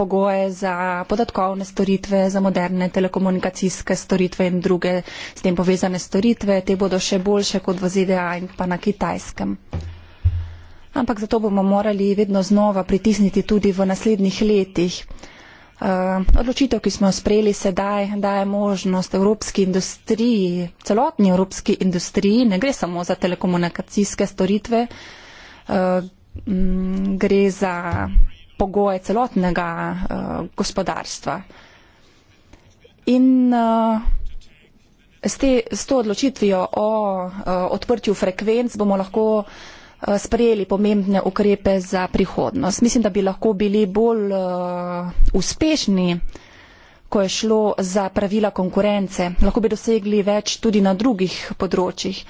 pogoje za podatkovne storitve, za moderne telekomunikacijske storitve in druge s tem povezane storitve. Te bodo še boljše kot v ZDA in pa na kitajskem. Ampak zato bomo morali vedno znova pritisniti tudi v naslednjih letih. Uh, odločitev, ki smo jo sprejeli sedaj, daje možnost evropski industriji, celotni evropski industriji, ne gre samo za telekomunikacijske storitve, uh, m, gre za pogoje celotnega uh, gospodarstva. In uh, s, te, s to odločitvijo o uh, odprtju frekvenc bomo lahko uh, sprejeli pomembne ukrepe za prihodnost. Mislim, da bi lahko bili bolj uh, uspešni uh, ko je šlo za pravila konkurence. Lahko bi dosegli več tudi na drugih področjih.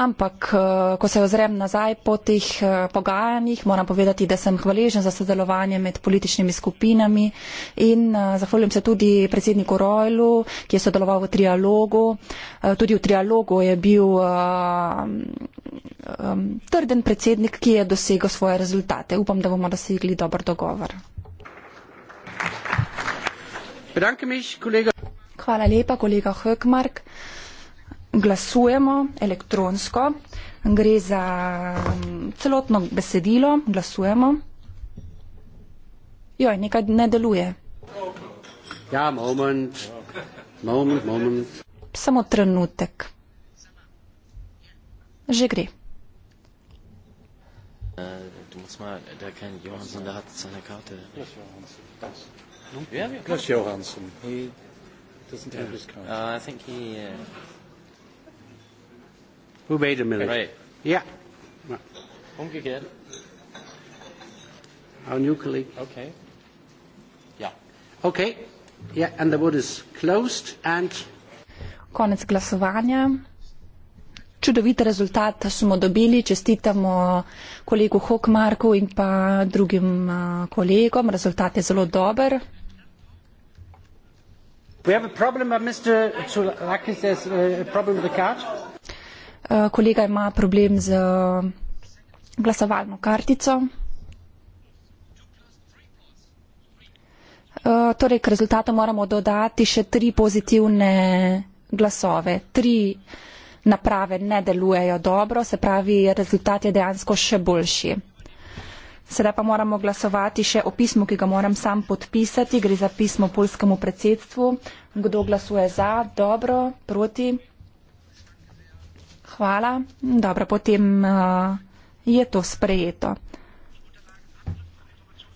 Ampak, eh, ko se ozrem nazaj po teh eh, pogajanjih, moram povedati, da sem hvaležen za sodelovanje med političnimi skupinami in eh, zahvaljujem se tudi predsedniku Rojlu, ki je sodeloval v trialogu. Tudi v trialogu je bil um, trden predsednik, ki je dosegel svoje rezultate. Upam, da bomo dosegli dober dogovor. Thank you. Hvala lepa, kolega Hökmark. Glasujemo elektronsko. Gre za um, celotno besedilo. Glasujemo. Joj, nekaj ne deluje. Ja, moment. Moment, moment. Samo trenutek. Že gre. Uh, du musst mal, da kennt Johansson, der hat seine Karte. Das Johansson, das. No? Yeah, yeah. Bless yeah. Johansson. He doesn't have his cards. Uh, I think he. Uh... Who made a million? Right. Yeah. Home again. Our new colleague. Okay. Yeah. Okay. Yeah, and the wood is closed and. Konec glasovanja. Čudovit rezultat smo dobili. Čestitamo kolegu Hokmarku in pa drugim uh, kolegom. Rezultat je zelo dober. We have a problem, but Mr. Tsoulakis has uh, a problem with the card. Uh, kolega ima problem z uh, glasovalno kartico. Torej, k rezultatu moramo dodati še tri pozitivne glasove. Tri naprave ne delujejo dobro, se pravi, rezultat je dejansko še boljši. Sedaj pa moramo glasovati še o pismu, ki ga moram sam podpisati. Gre za pismo polskemu predsedstvu. Kdo glasuje za, dobro, proti? Hvala. Dobro, potem uh, je to sprejeto.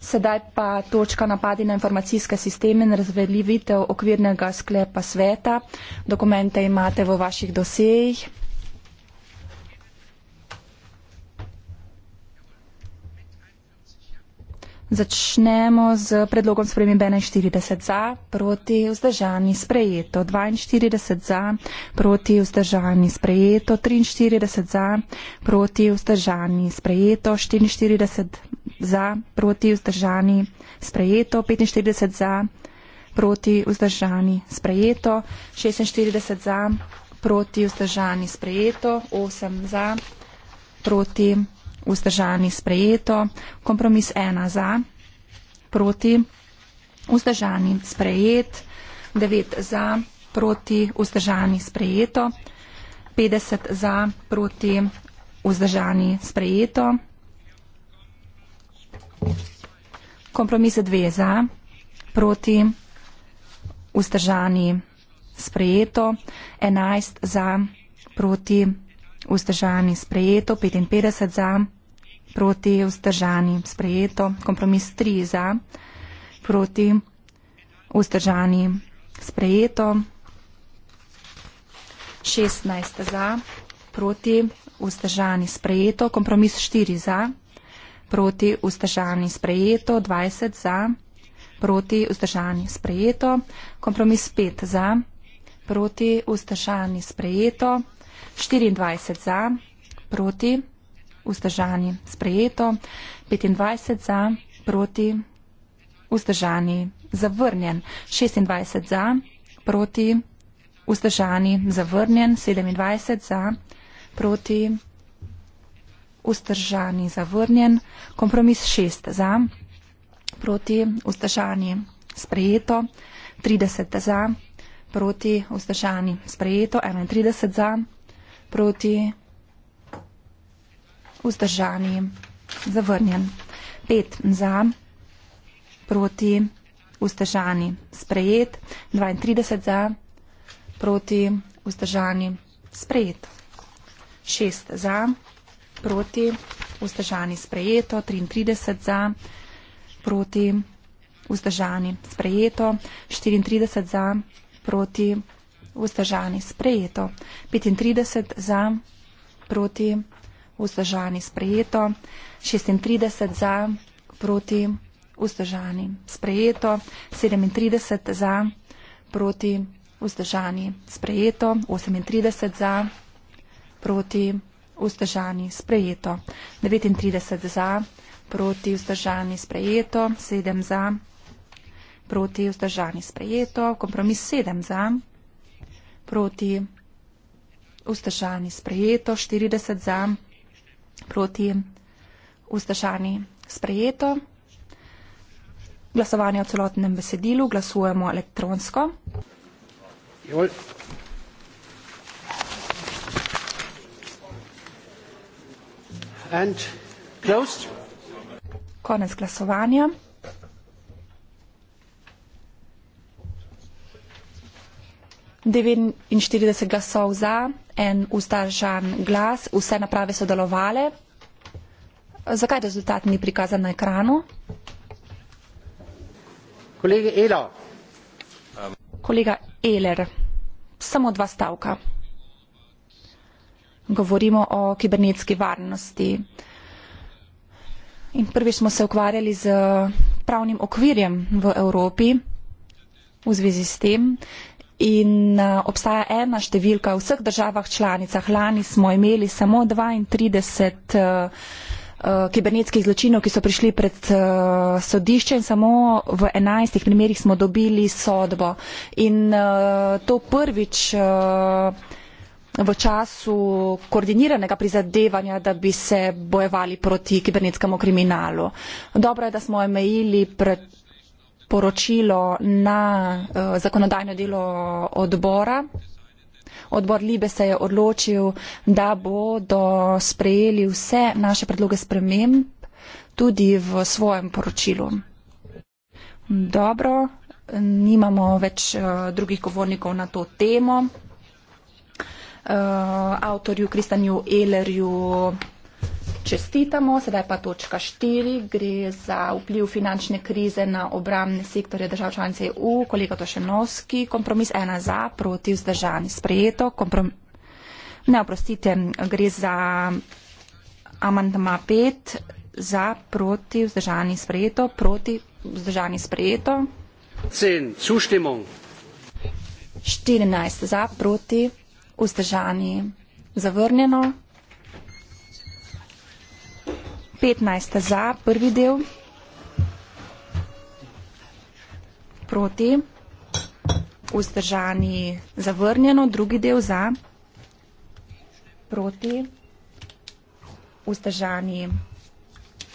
Sedaj pa točka napadi na informacijske sisteme in razveljavitev okvirnega sklepa sveta. Dokumente imate v vaših dosejih. Začnemo z predlogom spremembe 41 za, proti vzdržani sprejeto, 42 za, proti vzdržani sprejeto, 43 za, proti vzdržani sprejeto, 44 za, proti vzdržani sprejeto, 45 za, proti vzdržani sprejeto, 46 za, proti vzdržani sprejeto, 8 za, proti vzdržani sprejeto vzdržani sprejeto, kompromis ena za, proti, vzdržani sprejet, devet za, proti, vzdržani sprejeto, petdeset za, proti, vzdržani sprejeto, kompromis dve za, proti, vzdržani sprejeto, enajst za, proti, vzdržani sprejeto, petinpetdeset za, proti, proti vzdržani sprejeto, kompromis 3 za, proti vzdržani sprejeto, 16 za, proti vzdržani sprejeto, kompromis 4 za, proti vzdržani sprejeto, 20 za, proti vzdržani sprejeto, kompromis 5 za, proti vzdržani sprejeto, 24 za, proti vzdržani sprejeto vzdržani. Sprejeto 25 za, proti vzdržani. Zavrnjen 26 za, proti vzdržani. Zavrnjen 27 za, proti vzdržani. Zavrnjen kompromis 6 za, proti vzdržani. Sprejeto 30 za, proti vzdržani. Sprejeto 31 za, proti vzdržani vzdržani, zavrnjen. Pet za, proti, vzdržani, sprejet, 32 za, proti, vzdržani, sprejet. Šest za, proti, vzdržani, sprejeto, 33 za, proti, vzdržani, sprejeto, 34 za, proti, vzdržani, sprejeto, 35 za, proti, vzdržani sprejeto, 36 za, proti vzdržani sprejeto, 37 za, proti vzdržani sprejeto, 38 za, proti vzdržani sprejeto, 39 za, proti vzdržani sprejeto, 7 za, proti vzdržani sprejeto, kompromis 7 za, proti vzdržani sprejeto, 40 za, proti vzdržani sprejeto, proti vzdržani sprejeto. Glasovanje o celotnem besedilu glasujemo elektronsko. Jol. And closed. Konec glasovanja. 49 glasov za, en vzdržan glas, vse naprave so delovale. Zakaj rezultat ni prikazan na ekranu? Kolega Elo. Kolega Eler, samo dva stavka. Govorimo o kibernetski varnosti. In prvič smo se ukvarjali z pravnim okvirjem v Evropi v zvezi s tem. In obstaja ena številka v vseh državah članicah. Lani smo imeli samo 32 kibernetskih zločinov, ki so prišli pred sodišče in samo v enajstih primerjih smo dobili sodbo. In to prvič v času koordiniranega prizadevanja, da bi se bojevali proti kibernetskemu kriminalu. Dobro je, da smo omejili pred poročilo na uh, zakonodajno delo odbora. Odbor Libe se je odločil, da bodo sprejeli vse naše predloge sprememb tudi v svojem poročilu. Dobro, nimamo več uh, drugih govornikov na to temo. Uh, avtorju Kristanju Ehlerju čestitamo. Sedaj pa točka štiri gre za vpliv finančne krize na obramne sektorje držav članice EU. Kolega Tošenovski, kompromis ena za, proti vzdržani. Sprejeto. Komprom... Ne, oprostite, gre za amantma pet za, proti vzdržani. Sprejeto. Proti vzdržani. Sprejeto. Cen, suštimo. 14 za, proti vzdržani. Zavrnjeno. 15 za, prvi del. Proti. Vzdržani zavrnjeno, drugi del za. Proti. Vzdržani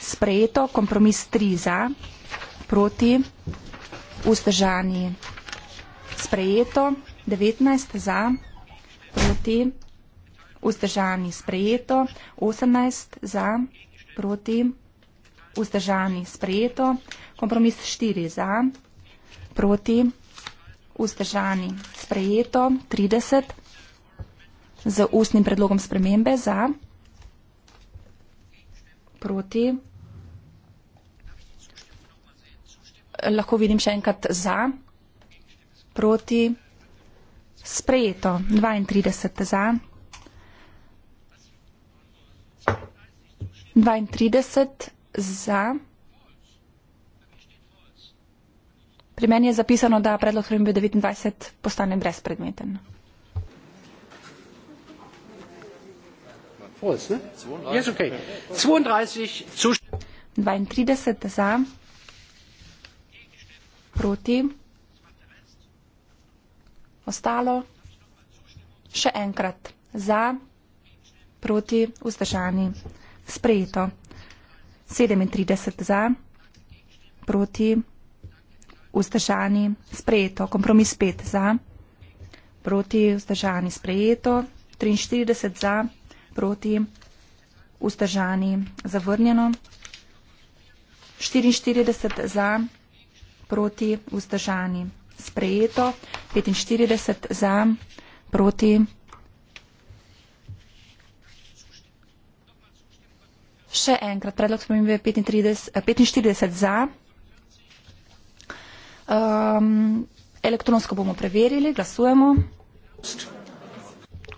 sprejeto, kompromis 3 za. Proti. Vzdržani sprejeto, 19 za. Proti. Vzdržani sprejeto, 18 za proti, vzdržani sprejeto, kompromis štiri za, proti, vzdržani sprejeto, 30 z ustnim predlogom spremembe za, proti, lahko vidim še enkrat za, proti, sprejeto, 32 za, 32 za. Pri meni je zapisano, da predlog HRMB 29 postane brezpredmeten. Yes, okay. 32, 32 za, proti, ostalo, še enkrat za, proti, vzdržani sprejeto. 37 za, proti, vzdržani, sprejeto. Kompromis 5 za, proti, vzdržani, sprejeto. 43 za, proti, vzdržani, zavrnjeno. 44 za, proti, vzdržani, sprejeto. 45 za, proti, vzdržani. Še enkrat, predlog spremembe je 45 eh, za. Um, elektronsko bomo preverili, glasujemo.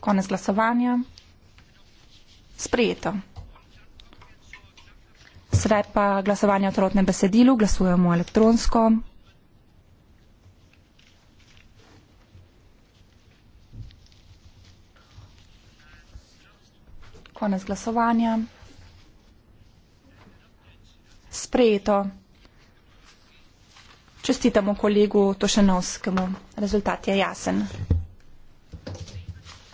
Konec glasovanja. Sprejeto. Sedaj pa glasovanje o trotnem besedilu, glasujemo elektronsko. Konec glasovanja sprejeto. Čestitamo kolegu Tošenovskemu. Rezultat je jasen.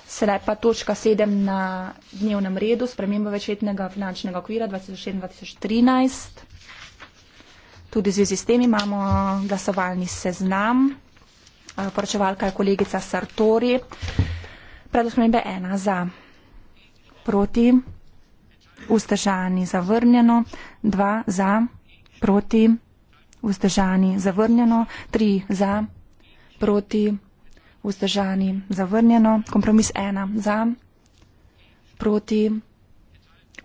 Sedaj pa točka 7 na dnevnem redu, sprememba večletnega finančnega okvira 2007-2013. Tudi v zvezi s tem imamo glasovalni seznam. Eh, poročevalka je kolegica Sartori. Predlog sprememba 1 za. Proti. Vzdržani zavrnjeno, dva za, proti, vzdržani zavrnjeno, tri za, proti, vzdržani zavrnjeno, kompromis ena za, proti,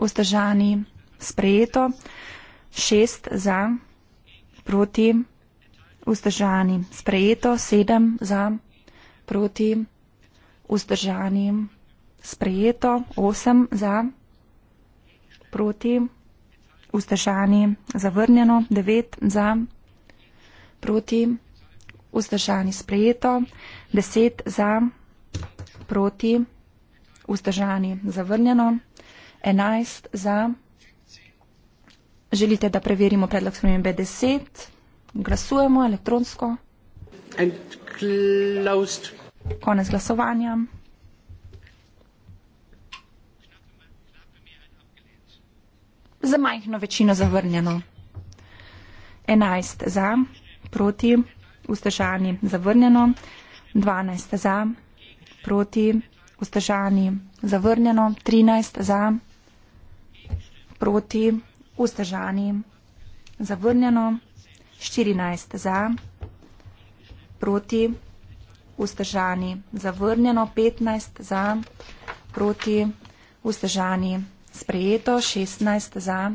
vzdržani sprejeto, šest za, proti, vzdržani sprejeto, sedem za, proti, vzdržani sprejeto, osem za, proti, proti, vzdržani, zavrnjeno, 9 za, proti, vzdržani, sprejeto, 10 za, proti, vzdržani, zavrnjeno, 11 za. Želite, da preverimo predlog spremembe 10? Glasujemo elektronsko. Konec glasovanja. za majhno večino zavrnjeno. 11 za, proti, vzdržani, zavrnjeno. 12 za, proti, vzdržani, zavrnjeno. 13 za, proti, vzdržani, zavrnjeno. 14 za, proti, vzdržani, zavrnjeno. 15 za, proti, vzdržani, zavrnjeno. Sprejeto 16 za,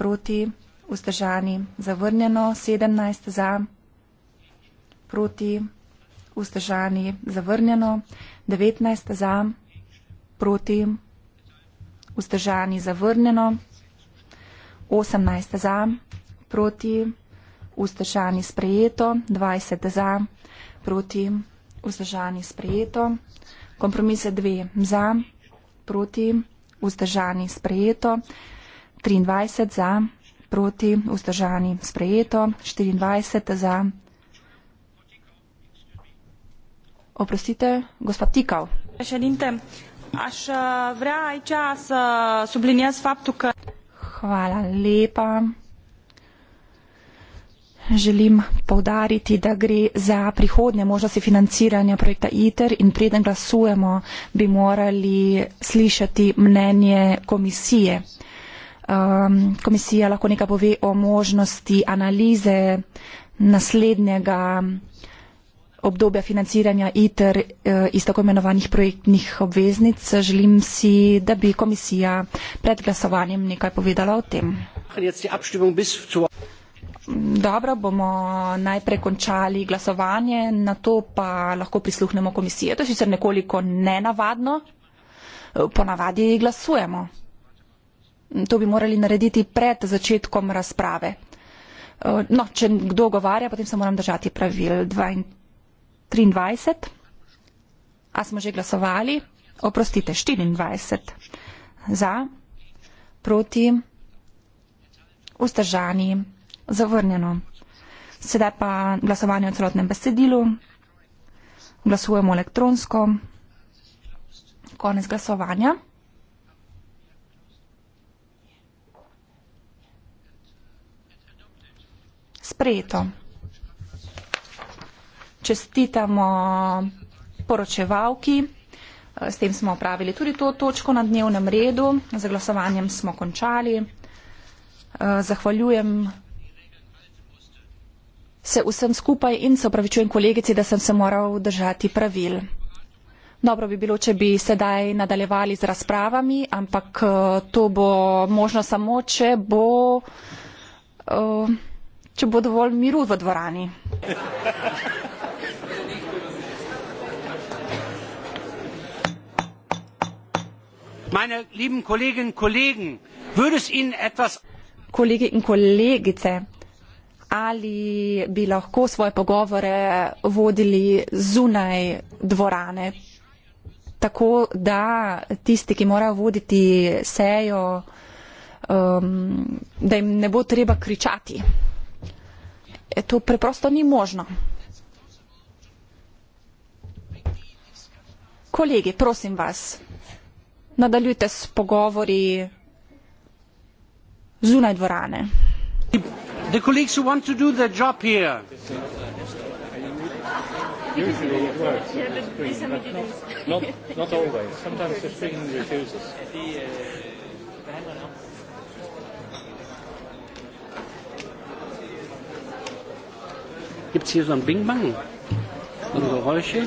proti vzdržani, zavrnjeno 17 za, proti vzdržani, zavrnjeno 19 za, proti vzdržani, zavrnjeno 18 za, proti vzdržani, sprejeto 20 za, proti vzdržani, sprejeto. Kompromise 2 za, proti vzdržani vzdržani sprejeto, 23 za, proti vzdržani sprejeto, 24 za. Oprostite, gospod Tikal. Uh, Hvala lepa. Želim povdariti, da gre za prihodne možnosti financiranja projekta ITER in preden glasujemo, bi morali slišati mnenje komisije. Um, komisija lahko nekaj pove o možnosti analize naslednjega obdobja financiranja ITER eh, iz tako imenovanih projektnih obveznic. Želim si, da bi komisija pred glasovanjem nekaj povedala o tem. Dobro, bomo najprej končali glasovanje, na to pa lahko prisluhnemo komisije. To je sicer nekoliko nenavadno, ponavadi glasujemo. To bi morali narediti pred začetkom razprave. No, če kdo govarja, potem se moram držati pravil 23. A smo že glasovali? Oprostite, 24. Za, proti, vzdržani. Zavrnjeno. Sedaj pa glasovanje o celotnem besedilu. Glasujemo elektronsko. Konec glasovanja. Sprejeto. Čestitamo poročevalki. S tem smo opravili tudi to točko na dnevnem redu. Za glasovanjem smo končali. Zahvaljujem se vsem skupaj in se opravičujem kolegici, da sem se moral držati pravil. Dobro bi bilo, če bi sedaj nadaljevali z razpravami, ampak eh, to bo možno samo, če bo, eh, če bo dovolj miru v dvorani. Kolege in kolegice, ali bi lahko svoje pogovore vodili zunaj dvorane, tako da tisti, ki morajo voditi sejo, um, da jim ne bo treba kričati. E to preprosto ni možno. Kolegi, prosim vas, nadaljujte s pogovori zunaj dvorane the colleagues who want to do their job here. not, not always. Sometimes the screen refuses. Gibt es hier so ein Bing-Bang? So ein Geräusche?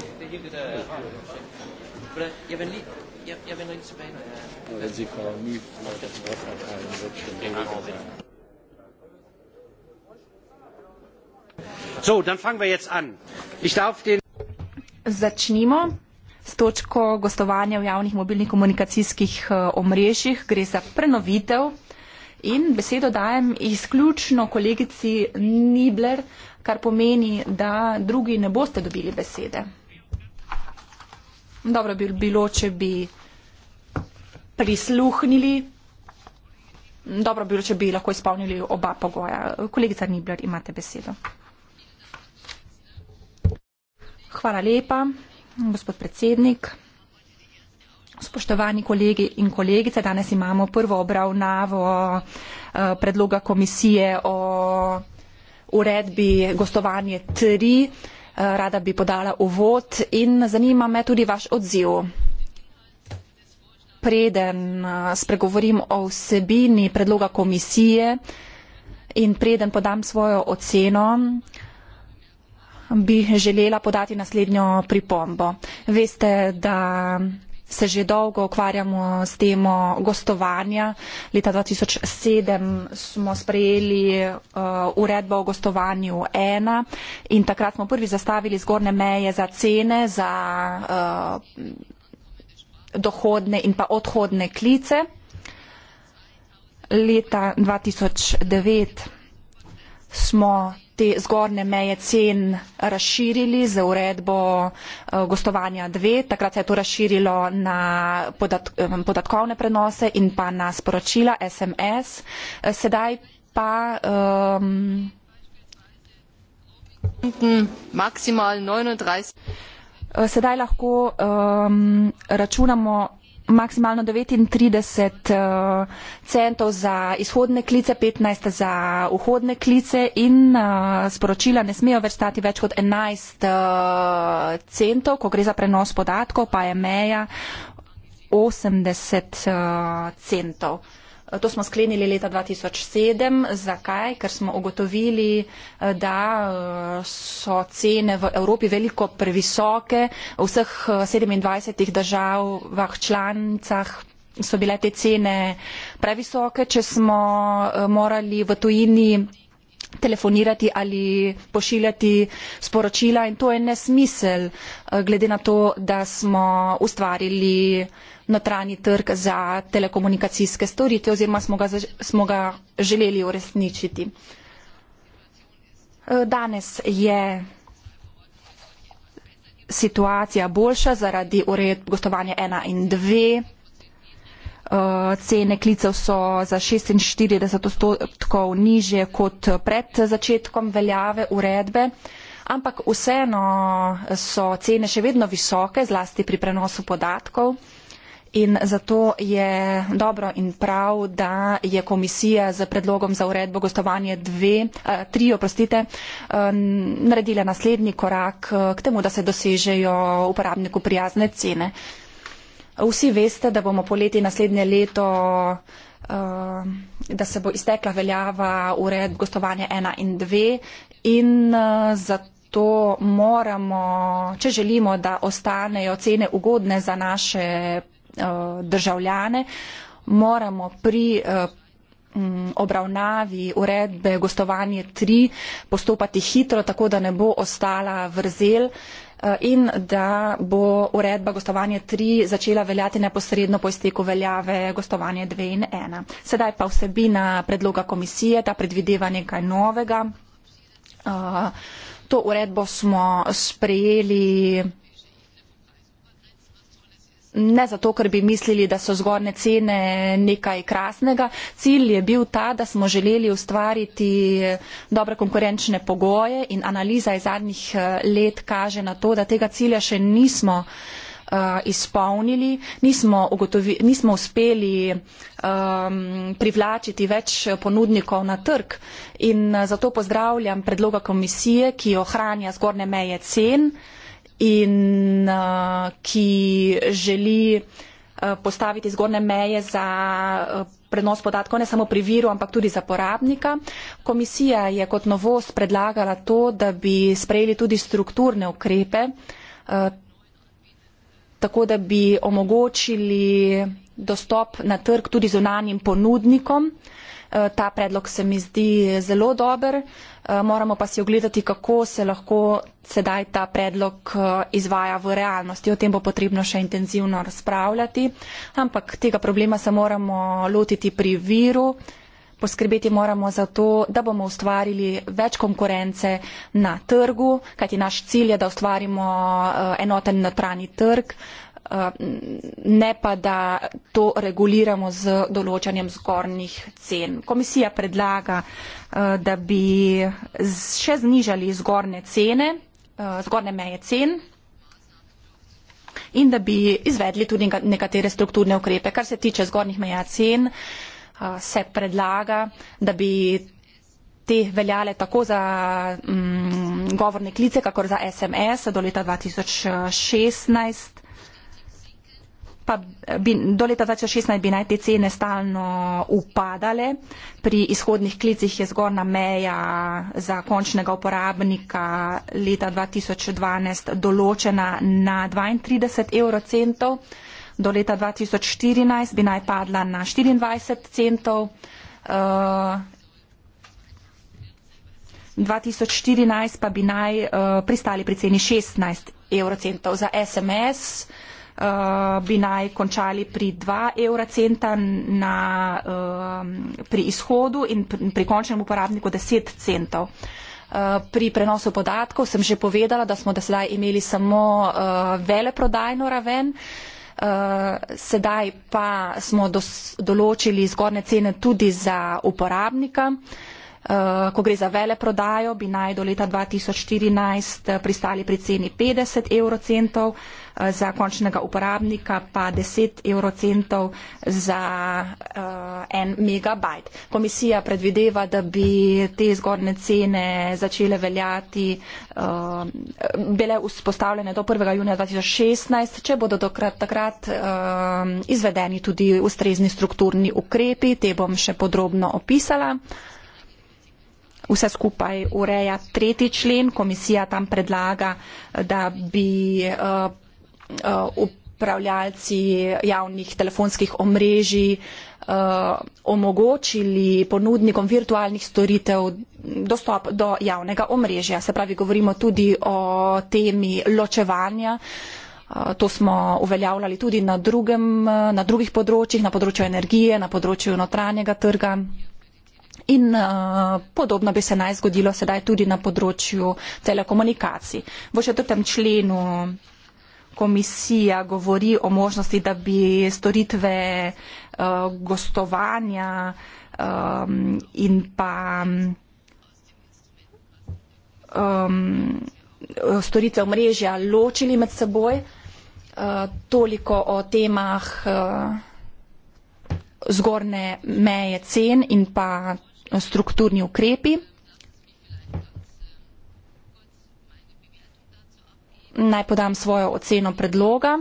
Ja, wenn links ja, ja, zu Beine. Ja, sie brauchen nie auf das Wort erteilen, wird schon Začnimo s točko gostovanja v javnih mobilnih komunikacijskih eh, omrežjih. Gre za prenovitev in besedo dajem izključno kolegici Nibler, kar pomeni, da drugi ne boste dobili besede. Dobro bi bilo, če bi prisluhnili. Dobro bi bilo, če bi lahko izpolnili oba pogoja. Kolegica Nibler, imate besedo. Hvala lepa, gospod predsednik. Spoštovani kolegi in kolegice, danes imamo prvo obravnavo eh, predloga komisije o uredbi gostovanje 3. Eh, rada bi podala uvod in zanima me tudi vaš odziv. Preden eh, spregovorim o vsebini predloga komisije in preden podam svojo oceno, bi želela podati naslednjo pripombo. Veste, da se že dolgo ukvarjamo s temo gostovanja. Leta 2007 smo sprejeli uh, uredbo o gostovanju 1 in takrat smo prvi zastavili zgorne meje za cene, za uh, dohodne in pa odhodne klice. Leta 2009 smo te zgornje meje cen razširili z uredbo eh, gostovanja 2. Takrat se je to razširilo na eh, podatkovne prenose in pa na sporočila SMS. Eh, sedaj pa. Um, Sedaj lahko um, računamo maksimalno 39 eh, centov za izhodne klice, 15 za vhodne klice in eh, sporočila ne smejo več stati več kot 11 eh, centov, ko gre za prenos podatkov, pa je meja 80 centov. To smo sklenili leta 2007. Zakaj? Ker smo ugotovili, eh, da eh, so cene v Evropi veliko previsoke. V vseh 27 eh, državah članicah so bile te cene previsoke, če smo morali v tujini telefonirati ali pošiljati sporočila in to je nesmisel, glede na to, da smo ustvarili notranji trg za telekomunikacijske storitve oziroma smo ga, smo ga želeli uresničiti. E, danes je situacija boljša zaradi ured gostovanja 1 in 2. E, cene klicev so za 46 odstotkov niže kot pred začetkom veljave uredbe, ampak vseeno so cene še vedno visoke, zlasti pri prenosu podatkov in zato je dobro in prav, da je komisija z predlogom za uredbo gostovanje dve, eh, tri, oprostite, eh, naredila naslednji korak eh, k temu, da se dosežejo uporabniku prijazne cene. Vsi veste, da bomo poleti naslednje leto da se bo iztekla veljava ured gostovanja 1 in 2 in zato moramo, če želimo, da ostanejo cene ugodne za naše Eh, državljane, moramo pri eh, obravnavi uredbe gostovanje 3 postopati hitro, tako da ne bo ostala vrzel eh, in da bo uredba gostovanje 3 začela veljati neposredno po izteku veljave gostovanje 2 in 1. Sedaj pa vsebina predloga komisije, ta predvideva nekaj novega. To uredbo smo sprejeli ne zato, ker bi mislili, da so zgorne cene nekaj krasnega. Cilj je bil ta, da smo želeli ustvariti eh, dobre konkurenčne pogoje in analiza iz zadnjih eh, let kaže na to, da tega cilja še nismo eh, izpolnili, nismo, ugotovi, nismo uspeli um, privlačiti več ponudnikov na trg in zato pozdravljam predloga komisije, ki ohranja zgorne meje cen. Uh, in uh, ki želi postaviti zgornje meje za prenos podatkov ne samo pri viru, ampak tudi za porabnika. Komisija je kot novost predlagala to, da bi sprejeli tudi strukturne ukrepe, tako da bi omogočili dostop na trg tudi zunanjim ponudnikom, Eh, ta predlog se mi zdi zelo dober, eh, moramo pa si ogledati, kako se lahko sedaj ta predlog eh, izvaja v realnosti. O tem bo potrebno še intenzivno razpravljati, ampak tega problema se moramo lotiti pri viru. Poskrbeti moramo za to, da bomo ustvarili več konkurence na trgu, kajti naš cilj je, da ustvarimo enoten notranji trg, Eh, ne pa da to reguliramo z določanjem zgornjih cen. Komisija predlaga, eh, da bi še znižali zgorne cene, eh, zgorne meje cen in da bi izvedli tudi nekatere strukturne ukrepe. Kar se tiče zgornjih meja cen, se predlaga, da bi te veljale tako za mm, govorne klice, kakor za SMS do leta 2016 pa bi do leta 2016 bi naj te cene stalno upadale. Pri izhodnih klicih je zgorna meja za končnega uporabnika leta 2012 določena na 32 evrocentov, do leta 2014 bi naj padla na 24 centov. Uh, eh, 2014 pa bi naj uh, pristali pri ceni 16 evrocentov za SMS, uh, Eh, bi naj končali pri 2 evra centa na, ehm, pri izhodu in pri končnem uporabniku 10 centov. Eh, pri prenosu podatkov sem že povedala, da smo do sedaj imeli samo eh, veleprodajno raven. Sedaj pa smo dos, določili zgornje cene tudi za uporabnika. Ko gre za veleprodajo, bi naj do leta 2014 pristali pri ceni 50 evrocentov. Eh, za končnega uporabnika pa 10 evrocentov za uh, en megabajt. Komisija predvideva, da bi te zgornje cene začele veljati, uh, bile vzpostavljene do 1. junija 2016, če bodo dokrat, takrat uh, izvedeni tudi ustrezni strukturni ukrepi, te bom še podrobno opisala. Vse skupaj ureja tretji člen. Komisija tam predlaga, da bi Uh, upravljalci javnih telefonskih omrežij uh, omogočili ponudnikom virtualnih storitev dostop do javnega omrežja. Se pravi, govorimo tudi o temi ločevanja. Uh, to smo uveljavljali tudi na, drugem, na drugih področjih, na področju energije, na področju notranjega trga. In podobno bi se naj zgodilo sedaj tudi na področju telekomunikacij. V četrtem členu komisija govori o možnosti, da bi storitve uh, gostovanja um, in pa um, storitve omrežja ločili med seboj. Uh, toliko o temah uh, eh, zgorne meje cen in pa strukturni ukrepi. naj podam svojo oceno predloga.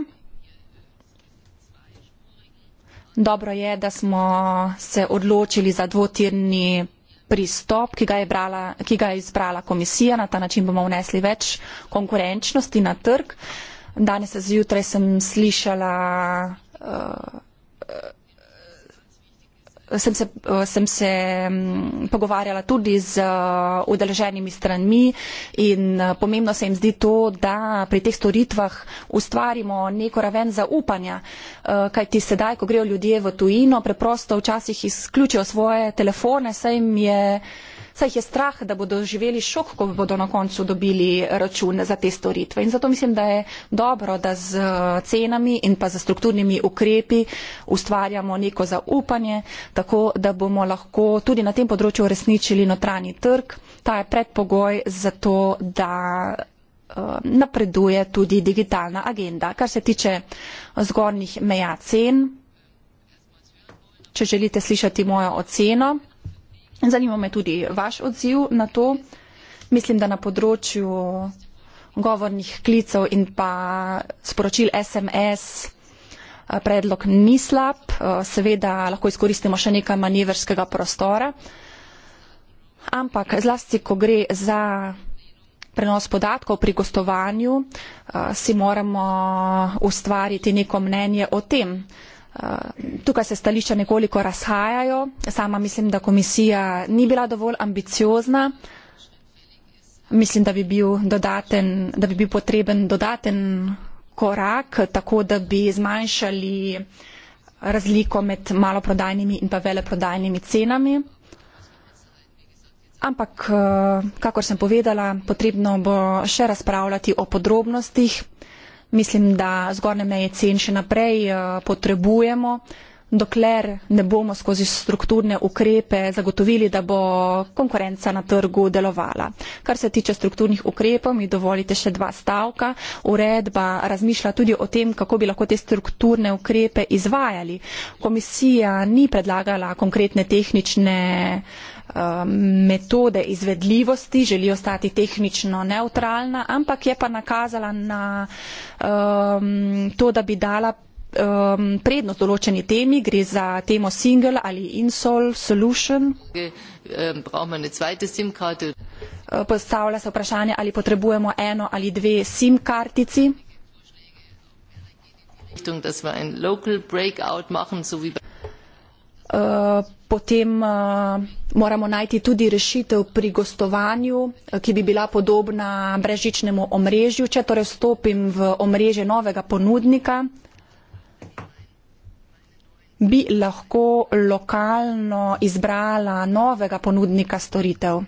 Dobro je, da smo se odločili za dvotirni pristop, ki ga, je brala, ki ga je izbrala komisija. Na ta način bomo vnesli več konkurenčnosti na trg. Danes zjutraj sem slišala uh, sem se, sem se mm, pogovarjala tudi z uh, udeleženimi stranmi in uh, pomembno se jim zdi to, da pri teh storitvah ustvarimo neko raven zaupanja, uh, kajti sedaj, ko grejo ljudje v tujino, preprosto včasih izključijo svoje telefone, saj jim je saj jih je strah, da bodo živeli šok, ko bodo na koncu dobili račun za te storitve. In zato mislim, da je dobro, da z eh, cenami in pa z strukturnimi ukrepi ustvarjamo neko zaupanje, tako da bomo lahko tudi na tem področju uresničili notranji trg. Ta je predpogoj za to, da eh, napreduje tudi digitalna agenda. Kar se tiče eh, zgornjih meja cen, če želite slišati mojo oceno, Zanima me tudi vaš odziv na to. Mislim, da na področju govornih klicev in pa sporočil SMS eh, predlog ni slab. Eh, seveda lahko izkoristimo še nekaj manevrskega prostora. Ampak zlasti, ko gre za prenos podatkov pri gostovanju, eh, si moramo ustvariti neko mnenje o tem, Tukaj se stališča nekoliko razhajajo. Sama mislim, da komisija ni bila dovolj ambiciozna. Mislim, da bi bil, dodaten, da bi bil potreben dodaten korak, tako da bi zmanjšali razliko med maloprodajnimi in pa veleprodajnimi cenami. Ampak, eh, kakor sem povedala, potrebno bo še razpravljati o podrobnostih mislim, da zgornje meje cen še naprej eh, potrebujemo, dokler ne bomo skozi strukturne ukrepe zagotovili, da bo konkurenca na trgu delovala. Kar se tiče strukturnih ukrepov, mi dovolite še dva stavka. Uredba razmišlja tudi o tem, kako bi lahko te strukturne ukrepe izvajali. Komisija ni predlagala konkretne tehnične. Um, metode izvedljivosti, želi ostati tehnično neutralna, ampak je pa nakazala na um, to, da bi dala um, prednost določeni temi, gre za temo single ali insol solution. Um, uh, postavlja se vprašanje, ali potrebujemo eno ali dve SIM kartici. Uh, potem uh, moramo najti tudi rešitev pri gostovanju, eh, ki bi bila podobna brežičnemu omrežju, če torej vstopim v omrežje novega ponudnika bi lahko lokalno izbrala novega ponudnika storitev.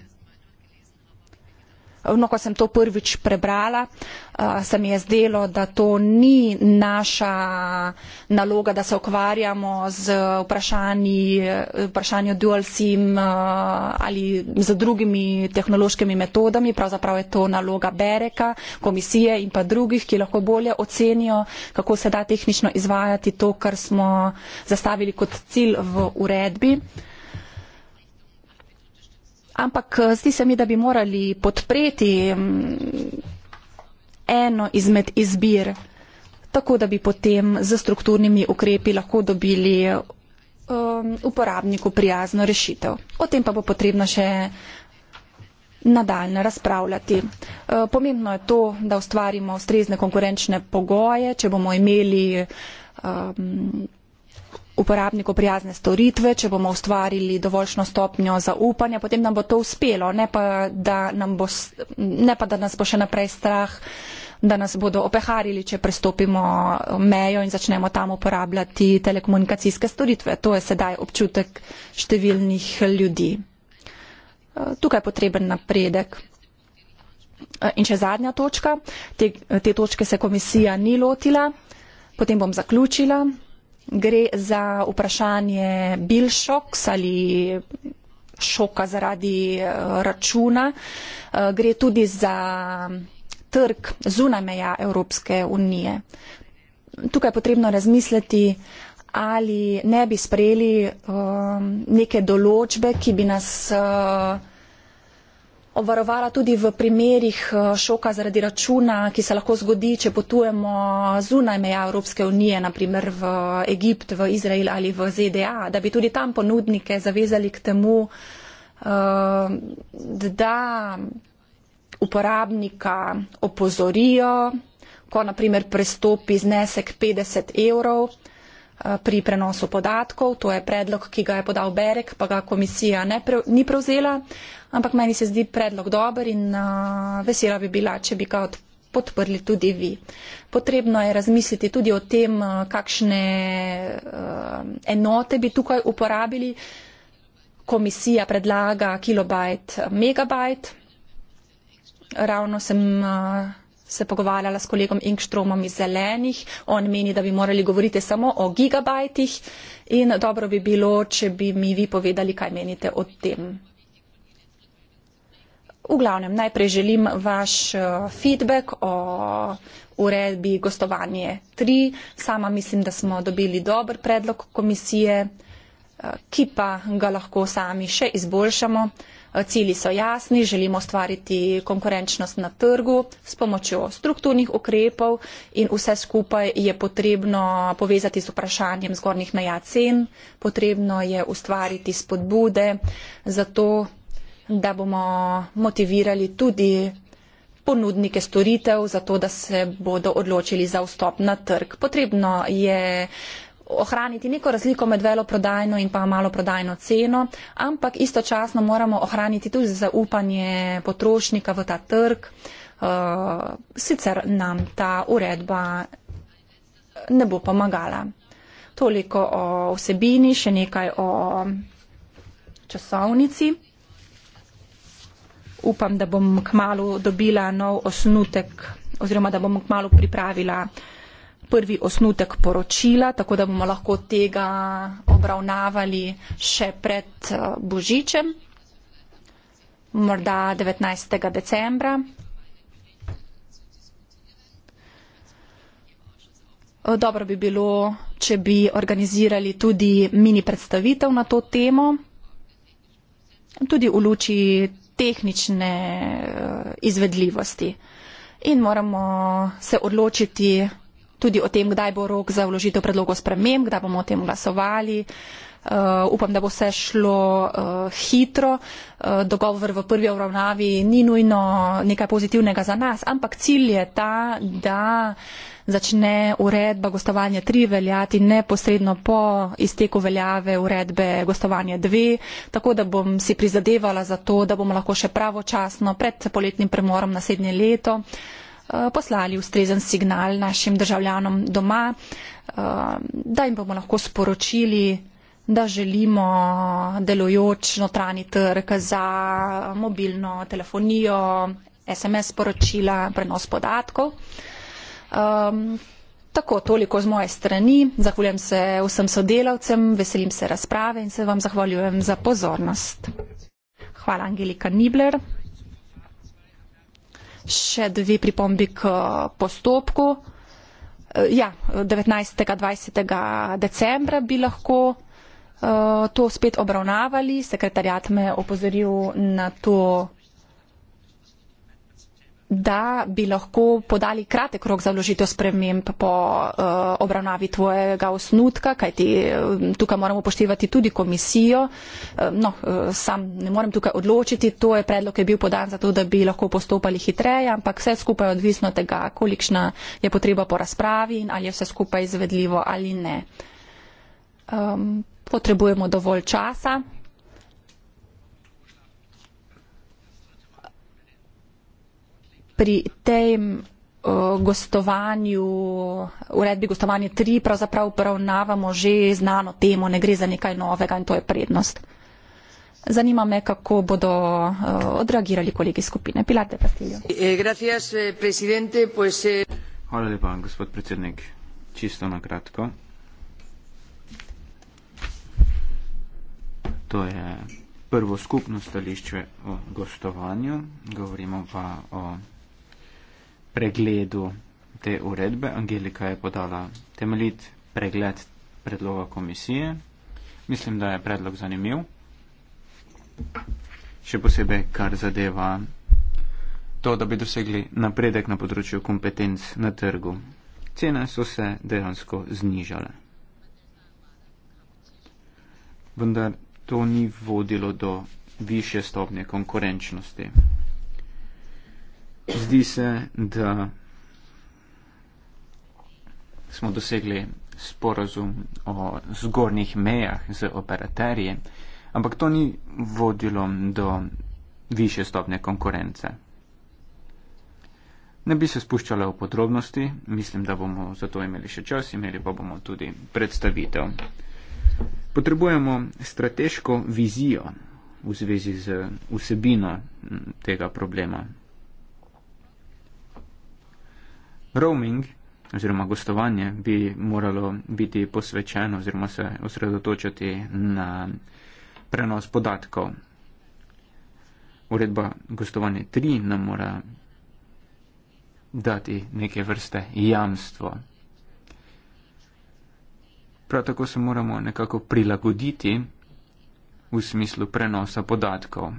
No, ko sem to prvič prebrala, uh, se mi je zdelo, da to ni naša naloga, da se ukvarjamo z vprašanjem dual sim uh, ali z drugimi tehnološkimi metodami. Pravzaprav je to naloga Bereka, komisije in pa drugih, ki lahko bolje ocenijo, kako se da tehnično izvajati to, kar smo zastavili kot cilj v uredbi. Uh, ampak eh, zdi se mi, da bi morali podpreti mm, eno izmed izbir, tako da bi potem z strukturnimi ukrepi lahko dobili um, uporabniku prijazno rešitev. O tem pa bo potrebno še nadaljne razpravljati. Eh, pomembno je to, da ustvarimo ustrezne konkurenčne pogoje, če bomo imeli um, uporabniku prijazne storitve, če bomo ustvarili dovoljšno stopnjo zaupanja, potem nam bo to uspelo, ne pa, bo, ne pa da nas bo še naprej strah, da nas bodo opeharili, če prestopimo mejo in začnemo tam uporabljati telekomunikacijske storitve. To je sedaj občutek številnih ljudi. Tukaj je potreben napredek. In še zadnja točka. Te, te točke se komisija ni lotila. Potem bom zaključila gre za vprašanje bil šoks ali šoka zaradi eh, računa, eh, gre tudi za trg zunaj meja Evropske unije. Tukaj je potrebno razmisliti, ali ne bi sprejeli eh, neke določbe, ki bi nas obvarovala tudi v primerih eh, šoka zaradi računa, ki se lahko zgodi, če potujemo zunaj meja Evropske unije, naprimer v Egipt, v Izrael ali v ZDA, da bi tudi tam ponudnike zavezali k temu, eh, da uporabnika opozorijo, ko naprimer prestopi znesek 50 evrov. Eh, pri prenosu podatkov. To je predlog, ki ga je podal Berek, pa ga komisija pre, ni prevzela, ampak meni se zdi predlog dober in a, eh, vesela bi bila, če bi ga odprla podprli tudi vi. Potrebno je razmisliti tudi o tem, eh, kakšne enote bi tukaj uporabili. Komisija predlaga kilobajt, megabajt. Ravno sem se pogovarjala s kolegom Inkštromom iz Zelenih. On meni, da bi morali govoriti samo o gigabajtih in dobro bi bilo, če bi mi vi povedali, kaj menite o tem. V glavnem, najprej želim vaš eh, feedback o uredbi gostovanje 3. Sama mislim, da smo dobili dober predlog komisije. Eh, ki pa ga lahko sami še izboljšamo. Eh, Cili so jasni, želimo stvariti konkurenčnost na trgu s pomočjo strukturnih ukrepov in vse skupaj je potrebno povezati z vprašanjem zgornjih meja cen, potrebno je ustvariti spodbude za to, da bomo motivirali tudi ponudnike storitev, za to, da se bodo odločili za vstop na trg. Potrebno je uh, ohraniti neko razliko med veloprodajno in pa maloprodajno ceno, ampak istočasno moramo ohraniti tudi zaupanje potrošnika v ta trg. Eh, sicer nam ta uredba ne bo pomagala. Toliko o vsebini, še nekaj o časovnici. Upam, da bom kmalo dobila nov osnutek oziroma da bom kmalo pripravila uh, prvi osnutek poročila, tako da bomo lahko tega obravnavali še pred eh, Božičem, morda 19. decembra. Eh, dobro bi bilo, če bi organizirali tudi mini predstavitev na to temo, tudi v luči tehnične eh, izvedljivosti. In moramo se odločiti, tudi o tem, kdaj bo rok za vložitev predlogov sprememb, kdaj bomo o tem glasovali. Uh, upam, da bo vse šlo uh, hitro. Uh, dogovor v prvi obravnavi ni nujno nekaj pozitivnega za nas, ampak cilj je ta, da začne uredba gostovanje 3 veljati neposredno po izteku veljave uredbe gostovanje 2, tako da bom si prizadevala za to, da bomo lahko še pravočasno pred poletnim premorom naslednje leto uh, Eh, poslali ustrezen signal našim državljanom doma, eh, da jim bomo lahko sporočili, da želimo delojoč notranji trg za mobilno telefonijo, SMS sporočila, prenos podatkov. Ehm, tako, toliko z moje strani. Zahvaljujem se vsem sodelavcem, veselim se razprave in se vam zahvaljujem za pozornost. Hvala, Angelika Nibler še dve pripombi k eh, postopku. Eh, ja, 19. 20. decembra bi lahko uh, to spet obravnavali. Sekretarjat me je opozoril na to da bi lahko podali kratek rok za vložitev sprememb po uh, obravnavi tvojega osnutka, kajti eh, tukaj moramo poštevati tudi komisijo. Uh, no, uh, sam ne morem tukaj odločiti, to je predlog, ki je bil podan zato, da bi lahko postopali hitreje, ampak vse skupaj je odvisno tega, kolikšna je potreba po razpravi in ali je vse skupaj izvedljivo ali ne. Um, potrebujemo dovolj časa. pri tem eh, gostovanju, uredbi gostovanja 3, pravzaprav obravnavamo že znano temo, ne gre za nekaj novega in to je prednost. Zanima me, kako bodo eh, odreagirali kolegi skupine. Pilar de Pastillo. Eh, Hvala lepa, gospod predsednik. Čisto na kratko. To je prvo skupno stališče o gostovanju, govorimo pa o pregledu te uredbe. Angelika je podala temeljit pregled predloga komisije. Mislim, da je predlog zanimiv. Še posebej, kar zadeva to, da bi dosegli napredek na področju kompetenc na trgu. Cene so se dejansko znižale. Vendar to ni vodilo do više stopnje konkurenčnosti zdi se, da smo dosegli sporozum o zgornjih mejah z operaterji, ampak to ni vodilo do više stopne konkurence. Ne bi se spuščala v podrobnosti, mislim, da bomo za to imeli še čas, imeli pa bomo tudi predstavitev. Potrebujemo strateško vizijo v zvezi z vsebino tega problema. roaming oziroma gostovanje bi moralo biti posvečeno oziroma se osredotočiti na prenos podatkov. Uredba gostovanje 3 nam mora dati neke vrste jamstvo. Prav tako se moramo nekako prilagoditi v smislu prenosa podatkov.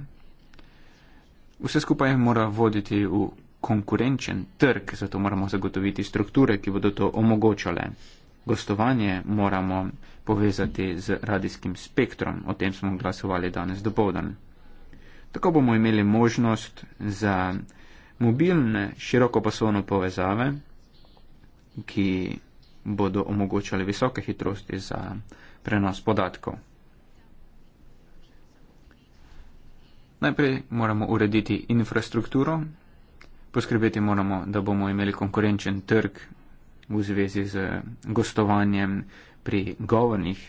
Vse skupaj mora voditi v konkurenčen trg, zato moramo zagotoviti strukture, ki bodo to omogočale. Gostovanje moramo povezati z radijskim spektrom, o tem smo glasovali danes do povdan. Tako bomo imeli možnost za mobilne širokopasovne povezave, ki bodo omogočale visoke hitrosti za prenos podatkov. Najprej moramo urediti infrastrukturo, poskrbeti moramo, da bomo imeli konkurenčen trg v zvezi z gostovanjem pri govornih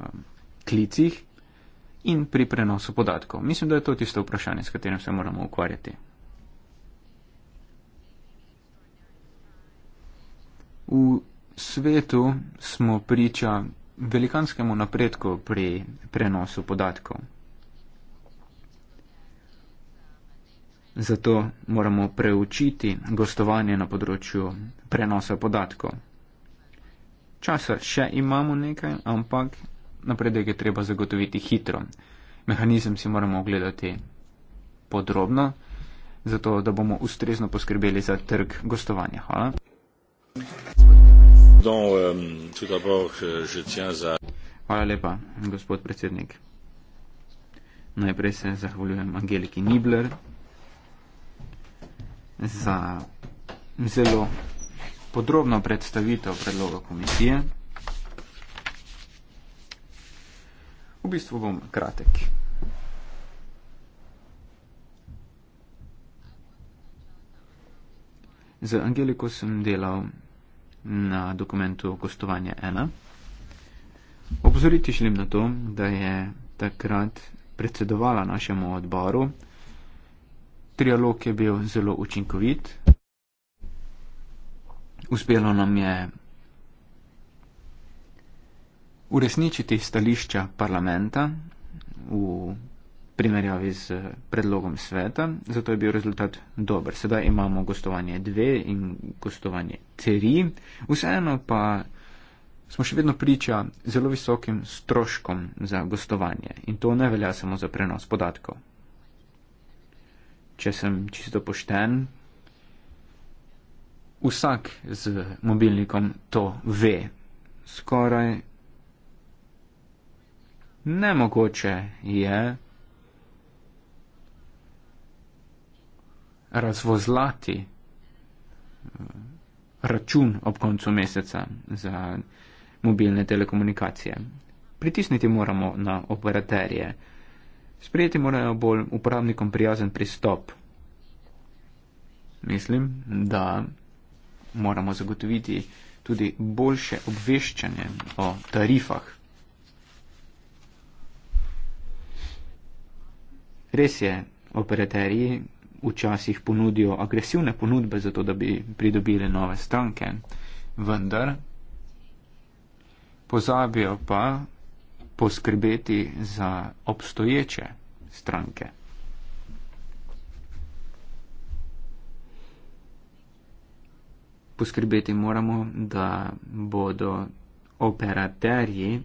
um, klicih in pri prenosu podatkov. Mislim, da je to tisto vprašanje, s katerim se moramo ukvarjati. V svetu smo priča velikanskemu napredku pri prenosu podatkov. zato moramo preučiti gostovanje na področju prenosa podatkov. Časa še imamo nekaj, ampak napredek je treba zagotoviti hitro. Mehanizem si moramo ogledati podrobno, zato da bomo ustrezno poskrbeli za trg gostovanja. Hvala. Euh, Hvala lepa, gospod predsednik. Najprej se zahvaljujem Angeliki Nibler za zelo podrobno predstavitev predloga komisije. V bistvu bom kratek. Z Angeliko sem delal na dokumentu Gostovanje 1. Opozoriti želim na to, da je takrat predsedovala našemu odboru trialog je bil zelo učinkovit. Uspelo nam je uresničiti stališča parlamenta v primerjavi z predlogom sveta, zato je bil rezultat dober. Sedaj imamo gostovanje dve in gostovanje tri, vseeno pa smo še vedno priča zelo visokim stroškom za gostovanje in to ne velja samo za prenos podatkov če sem čisto pošten, vsak z mobilnikom to ve. Skoraj nemogoče je razvozlati eh, račun ob koncu meseca za mobilne telekomunikacije. Pritisniti moramo na operaterje. Sprejeti morajo bolj uporabnikom prijazen pristop. Mislim, da moramo zagotoviti tudi boljše obveščanje o tarifah. Res je, operaterji včasih ponudijo agresivne ponudbe za to, da bi pridobili nove stranke, vendar pozabijo pa, poskrbeti za obstoječe stranke. Poskrbeti moramo, da bodo operaterji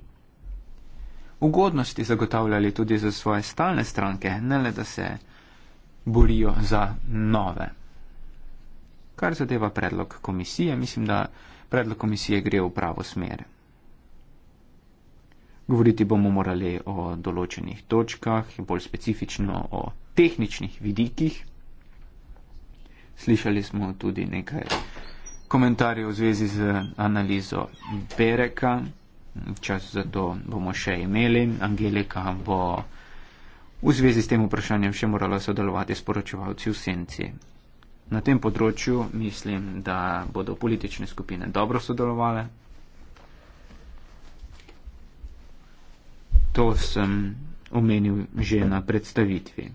ugodnosti zagotavljali tudi za svoje stalne stranke, ne le da se borijo za nove. Kar zadeva predlog komisije, mislim, da predlog komisije gre v pravo smer. Govoriti bomo morali o določenih točkah, bolj specifično o tehničnih vidikih. Slišali smo tudi nekaj komentarjev v zvezi z analizo Bereka. Čas za to bomo še imeli. Angelika bo v zvezi s tem vprašanjem še morala sodelovati s poročevalci v senci. Na tem področju mislim, da bodo politične skupine dobro sodelovali, to sem omenil že na predstavitvi.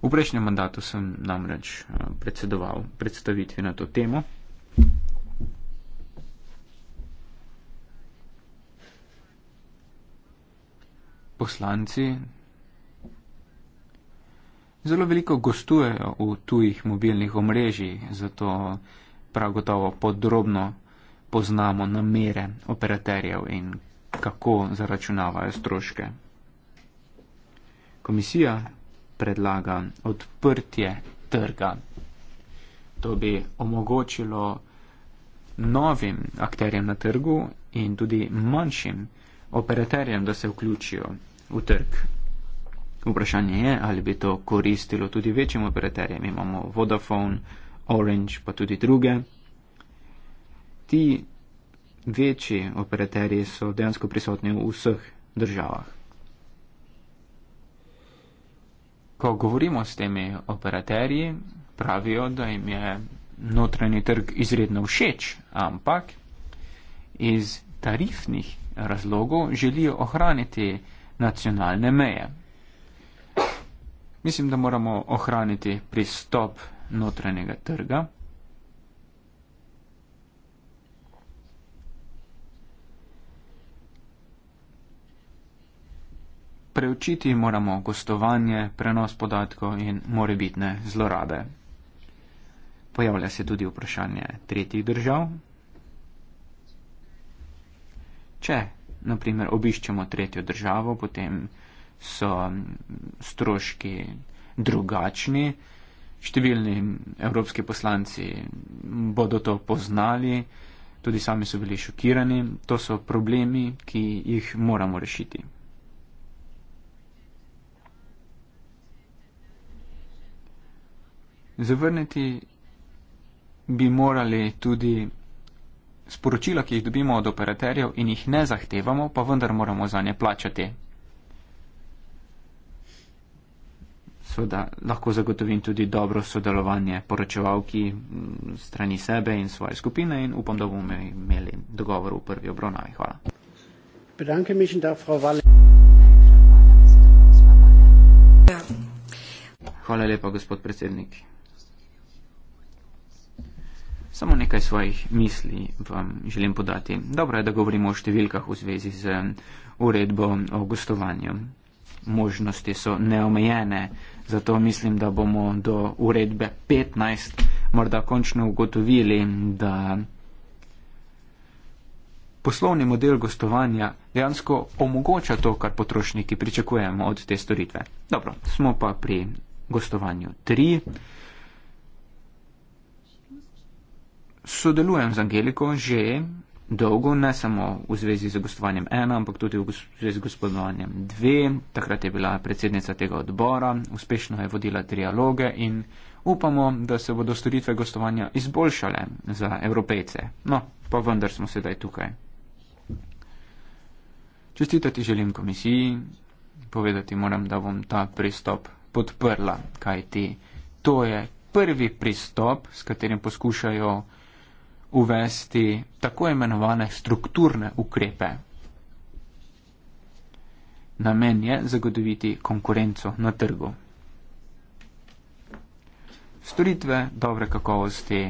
V prejšnjem mandatu sem namreč eh, predsedoval predstavitvi na to temo. Poslanci zelo veliko gostujejo v tujih mobilnih omrežjih, zato prav gotovo podrobno poznamo namere operaterjev in kako zaračunavajo stroške. Komisija predlaga odprtje trga. To bi omogočilo novim akterjem na trgu in tudi manjšim operaterjem, da se vključijo v trg. Vprašanje je, ali bi to koristilo tudi večjim operaterjem. Imamo Vodafone, Orange, pa tudi druge. Ti večji operaterji so dejansko prisotni v vseh državah. Ko govorimo s temi operaterji, pravijo, da jim je notranji trg izredno všeč, ampak iz tarifnih razlogov želijo ohraniti nacionalne meje. Mislim, da moramo ohraniti pristop notranjega trga. preučiti moramo gostovanje, prenos podatkov in morebitne zlorabe. Pojavlja se tudi vprašanje tretjih držav. Če, na primer, obiščemo tretjo državo, potem so stroški drugačni. Številni evropski poslanci bodo to poznali, tudi sami so bili šokirani. To so problemi, ki jih moramo rešiti. Zavrniti bi morali tudi sporočila, ki jih dobimo od operaterjev in jih ne zahtevamo, pa vendar moramo za ne plačati. Sveda lahko zagotovim tudi dobro sodelovanje poročevalki mm, strani sebe in svoje skupine in upam, da bomo imeli dogovor v prvi obravnavi. Hvala. Hvala lepa, gospod predsednik. Samo nekaj svojih misli vam želim podati. Dobro je, da govorimo o številkah v zvezi z eh, uredbo o gostovanju. Možnosti so neomejene, zato mislim, da bomo do uredbe 15 morda končno ugotovili, da poslovni model gostovanja dejansko omogoča to, kar potrošniki pričakujemo od te storitve. Dobro, smo pa pri gostovanju 3. sodelujem z Angeliko že dolgo, ne samo v zvezi z gostovanjem ena, ampak tudi v zvezi z gospodovanjem dve. Takrat je bila predsednica tega odbora, uspešno je vodila trialoge in upamo, da se bodo storitve gostovanja izboljšale za evropejce. No, pa vendar smo sedaj tukaj. Čestitati želim komisiji, povedati moram, da bom ta pristop podprla, kajti to je prvi pristop, s katerim poskušajo uvesti tako imenovane strukturne ukrepe. Namen je zagotoviti konkurenco na trgu. Storitve dobre kakovosti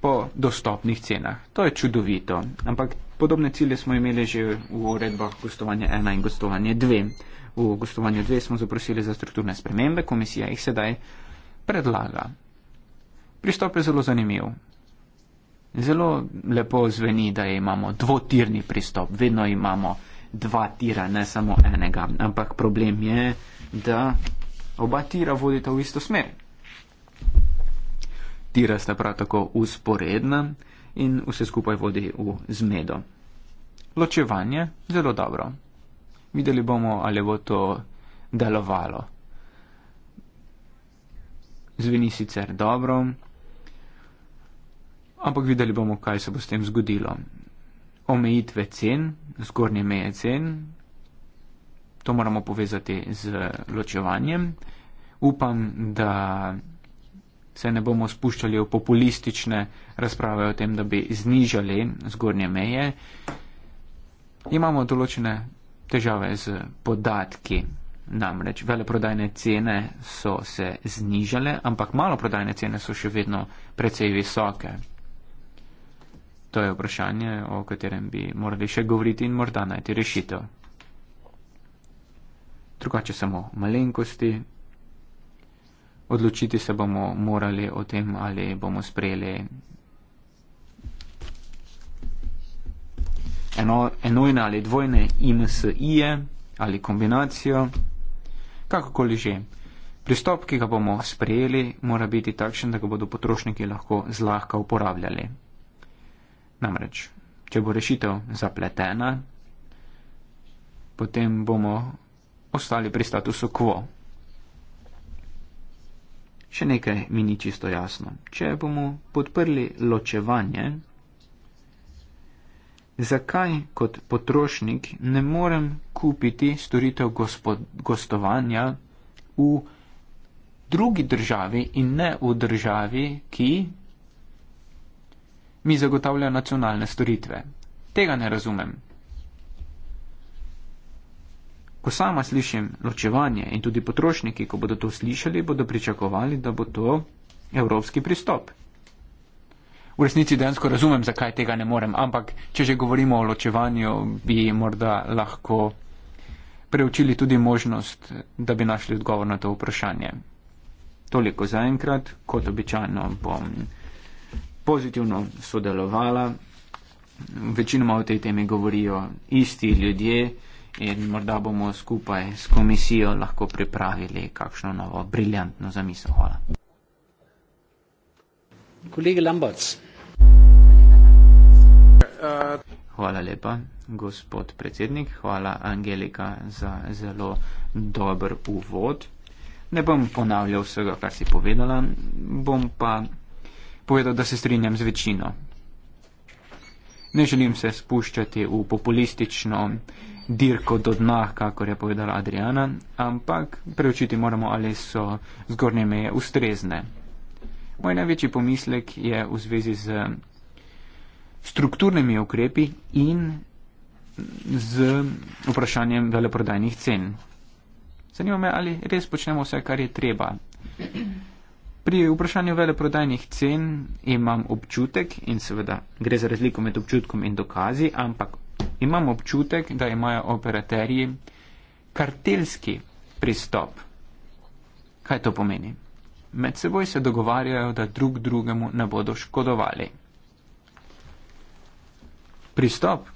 po dostopnih cenah. To je čudovito, ampak podobne cilje smo imeli že v uredbah gostovanja 1 in gostovanja 2. V gostovanju 2 smo zaprosili za strukturne spremembe, komisija jih sedaj predlaga. Pristop je zelo zanimiv. Zelo lepo zveni, da imamo dvotirni pristop. Vedno imamo dva tira, ne samo enega. Ampak problem je, da oba tira vodita v isto smer. Tira sta prav tako usporedna in vse skupaj vodi v zmedo. Ločevanje zelo dobro. Videli bomo, ali bo to delovalo. Zveni sicer dobro, ampak videli bomo, kaj se bo s tem zgodilo. Omejitve cen, zgornje meje cen, to moramo povezati z ločevanjem. Upam, da se ne bomo spuščali v populistične razprave o tem, da bi znižali zgornje meje. Imamo določene težave z podatki. Namreč veleprodajne cene so se znižale, ampak maloprodajne cene so še vedno precej visoke. To je vprašanje, o katerem bi morali še govoriti in morda najti rešitev. Drugače samo malenkosti. Odločiti se bomo morali o tem, ali bomo sprejeli eno, enojne ali dvojne IMSI-je ali kombinacijo, kakokoli že. Pristop, ki ga bomo sprejeli, mora biti takšen, da ga bodo potrošniki lahko zlahka uporabljali. Namreč, če bo rešitev zapletena, potem bomo ostali pri statusu quo. Še nekaj mi ni čisto jasno. Če bomo podprli ločevanje, zakaj kot potrošnik ne morem kupiti storitev gostovanja v drugi državi in ne v državi, ki mi zagotavlja nacionalne storitve. Tega ne razumem. Ko sama slišim ločevanje in tudi potrošniki, ko bodo to slišali, bodo pričakovali, da bo to evropski pristop. V resnici dejansko razumem, zakaj tega ne morem, ampak če že govorimo o ločevanju, bi morda lahko preučili tudi možnost, da bi našli odgovor na to vprašanje. Toliko zaenkrat, kot običajno bom pozitivno sodelovala. Večinoma o tej temi govorijo isti ljudje in morda bomo skupaj s komisijo lahko pripravili kakšno novo briljantno zamisel. Hvala. Kolega Lambac. Hvala lepa, gospod predsednik. Hvala, Angelika, za zelo dober uvod. Ne bom ponavljal vsega, kar si povedala, bom pa povedal, da se strinjam z večino. Ne želim se spuščati v populistično dirko do dna, kakor je povedala Adriana, ampak preučiti moramo, ali so zgornje meje ustrezne. Moj največji pomislek je v zvezi z strukturnimi ukrepi in z vprašanjem veleprodajnih cen. Zanima me, ali res počnemo vse, kar je treba. Pri vprašanju veleprodajnih cen imam občutek in seveda gre za razliko med občutkom in dokazi, ampak imam občutek, da imajo operaterji kartelski pristop. Kaj to pomeni? Med seboj se dogovarjajo, da drug drugemu ne bodo škodovali. Pristop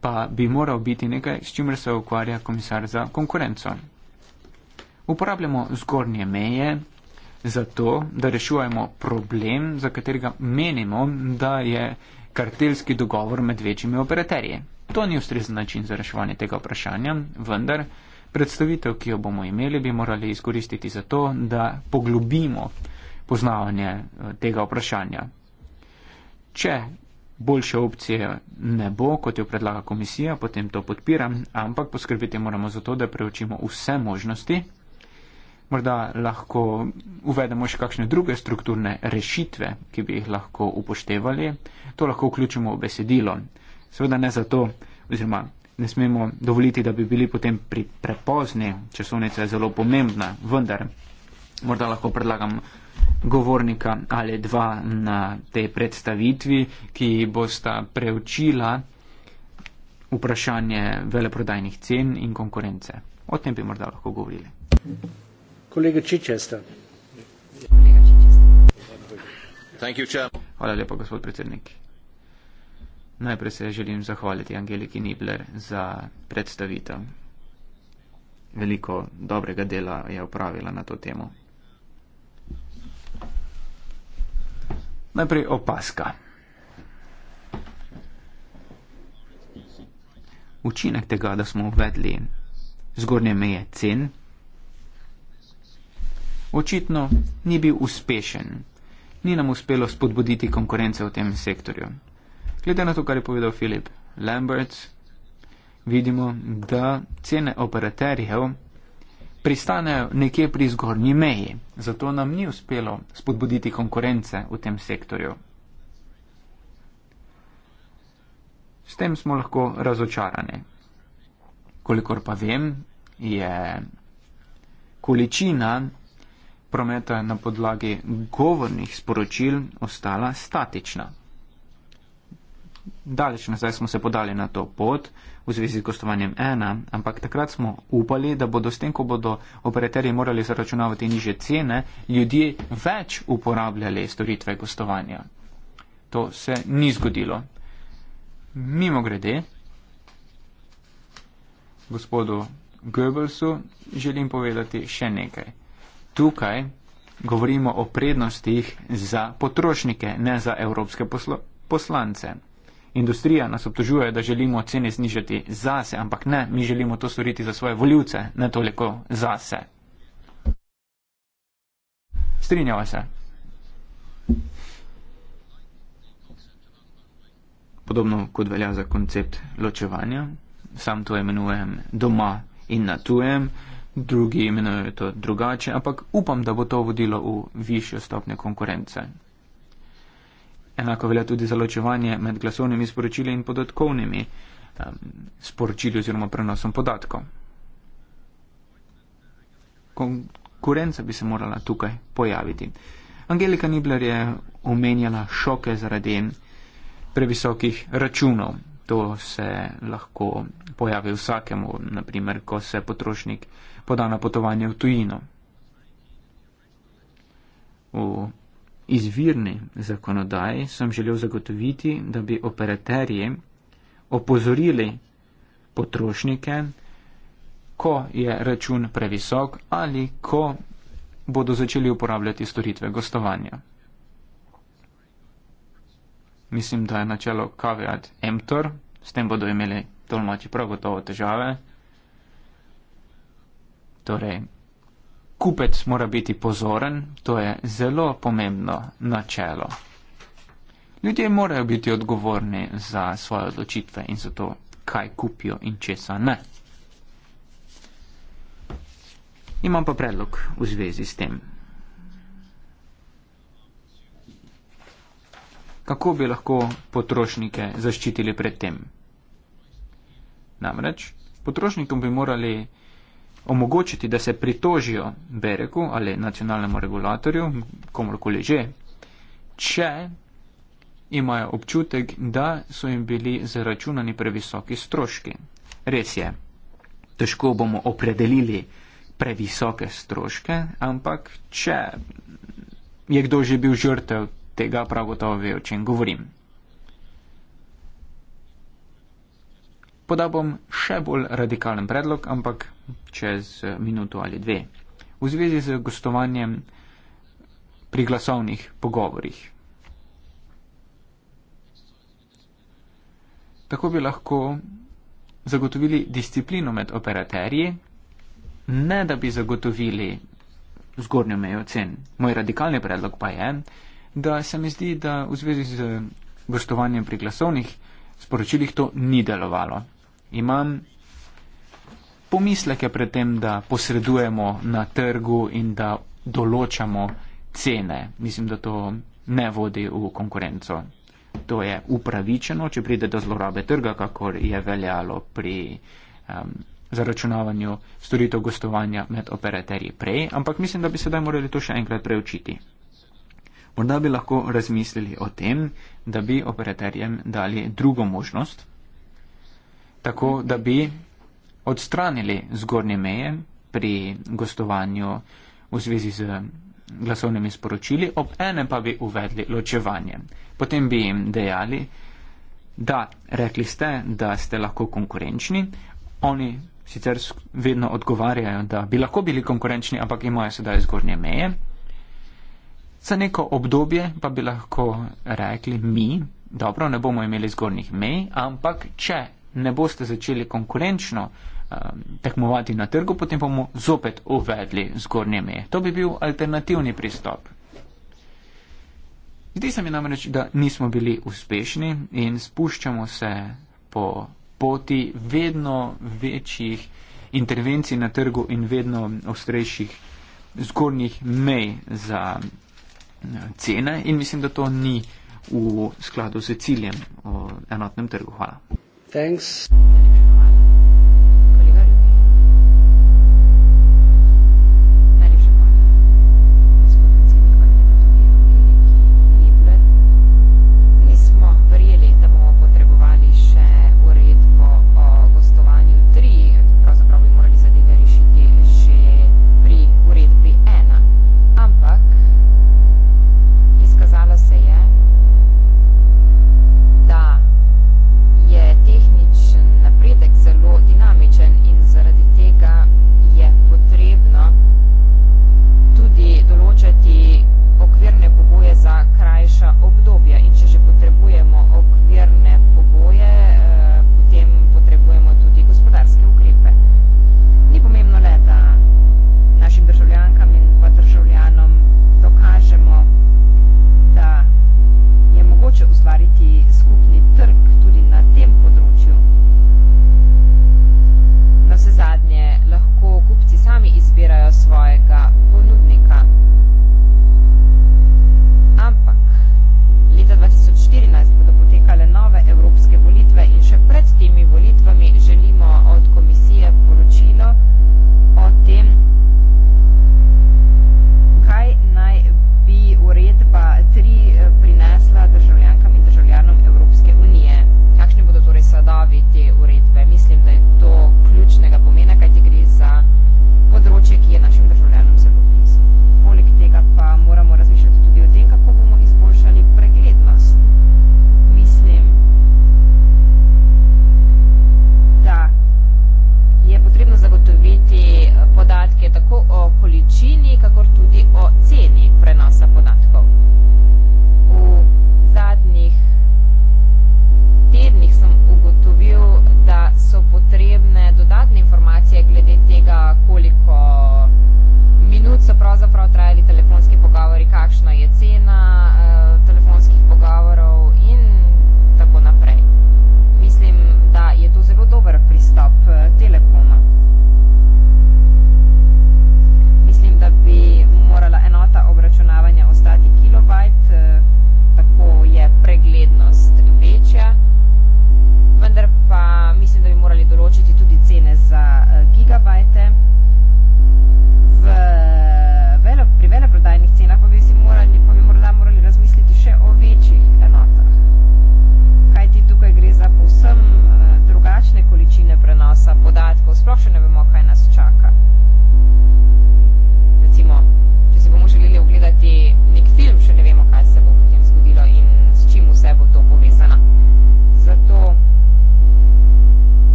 pa bi moral biti nekaj, s čimer se ukvarja komisar za konkurenco. Uporabljamo zgornje meje, zato, da rešujemo problem, za katerega menimo, da je kartelski dogovor med večjimi operaterji. To ni ustrezen način za reševanje tega vprašanja, vendar predstavitev, ki jo bomo imeli, bi morali izkoristiti za to, da poglobimo poznavanje eh, tega vprašanja. Če boljše opcije ne bo, kot jo predlaga komisija, potem to podpiram, ampak poskrbiti moramo za to, da preučimo vse možnosti morda lahko uvedemo še kakšne druge strukturne rešitve, ki bi jih lahko upoštevali. To lahko vključimo v besedilo. Seveda ne zato, oziroma ne smemo dovoliti, da bi bili potem pri prepozni, časovnica je zelo pomembna, vendar morda lahko predlagam govornika ali dva na tej predstavitvi, ki bosta preučila vprašanje veleprodajnih cen in konkurence. O tem bi morda lahko govorili. Thank you. Hvala lepa, gospod predsednik. Najprej se želim zahvaliti Angeliki Nibler za predstavitev. Veliko dobrega dela je upravila na to temo. Najprej opaska. Učinek tega, da smo uvedli zgornje meje cen očitno ni bil uspešen. Ni nam uspelo spodbuditi konkurence v tem sektorju. Glede na to, kar je povedal Filip Lambert, vidimo, da cene operaterjev pristanejo nekje pri zgornji meji. Zato nam ni uspelo spodbuditi konkurence v tem sektorju. S tem smo lahko razočarani. Kolikor pa vem, je količina prometa na podlagi govornih sporočil ostala statična. Daleč nazaj smo se podali na to pot v zvezi z gostovanjem ena, ampak takrat smo upali, da bodo s tem, ko bodo operaterji morali zaračunavati niže cene, ljudje več uporabljali storitve gostovanja. To se ni zgodilo. Mimo grede, gospodu Goebbelsu želim povedati še nekaj tukaj govorimo o prednostih za potrošnike, ne za evropske poslo poslance. Industrija nas obtožuje, da želimo cene znižati zase, ampak ne, mi želimo to storiti za svoje voljivce, ne toliko zase. Strinjava se. Podobno kot velja za koncept ločevanja, sam to imenujem doma in na tujem drugi imenujejo to drugače, ampak upam, da bo to vodilo v višjo stopnjo konkurence. Enako velja tudi za ločevanje med glasovnimi sporočili in podatkovnimi um, sporočili oziroma prenosom podatkov. Konkurenca bi se morala tukaj pojaviti. Angelika Nibler je omenjala šoke zaradi previsokih računov. To se lahko pojavi vsakemu, naprimer, ko se potrošnik uh, poda na potovanje v tujino. V izvirni zakonodaji sem želel zagotoviti, da bi operaterji opozorili potrošnike, ko je račun previsok ali ko bodo začeli uporabljati storitve gostovanja. Mislim, da je načelo kaviat emptor, s tem bodo imeli tolmači prav gotovo težave. Torej, kupec mora biti pozoren, to je zelo pomembno načelo. Ljudje morajo biti odgovorni za svoje odločitve in za to, kaj kupijo in česa ne. Imam pa predlog v zvezi s tem. Kako bi lahko potrošnike zaščitili pred tem? Namreč, potrošnikom bi morali omogočiti, da se pritožijo Bereku ali nacionalnemu regulatorju, komorkoli že, če imajo občutek, da so jim bili zaračunani previsoki stroški. Res je, težko bomo opredelili previsoke stroške, ampak če je kdo že bil žrtev tega, prav gotovo ve, o čem govorim. Podal bom še bolj radikalen predlog, ampak čez minuto ali dve. V zvezi z gostovanjem pri glasovnih pogovorih. Tako bi lahko zagotovili disciplino med operaterji, ne da bi zagotovili zgornjo mejo cen. Moj radikalni predlog pa je, da se mi zdi, da v zvezi z gostovanjem pri glasovnih sporočilih to ni delovalo. Imam pomisleke pred tem, da posredujemo na trgu in da določamo cene. Mislim, da to ne vodi v konkurenco. To je upravičeno, če pride do zlorabe trga, kakor je veljalo pri um, zaračunavanju storitev gostovanja med operaterji prej, ampak mislim, da bi sedaj morali to še enkrat preučiti. Morda bi lahko razmislili o tem, da bi operaterjem dali drugo možnost, tako da bi odstranili zgornje meje pri gostovanju v zvezi z glasovnimi sporočili, ob ene pa bi uvedli ločevanje. Potem bi jim dejali, da rekli ste, da ste lahko konkurenčni, oni sicer vedno odgovarjajo, da bi lahko bili konkurenčni, ampak imajo sedaj zgornje meje. Za neko obdobje pa bi lahko rekli mi, dobro, ne bomo imeli zgornjih mej, ampak če ne boste začeli konkurenčno um, tekmovati na trgu, potem bomo zopet uvedli zgornje meje. To bi bil alternativni pristop. Zdi se mi namreč, da nismo bili uspešni in spuščamo se po poti vedno večjih intervencij na trgu in vedno ostrejših zgornjih mej za cene in mislim, da to ni v skladu z ciljem o enotnem trgu. Hvala. Thanks.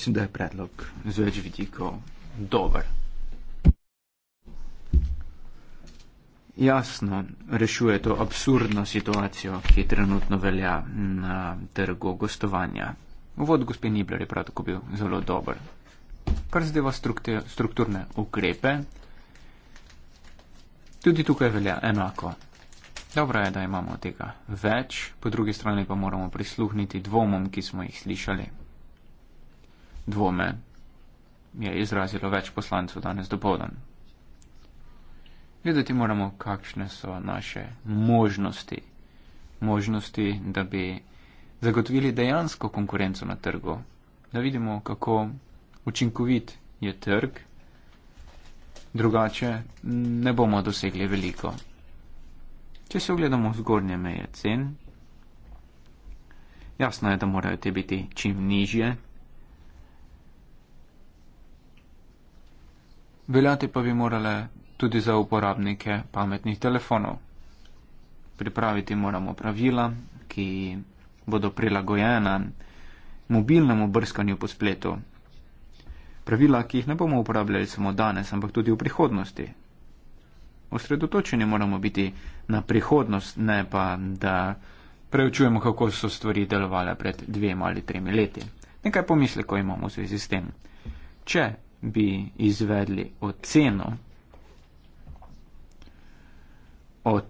mislim, da je predlog z več vidikov dober. Jasno, rešuje to absurdno situacijo, ki trenutno velja na trgu gostovanja. Vod gospe Nibler je prav tako bil zelo dober. Kar zadeva strukturne ukrepe, tudi tukaj velja enako. Dobro je, da imamo tega več, po drugi strani pa moramo prisluhniti dvomom, ki smo jih slišali dvome je izrazilo več poslancev danes dopoldan. Videti moramo, kakšne so naše možnosti. Možnosti, da bi zagotovili dejansko konkurenco na trgu. Da vidimo, kako učinkovit je trg. Drugače ne bomo dosegli veliko. Če se ogledamo zgornje meje cen, jasno je, da morajo te biti čim nižje, veljati pa bi morale tudi za uporabnike pametnih telefonov. Pripraviti moramo pravila, ki bodo prilagojena mobilnemu brskanju po spletu. Pravila, ki jih ne bomo uporabljali samo danes, ampak tudi v prihodnosti. Osredotočeni moramo biti na prihodnost, ne pa, da preučujemo, kako so stvari delovale pred dvema ali tremi leti. Nekaj pomisle, ko imamo v zvezi s tem. Če bi izvedli oceno o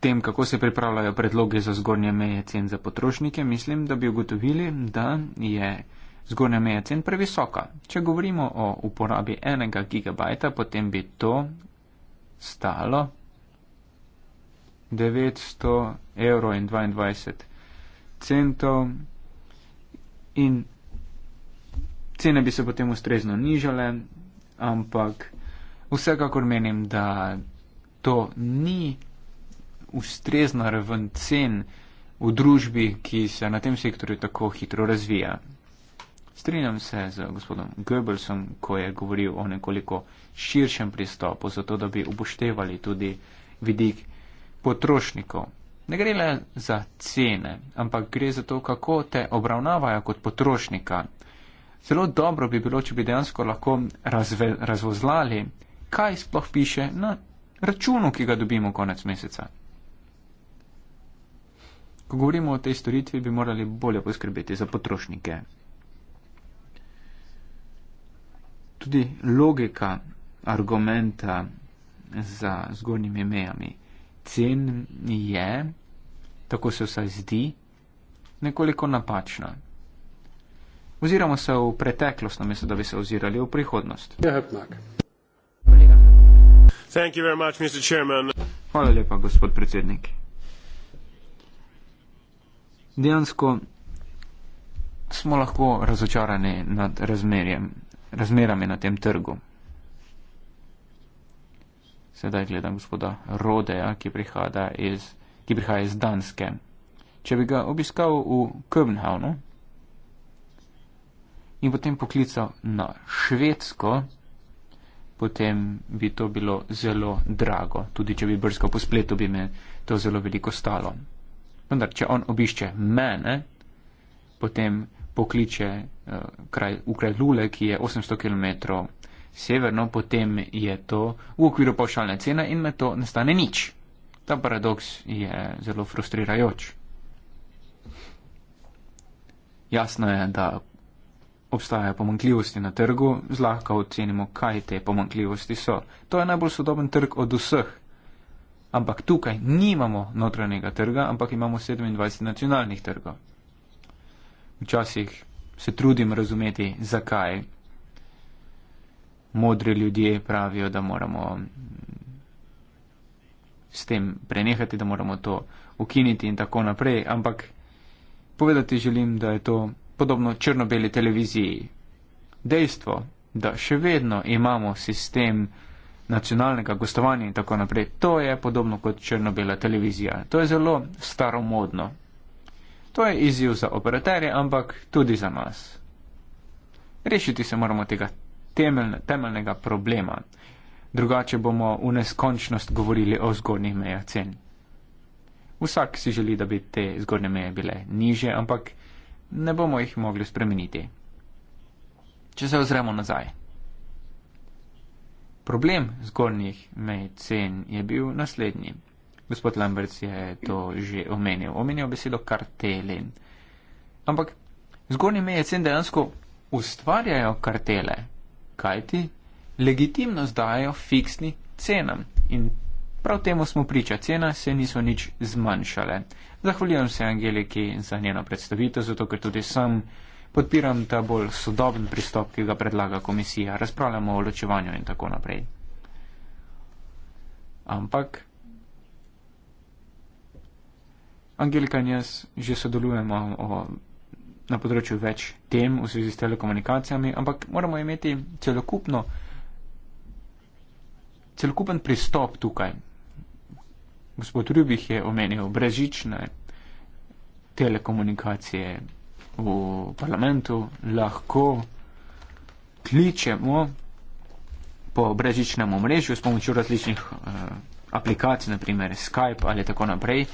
tem, kako se pripravljajo predloge za zgornje meje cen za potrošnike, mislim, da bi ugotovili, da je zgornja meja cen previsoka. Če govorimo o uporabi enega gigabajta, potem bi to stalo 900 evrov in 22 centov in cene bi se potem ustrezno nižale, ampak vsekakor menim, da to ni ustrezna raven cen v družbi, ki se na tem sektorju tako hitro razvija. Strinjam se z gospodom Goebbelsom, ko je govoril o nekoliko širšem pristopu, zato da bi upoštevali tudi vidik potrošnikov. Ne gre le za cene, ampak gre za to, kako te obravnavajo kot potrošnika. Zelo dobro bi bilo, če bi dejansko lahko razve, razvozlali, kaj sploh piše na računu, ki ga dobimo konec meseca. Ko govorimo o tej storitvi, bi morali bolje poskrbeti za potrošnike. Tudi logika argumenta za zgornjimi mejami cen je, tako se vsaj zdi, nekoliko napačna. Oziramo se v preteklost, namesto da bi se ozirali v prihodnost. Hvala lepa, gospod predsednik. Dejansko smo lahko razočarani nad razmerjem, razmerami na tem trgu. Sedaj gledam gospoda Rodeja, ki prihaja iz, ki prihaja iz Danske. Če bi ga obiskal v Köbenhavnu, in potem poklical na švedsko, potem bi to bilo zelo drago. Tudi če bi brskal po spletu, bi me to zelo veliko stalo. Vendar, če on obišče mene, potem pokliče uh, kraj, v kraj Lule, ki je 800 km severno, potem je to v okviru pavšalne cene in me to ne stane nič. Ta paradoks je zelo frustrirajoč. Jasno je, da obstajajo pomankljivosti na trgu, zlahka ocenimo, kaj te pomankljivosti so. To je najbolj sodoben trg od vseh. Ampak tukaj nimamo notranjega trga, ampak imamo 27 nacionalnih trgov. Včasih se trudim razumeti, zakaj modri ljudje pravijo, da moramo s tem prenehati, da moramo to ukiniti in tako naprej, ampak povedati želim, da je to podobno črno-beli televiziji. Dejstvo, da še vedno imamo sistem nacionalnega gostovanja in tako naprej, to je podobno kot črno-bela televizija. To je zelo staromodno. To je izziv za operaterje, ampak tudi za nas. Rešiti se moramo tega temeljnega problema. Drugače bomo v neskončnost govorili o zgornjih mejah cen. Vsak si želi, da bi te zgornje meje bile niže, ampak ne bomo jih mogli spremeniti. Če se ozremo nazaj. Problem zgornjih mej cen je bil naslednji. Gospod Lamberts je to že omenil. Omenil besedo kartelin. Ampak zgornje meje cen dejansko ustvarjajo kartele. Kajti? Legitimnost dajo fiksni cenam. In Prav temu smo priča, cena se niso nič zmanjšale. Zahvaljujem se Angeliki za njeno predstavitev, zato ker tudi sam podpiram ta bolj sodoben pristop, ki ga predlaga komisija. Razpravljamo o ločevanju in tako naprej. Ampak. Angelika in jaz že sodelujemo o, na področju več tem v zvezi s telekomunikacijami, ampak moramo imeti celokupno, celokupen pristop tukaj. Gospod Rubih je omenil brezžične telekomunikacije v parlamentu, lahko kličemo po brezžičnem omrežju s pomočjo različnih uh, aplikacij, naprimer Skype ali tako naprej.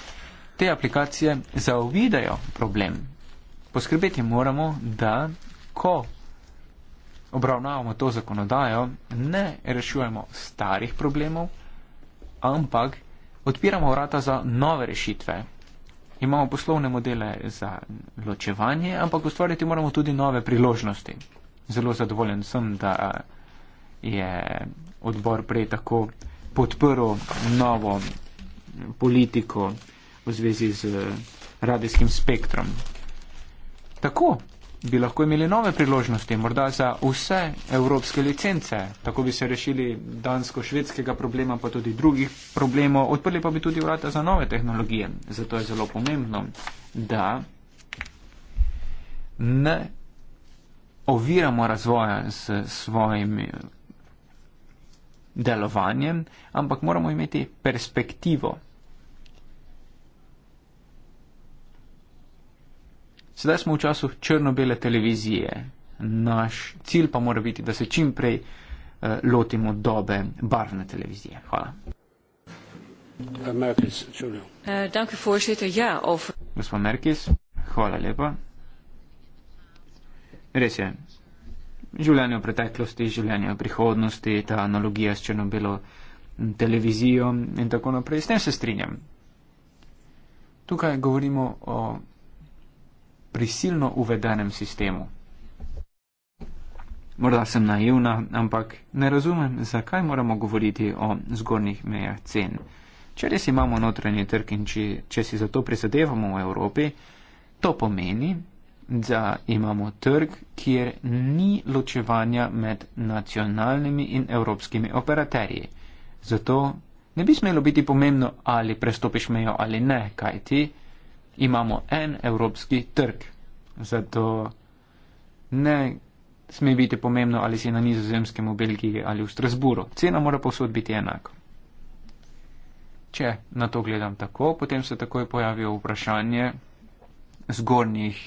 Te aplikacije zauvidajo problem. Poskrbeti moramo, da ko obravnavamo to zakonodajo, ne rešujemo starih problemov, ampak odpiramo vrata za nove rešitve. Imamo poslovne modele za ločevanje, ampak ustvarjati moramo tudi nove priložnosti. Zelo zadovoljen sem, da eh, je odbor prej tako podprl novo mm, politiko v zvezi z radijskim spektrom. Tako, bi lahko imeli nove priložnosti, morda za vse evropske licence. Tako bi se rešili dansko-švedskega problema, pa tudi drugih problemov, odprli pa bi tudi vrata za nove tehnologije. Zato je zelo pomembno, da ne oviramo razvoja s svojim delovanjem, ampak moramo imeti perspektivo. Sedaj smo v času črno-bele televizije. Naš cilj pa mora biti, da se čim prej eh, lotimo dobe barvne televizije. Hvala. Eh, ja, Gospod Merkis, hvala lepa. Res je. Življenje v preteklosti, življenje v prihodnosti, ta analogija s črno-belo televizijo in tako naprej. S tem se strinjam. Tukaj govorimo o prisilno uvedenem sistemu. Morda sem naivna, ampak ne razumem, zakaj moramo govoriti o zgornjih mejah cen. Če res imamo notranji trg in če, če si zato prizadevamo v Evropi, to pomeni, da imamo trg, kjer ni ločevanja med nacionalnimi in evropskimi operaterji. Zato ne bi smelo biti pomembno, ali prestopiš mejo ali ne, kaj ti je imamo en evropski trg. Zato ne sme biti pomembno, ali si na nizozemskem, v Belgiji ali v Strasburu. Cena mora povsod biti enaka. Če na to gledam tako, potem se takoj pojavi vprašanje zgornjih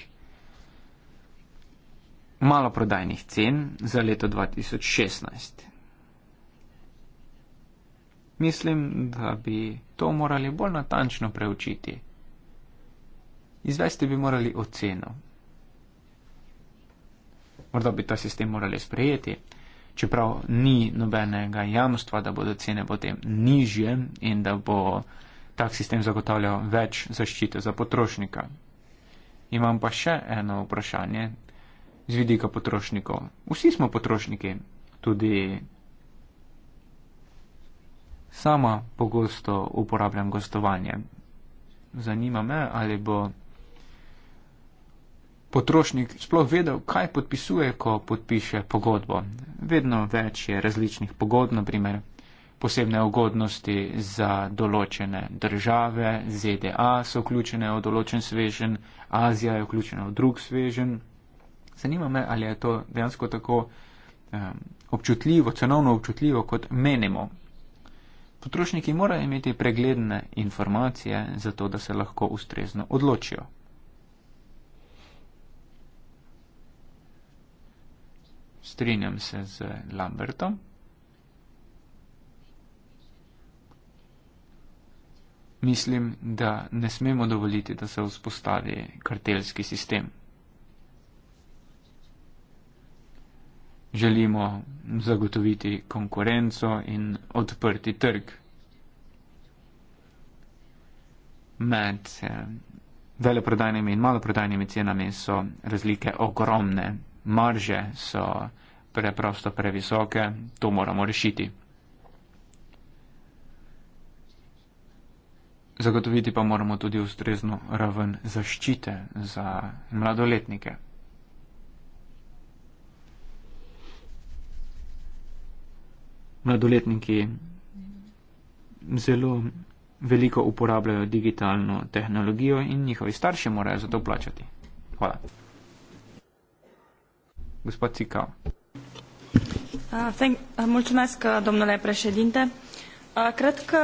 maloprodajnih cen za leto 2016. Mislim, da bi to morali bolj natančno preučiti. Izvesti bi morali oceno. Morda bi ta sistem morali sprejeti, čeprav ni nobenega jamstva, da bodo cene potem nižje in da bo tak sistem zagotavljal več zaščite za potrošnika. Imam pa še eno vprašanje z vidika potrošnikov. Vsi smo potrošniki, tudi sama pogosto uporabljam gostovanje. Zanima me, ali bo potrošnik sploh vedel, kaj podpisuje, ko podpiše pogodbo. Vedno več je različnih pogodb, naprimer posebne ugodnosti za določene države, ZDA so vključene v določen svežen, Azija je vključena v drug svežen. Zanima me, ali je to dejansko tako um, občutljivo, cenovno občutljivo, kot menimo. Potrošniki morajo imeti pregledne informacije, zato da se lahko ustrezno odločijo. Strinjam se z Lambertom. Mislim, da ne smemo dovoliti, da se vzpostavi kartelski sistem. Želimo zagotoviti konkurenco in odprti trg med eh, veleprodajnimi in maloprodajnimi cenami so razlike ogromne marže so preprosto previsoke, to moramo rešiti. Zagotoviti pa moramo tudi ustrezno raven zaščite za mladoletnike. Mladoletniki zelo veliko uporabljajo digitalno tehnologijo in njihovi starši morajo za to plačati. Hvala. Gospod Cika. Mulțumesc, domnule președinte. Cred că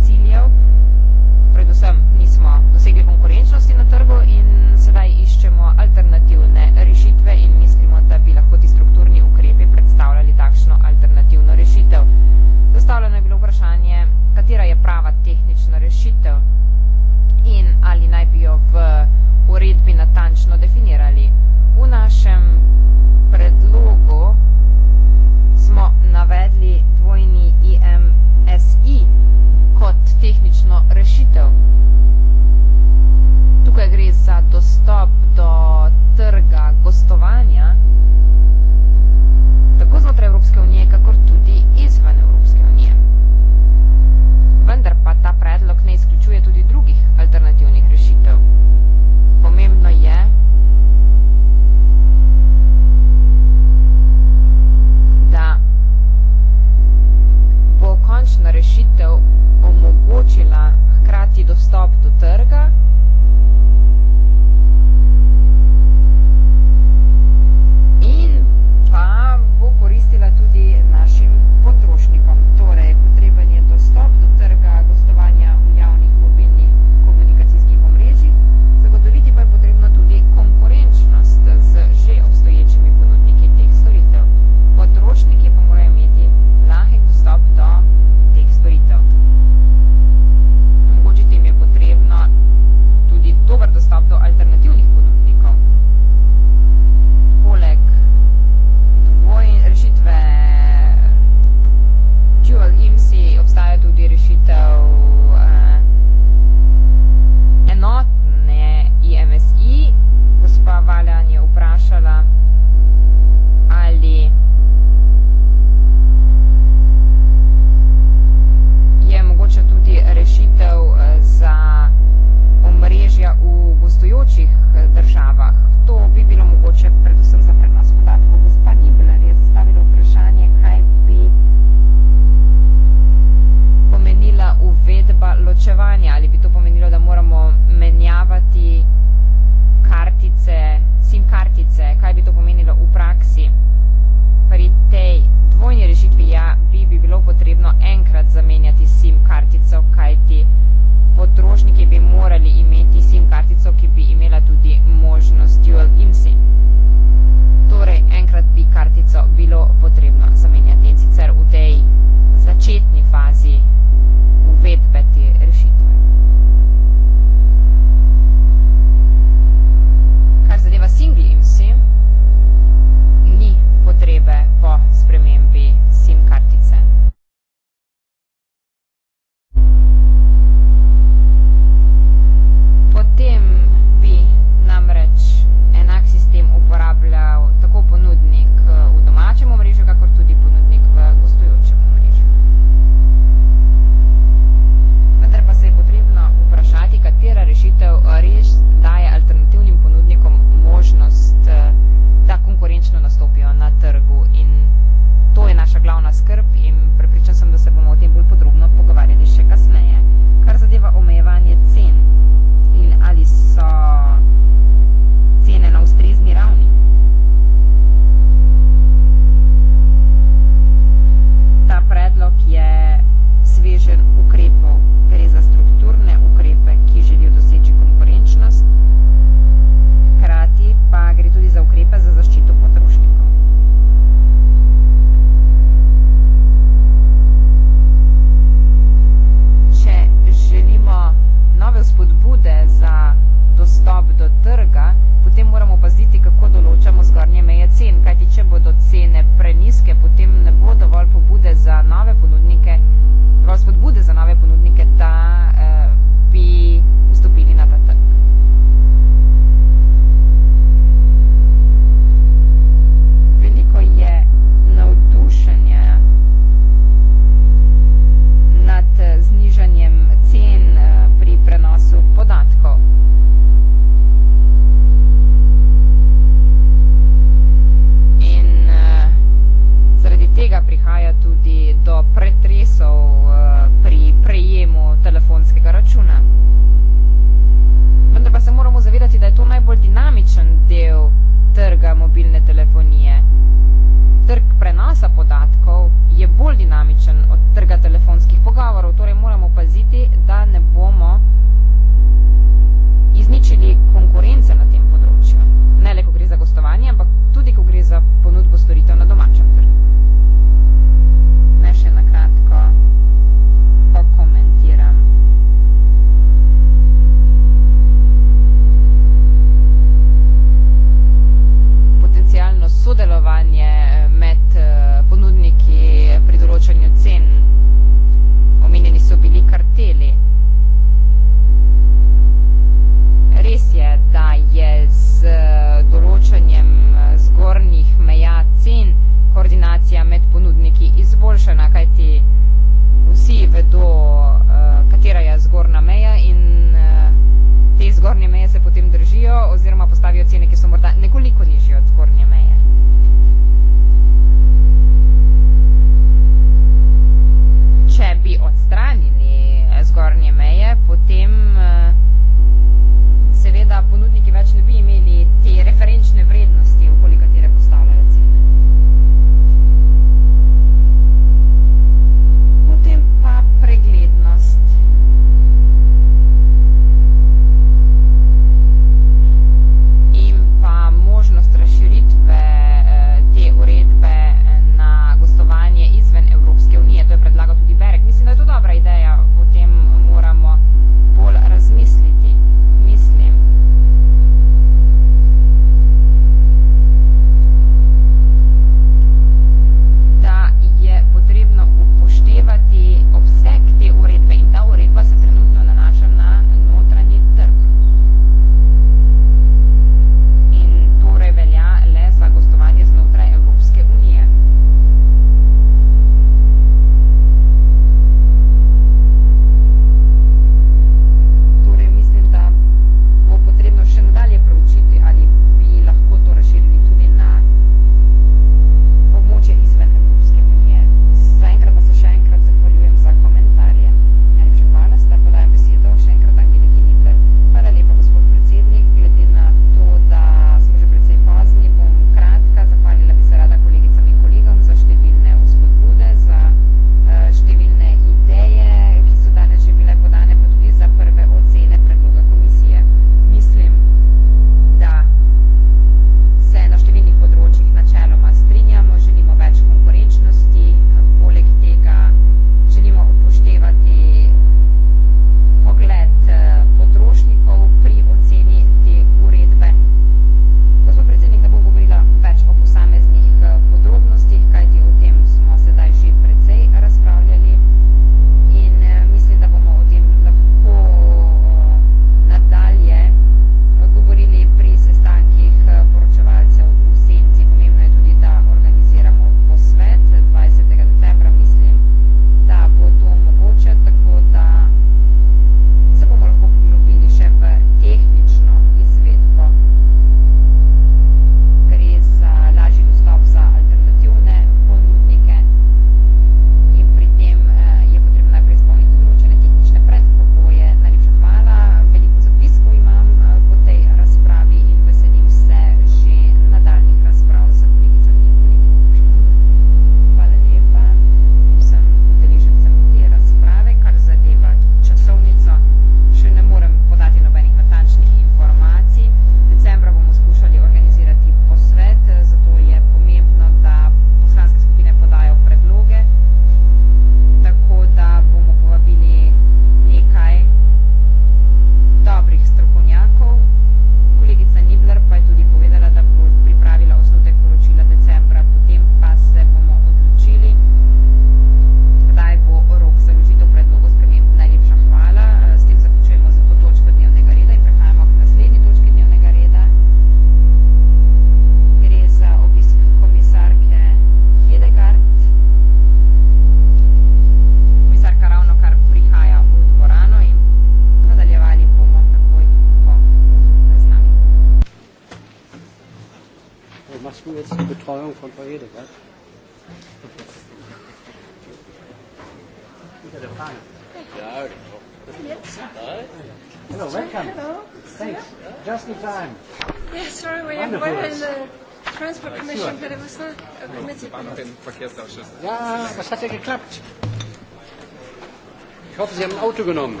zugenommen.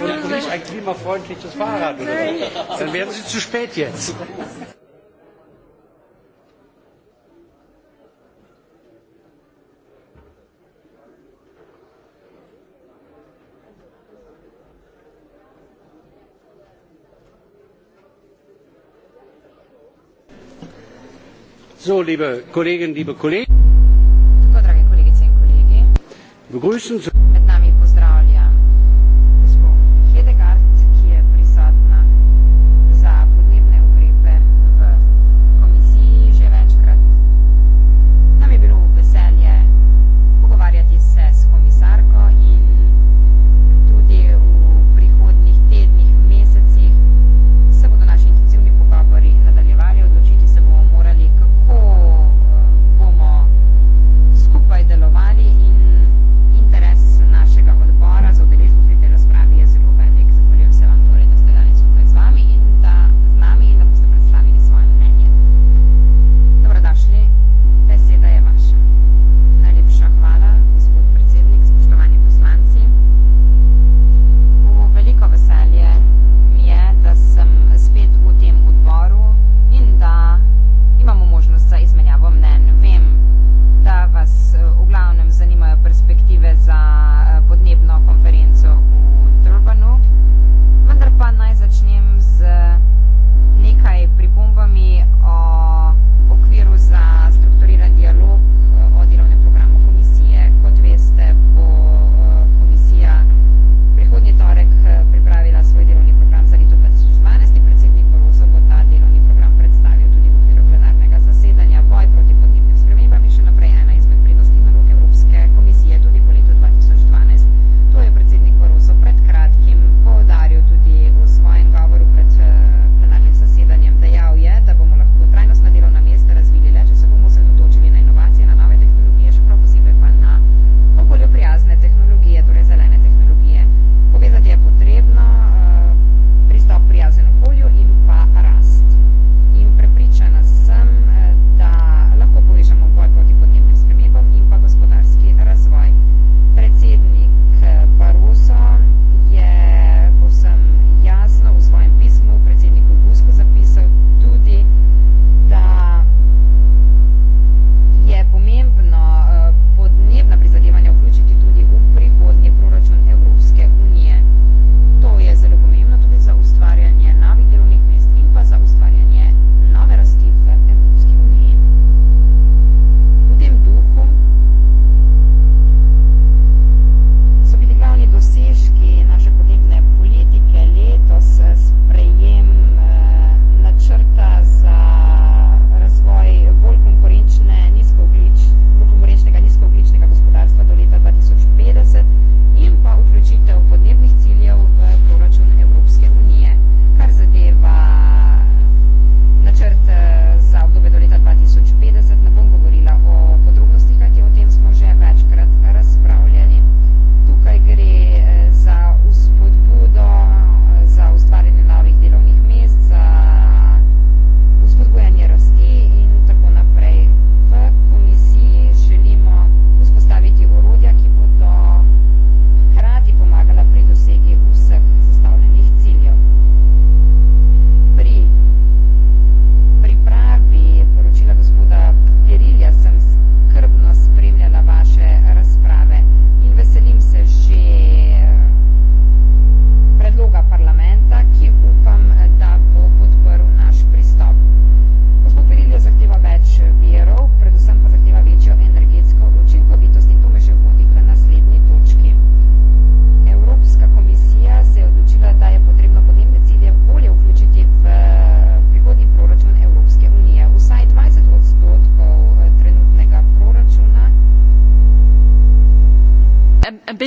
Und nicht ein klimafreundliches Fahrrad oder so. Dann wären Sie zu spät jetzt. So, liebe Kolleginnen, liebe Kollegen, begrüßen Sie.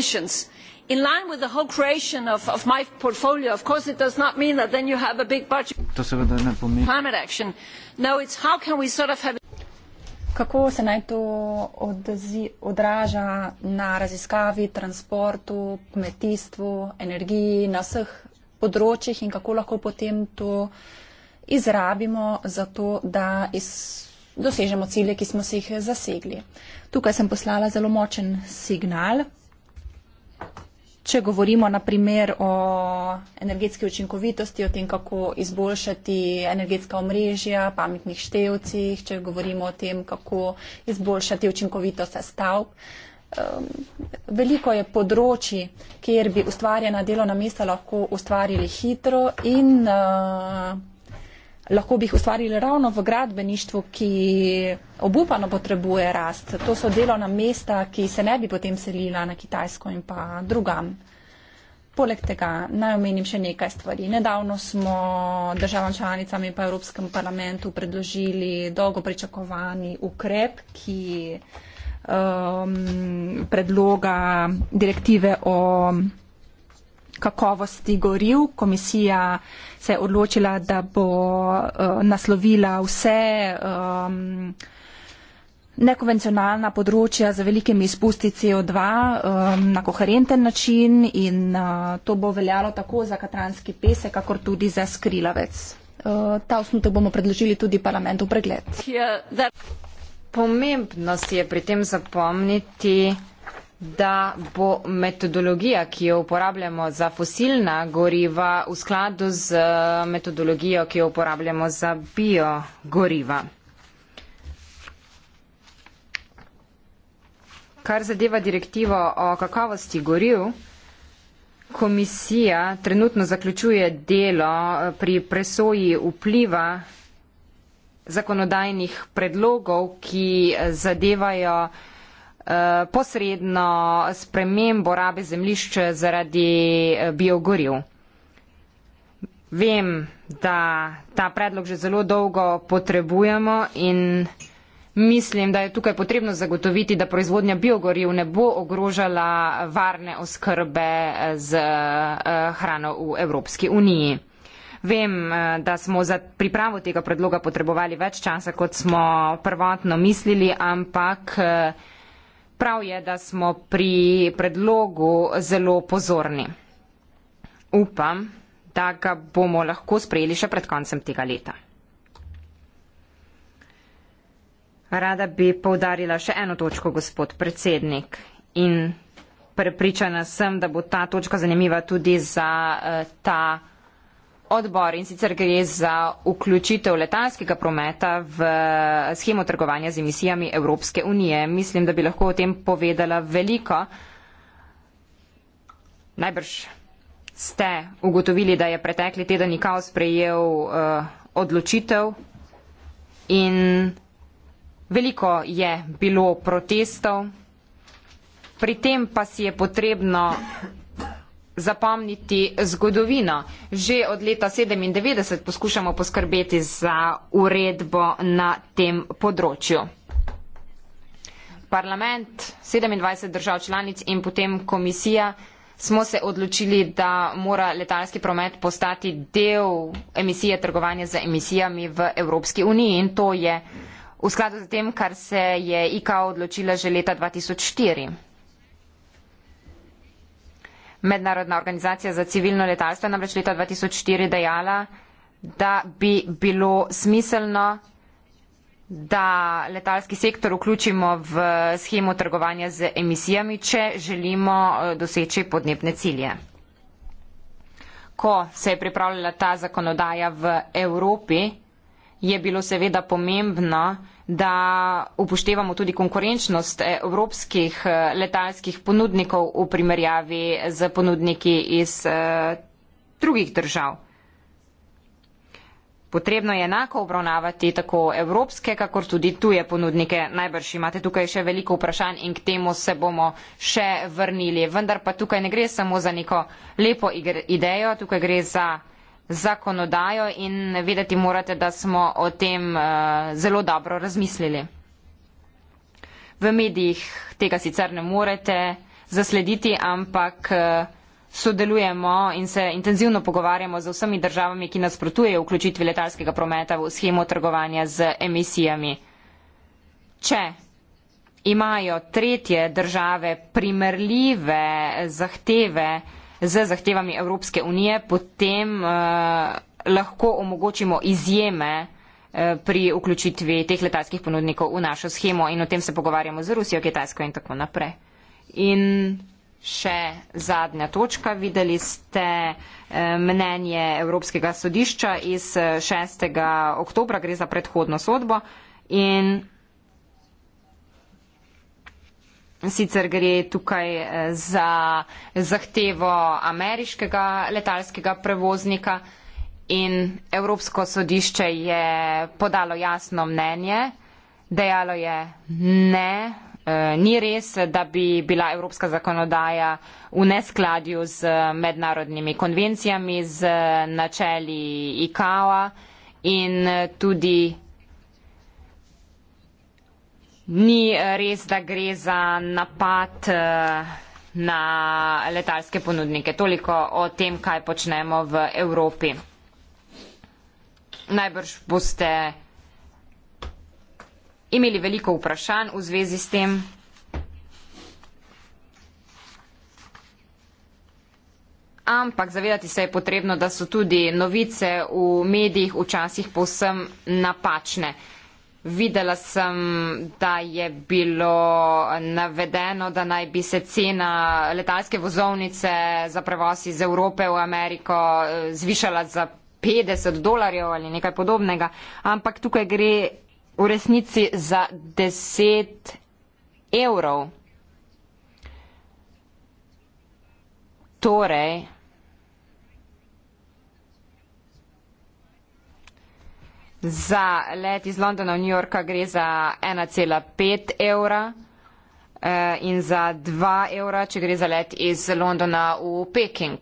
emissions. in line with the whole creation of, of my portfolio, of course, it does not mean that then you have a big budget. To ne pomeni. climate action. no, it's how can we sort of have. Kako se naj to odzi, odraža na raziskavi, transportu, kmetijstvu, energiji, na vseh področjih in kako lahko potem to izrabimo za to, da iz, dosežemo cilje, ki smo si jih zasegli. Tukaj sem poslala zelo močen signal. Če govorimo na primer o energetski učinkovitosti, o tem, kako izboljšati energetska omrežja, pametnih števcih, če govorimo o tem, kako izboljšati učinkovitost stavb, veliko je področji, kjer bi ustvarjena delovna mesta lahko ustvarili hitro in eh, lahko bi jih ustvarili ravno v gradbeništvu, ki obupano potrebuje rast. To so delovna mesta, ki se ne bi potem selila na Kitajsko in pa drugam. Poleg tega naj omenim še nekaj stvari. Nedavno smo državam članicam in pa Evropskem parlamentu predložili dolgo pričakovani ukrep, ki um, predloga direktive o kakovosti goriv. Komisija se je odločila, da bo eh, naslovila vse um, nekonvencionalna področja z velikimi izpusti CO2 um, na koherenten način in uh, to bo veljalo tako za katranski pesek, kakor tudi za skrilavec. Uh, ta osnutek bomo predložili tudi parlamentu pregled. Pomembnost je pri tem zapomniti, da bo metodologija, ki jo uporabljamo za fosilna goriva, v skladu z eh, metodologijo, ki jo uporabljamo za biogoriva. Kar zadeva direktivo o kakovosti goriv, komisija trenutno zaključuje delo eh, pri presoji vpliva zakonodajnih predlogov, ki eh, zadevajo Eh, posredno spremembo rabe zemlišče zaradi eh, biogoriv. Vem, da ta predlog že zelo dolgo potrebujemo in mislim, da je tukaj potrebno zagotoviti, da proizvodnja biogoriv ne bo ogrožala varne oskrbe eh, z hrano v Evropski uniji. Vem, da smo za pripravo tega predloga potrebovali več časa, kot smo prvotno mislili, ampak Prav je, da smo pri predlogu zelo pozorni. Upam, da ga bomo lahko sprejeli še pred koncem tega leta. Rada bi povdarila še eno točko, gospod predsednik. In prepričana sem, da bo ta točka zanimiva tudi za uh, ta odbor in sicer gre za vključitev letalskega prometa v schemo trgovanja z emisijami Evropske unije. Mislim, da bi lahko o tem povedala veliko. Najbrž ste ugotovili, da je pretekli teden IKAO sprejel uh, eh, odločitev in veliko je bilo protestov. Pri tem pa si je potrebno zapomniti zgodovino. Že od leta 1997 poskušamo poskrbeti za uredbo na tem področju. Parlament, 27 držav članic in potem komisija smo se odločili, da mora letalski promet postati del emisije trgovanja z emisijami v Evropski uniji in to je v skladu z tem, kar se je IKA odločila že leta 2004. Mednarodna organizacija za civilno letalstvo je namreč leta 2004 dejala, da bi bilo smiselno, da letalski sektor vključimo v schemo trgovanja z emisijami, če želimo eh, doseči podnebne cilje. Ko se je pripravljala ta zakonodaja v Evropi, je bilo seveda pomembno, da upoštevamo tudi konkurenčnost eh, evropskih eh, letalskih ponudnikov v primerjavi z ponudniki iz eh, drugih držav. Potrebno je enako obravnavati tako evropske, kakor tudi tuje ponudnike. Najbrž imate tukaj še veliko vprašanj in k temu se bomo še vrnili. Vendar pa tukaj ne gre samo za neko lepo igre, idejo, tukaj gre za zakonodajo in vedeti morate, da smo o tem eh, zelo dobro razmislili. V medijih tega sicer ne morete zaslediti, ampak eh, sodelujemo in se intenzivno pogovarjamo z vsemi državami, ki nasprotujejo vključitvi letalskega prometa v schemo trgovanja z emisijami. Če imajo tretje države primerljive zahteve, z zahtevami Evropske unije, potem uh, lahko omogočimo izjeme eh, pri vključitvi teh letalskih ponudnikov v našo schemo in o tem se pogovarjamo z Rusijo, Kitajsko in tako naprej. In še zadnja točka, videli ste eh, mnenje Evropskega sodišča iz 6. oktobra, gre za predhodno sodbo in Sicer gre tukaj eh, za zahtevo ameriškega letalskega prevoznika in Evropsko sodišče je podalo jasno mnenje. Dejalo je ne, eh, ni res, da bi bila evropska zakonodaja v neskladju z eh, mednarodnimi konvencijami, z načeli ICAO-a in tudi ni eh, res, da gre za napad eh, na letalske ponudnike. Toliko o tem, kaj počnemo v Evropi. Najbrž boste imeli veliko vprašanj v zvezi s tem. Ampak zavedati se je potrebno, da so tudi novice v medijih včasih povsem napačne. Videla sem, da je bilo navedeno, da naj bi se cena letalske vozovnice za prevoz iz Evrope v Ameriko eh, zvišala za 50 dolarjev ali nekaj podobnega, ampak tukaj gre v resnici za 10 evrov. Torej, Za let iz Londona v New Yorka gre za 1,5 evra eh, in za 2 evra, če gre za let iz Londona v Peking.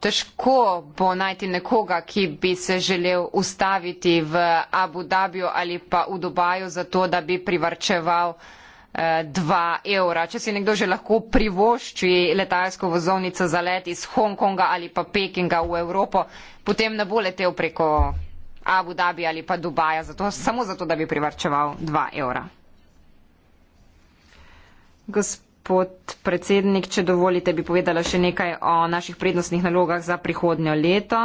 Težko bo najti nekoga, ki bi se želel ustaviti v Abu Dhabiju ali pa v Dubaju, zato da bi privrčeval uh, 2 evra. Če si nekdo že lahko privošči letalsko vozovnico za let iz Hongkonga ali pa Pekinga v Evropo, potem ne bo letel preko Abu Dhabi ali pa Dubaja, zato, samo zato, da bi privrčeval 2 evra. Gospod predsednik, če dovolite, bi povedala še nekaj o naših prednostnih nalogah za prihodnjo leto.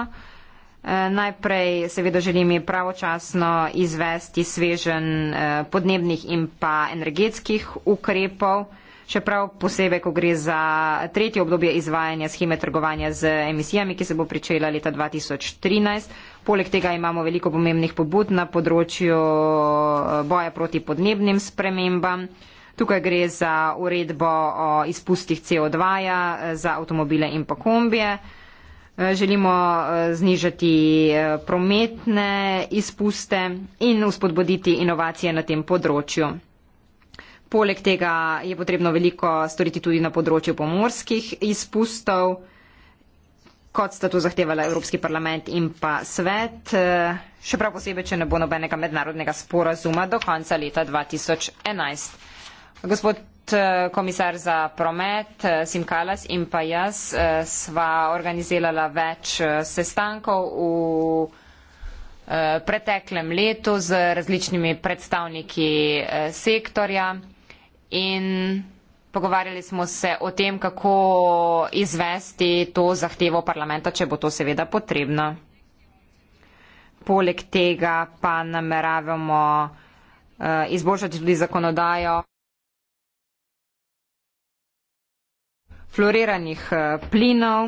Eh, najprej seveda želim pravočasno izvesti svežen eh, podnebnih in pa energetskih ukrepov, čeprav posebej, ko gre za tretje obdobje izvajanja scheme trgovanja z emisijami, ki se bo pričela leta 2013. Poleg tega imamo veliko pomembnih pobud na področju eh, boja proti podnebnim spremembam. Tukaj gre za uredbo o izpustih CO2 za avtomobile in pa kombije. Eh, želimo eh, znižati eh, prometne izpuste in uspodbuditi inovacije na tem področju. Poleg tega je potrebno veliko storiti tudi na področju pomorskih izpustov, kot sta to zahtevala Evropski parlament in pa svet, še prav posebej, če ne bo nobenega mednarodnega sporazuma do konca leta 2011. Gospod Eh, komisar za promet eh, Sim Kalas in pa jaz eh, sva organizirala več sestankov v preteklem letu z različnimi predstavniki sektorja in pogovarjali smo se o tem, kako izvesti to zahtevo parlamenta, če bo to seveda potrebno. Poleg tega pa nameravamo izboljšati tudi zakonodajo. fluoriranih eh, plinov.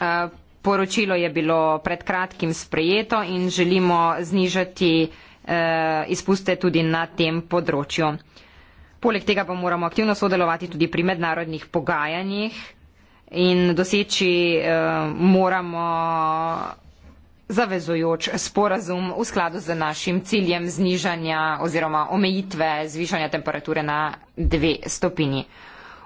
Eh, poročilo je bilo pred kratkim sprejeto in želimo znižati eh, izpuste tudi na tem področju. Poleg tega pa moramo aktivno sodelovati tudi pri mednarodnih pogajanjih in doseči moramo zavezujoč sporazum v skladu z našim ciljem znižanja oziroma omejitve zvišanja temperature na dve stopinji.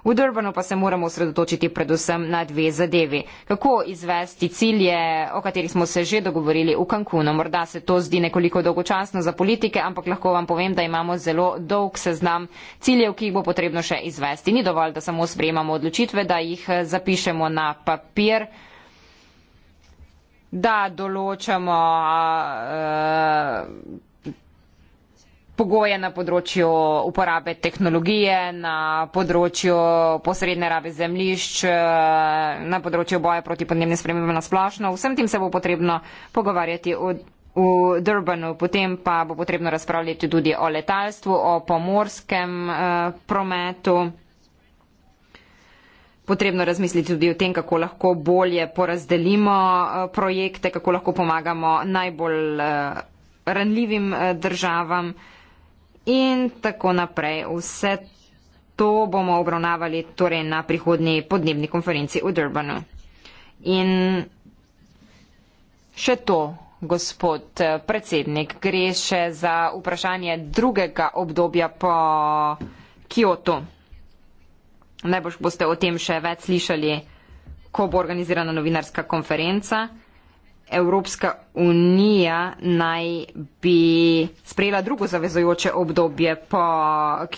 V Durbanu pa se moramo osredotočiti predvsem na dve zadevi. Kako izvesti cilje, o katerih smo se že dogovorili v Cancunu. Morda se to zdi nekoliko dolgočasno za politike, ampak lahko vam povem, da imamo zelo dolg seznam ciljev, ki jih bo potrebno še izvesti. Ni dovolj, da samo sprejemamo odločitve, da jih eh, zapišemo na papir da določamo, eh, pogoje na področju uporabe tehnologije, na področju posredne rabe zemljišč, eh, na področju boja proti podnebnim spremembam na splošno. Vsem tem se bo potrebno pogovarjati v, v Durbanu, potem pa bo potrebno razpravljati tudi o letalstvu, o pomorskem eh, prometu. Potrebno razmisliti tudi o tem, kako lahko bolje porazdelimo eh, projekte, kako lahko pomagamo najbolj eh, ranljivim državam in tako naprej. Vse to bomo obravnavali torej na prihodnji podnebni konferenci v Durbanu. In še to, gospod eh, predsednik, gre še za vprašanje drugega obdobja po Kyoto. Najbolj boste o tem še več slišali, ko bo organizirana novinarska konferenca. Evropska unija naj bi sprejela drugo zavezojoče obdobje po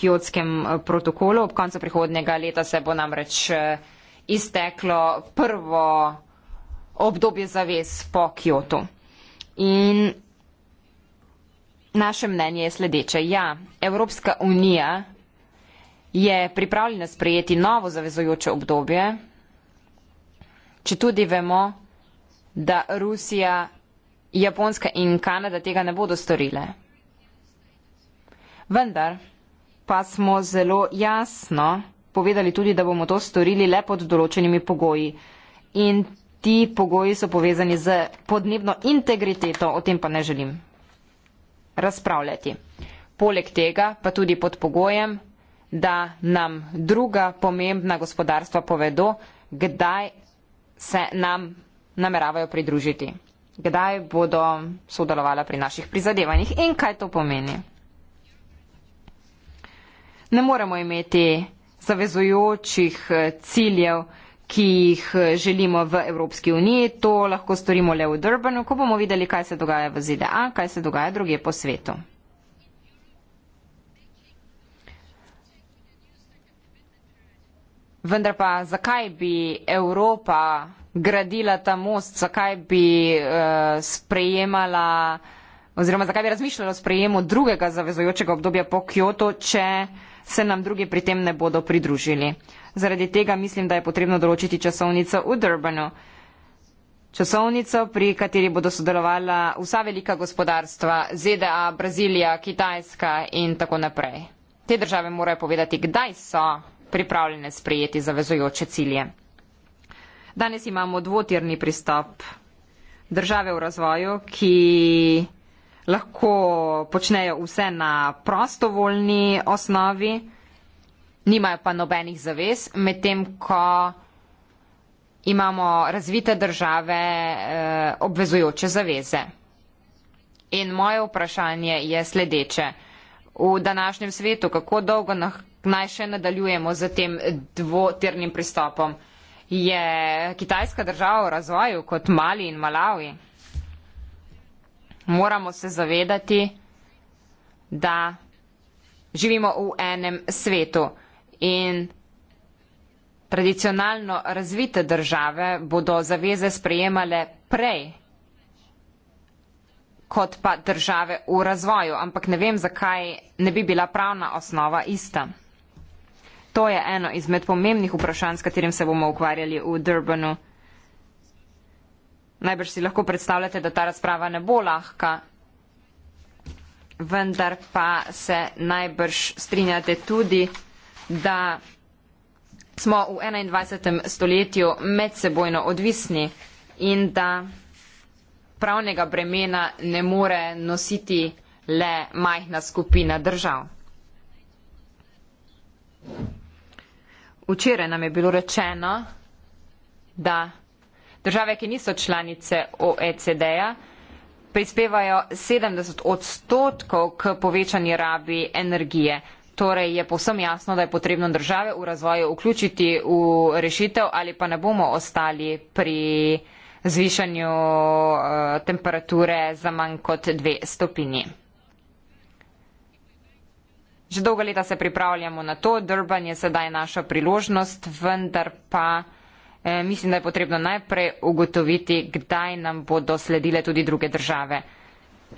kjotskem eh, protokolu. Ob koncu prihodnega leta se bo namreč eh, izteklo prvo obdobje zavez po kjotu. In naše mnenje je sledeče. Ja, Evropska unija je pripravljena sprejeti novo zavezojoče obdobje, če tudi vemo, da Rusija, Japonska in Kanada tega ne bodo storile. Vendar pa smo zelo jasno povedali tudi, da bomo to storili le pod določenimi pogoji. In ti pogoji so povezani z podnebno integriteto, o tem pa ne želim razpravljati. Poleg tega pa tudi pod pogojem, da nam druga pomembna gospodarstva povedo, kdaj se nam nameravajo pridružiti. Kdaj bodo sodelovala pri naših prizadevanjih in kaj to pomeni? Ne moremo imeti zavezujočih eh, ciljev, ki jih eh, želimo v Evropski uniji. To lahko storimo le v Durbanu, ko bomo videli, kaj se dogaja v ZDA, kaj se dogaja druge po svetu. Vendar pa zakaj bi Evropa gradila ta most, zakaj bi uh, sprejemala oziroma zakaj bi razmišljala o sprejemu drugega zavezojočega obdobja po Kyoto, če se nam drugi pri tem ne bodo pridružili. Zaradi tega mislim, da je potrebno določiti časovnico v Durbanu. Časovnico, pri kateri bodo sodelovala vsa velika gospodarstva, ZDA, Brazilija, Kitajska in tako naprej. Te države morajo povedati, kdaj so pripravljene sprejeti zavezujoče cilje. Danes imamo dvotirni pristop države v razvoju, ki lahko počnejo vse na prostovoljni osnovi, nimajo pa nobenih zavez, medtem ko imamo razvite države eh, obvezujoče zaveze. In moje vprašanje je sledeče. V današnjem svetu, kako dolgo naj še nadaljujemo z tem dvotirnim pristopom. Je Kitajska država v razvoju kot Mali in Malawi? Moramo se zavedati, da živimo v enem svetu in tradicionalno razvite države bodo zaveze sprejemale prej kot pa države v razvoju, ampak ne vem, zakaj ne bi bila pravna osnova ista. To je eno izmed pomembnih vprašanj, s katerim se bomo ukvarjali v Durbanu. Najbrž si lahko predstavljate, da ta razprava ne bo lahka, vendar pa se najbrž strinjate tudi, da smo v 21. stoletju medsebojno odvisni in da pravnega bremena ne more nositi le majhna skupina držav. Thank you včeraj nam je bilo rečeno, da države, ki niso članice OECD-ja, prispevajo 70 odstotkov k povečanju rabi energije. Torej je povsem jasno, da je potrebno države v razvoju vključiti v rešitev ali pa ne bomo ostali pri zvišanju eh, temperature za manj kot dve stopinji. Že dolga leta se pripravljamo na to, Durban je sedaj naša priložnost, vendar pa eh, mislim, da je potrebno najprej ugotoviti, kdaj nam bodo sledile tudi druge države.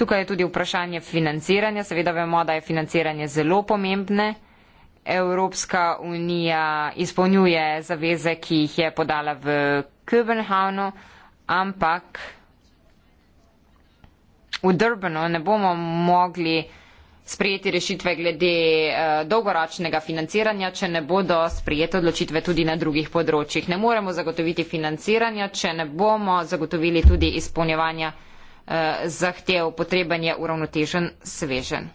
Tukaj je tudi vprašanje financiranja. Seveda vemo, da je financiranje zelo pomembne. Evropska unija izpolnjuje zaveze, ki jih je podala v Kopenhavnu, ampak v Durbanu ne bomo mogli eh, sprejeti rešitve glede eh, dolgoročnega financiranja, če ne bodo sprejeti odločitve tudi na drugih področjih. Ne moremo zagotoviti financiranja, če ne bomo zagotovili tudi izpolnjevanja eh, zahtev. Potreben je uravnotežen svežen.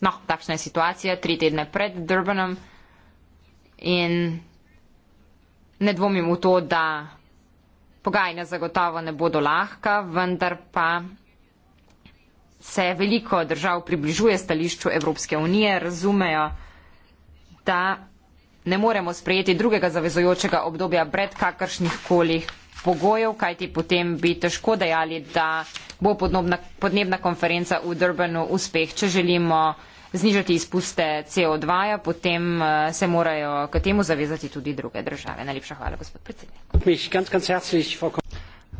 No, takšna je situacija tri tedne pred Durbanom in ne dvomim v to, da pogajanja zagotovo ne bodo lahka, vendar pa se veliko držav približuje stališču Evropske unije, razumejo, da ne moremo sprejeti drugega zavezojočega obdobja brez kakršnih kolih pogojev, kajti potem bi težko dejali, da bo podnobna, podnebna konferenca v Durbanu uspeh. Če želimo znižati izpuste CO2, -ja, potem eh, se morajo k temu zavezati tudi druge države. Najlepša hvala, gospod predsednik.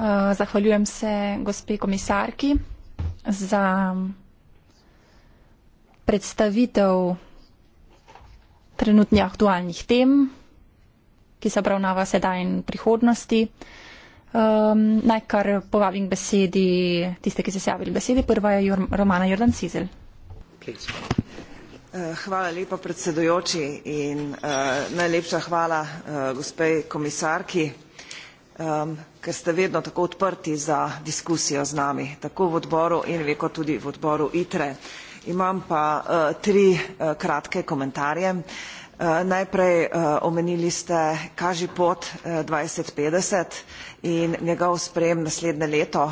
Uh, zahvaljujem se gospe komisarki za predstavitev trenutnih aktualnih tem, ki se obravnava sedaj in prihodnosti. Um, najkar povabim besedi tiste, ki se javili besedi. Prva je Jor Romana Jordan Cizel. Eh, hvala lepa predsedojoči in uh, najlepša hvala uh, eh, gospej komisarki. Um, ker ste vedno tako odprti za diskusijo z nami, tako v odboru in veko tudi v odboru ITRE. Imam pa uh, tri uh, kratke komentarje. Uh, najprej uh, omenili ste Kaži pot uh, 2050 in njegov sprejem naslednje leto.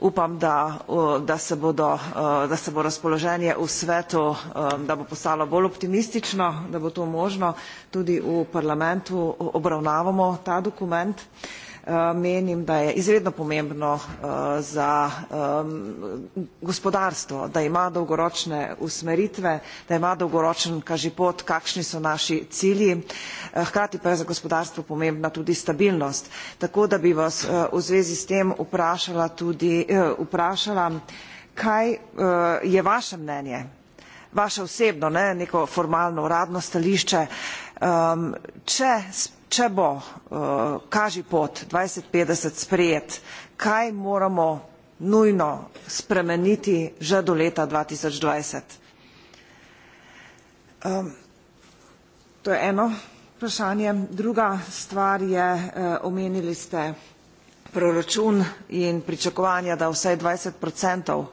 Upam, da, uh, da, se bodo, uh, da se bo razpoloženje v svetu, um, da bo postalo bolj optimistično, da bo to možno. Tudi v parlamentu obravnavamo ta dokument. Uh, Eh, menim, da je izredno pomembno eh, za gospodarstvo, da ima dolgoročne usmeritve, da ima dolgoročen kažipot, kakšni so naši cilji. Eh, hkrati pa je za gospodarstvo pomembna tudi stabilnost. Tako da bi vas v zvezi s tem vprašala tudi, vprašala, kaj je vaše mnenje, vaše osebno, ne neko formalno uradno stališče, če sploh če bo uh, kaži pot dvajset petdeset sprejet kaj moramo nujno spremeniti že do leta dvajset um, to je eno vprašanje druga stvar je uh, omenili ste proračun in pričakovanja da vsaj dvajset odstotkov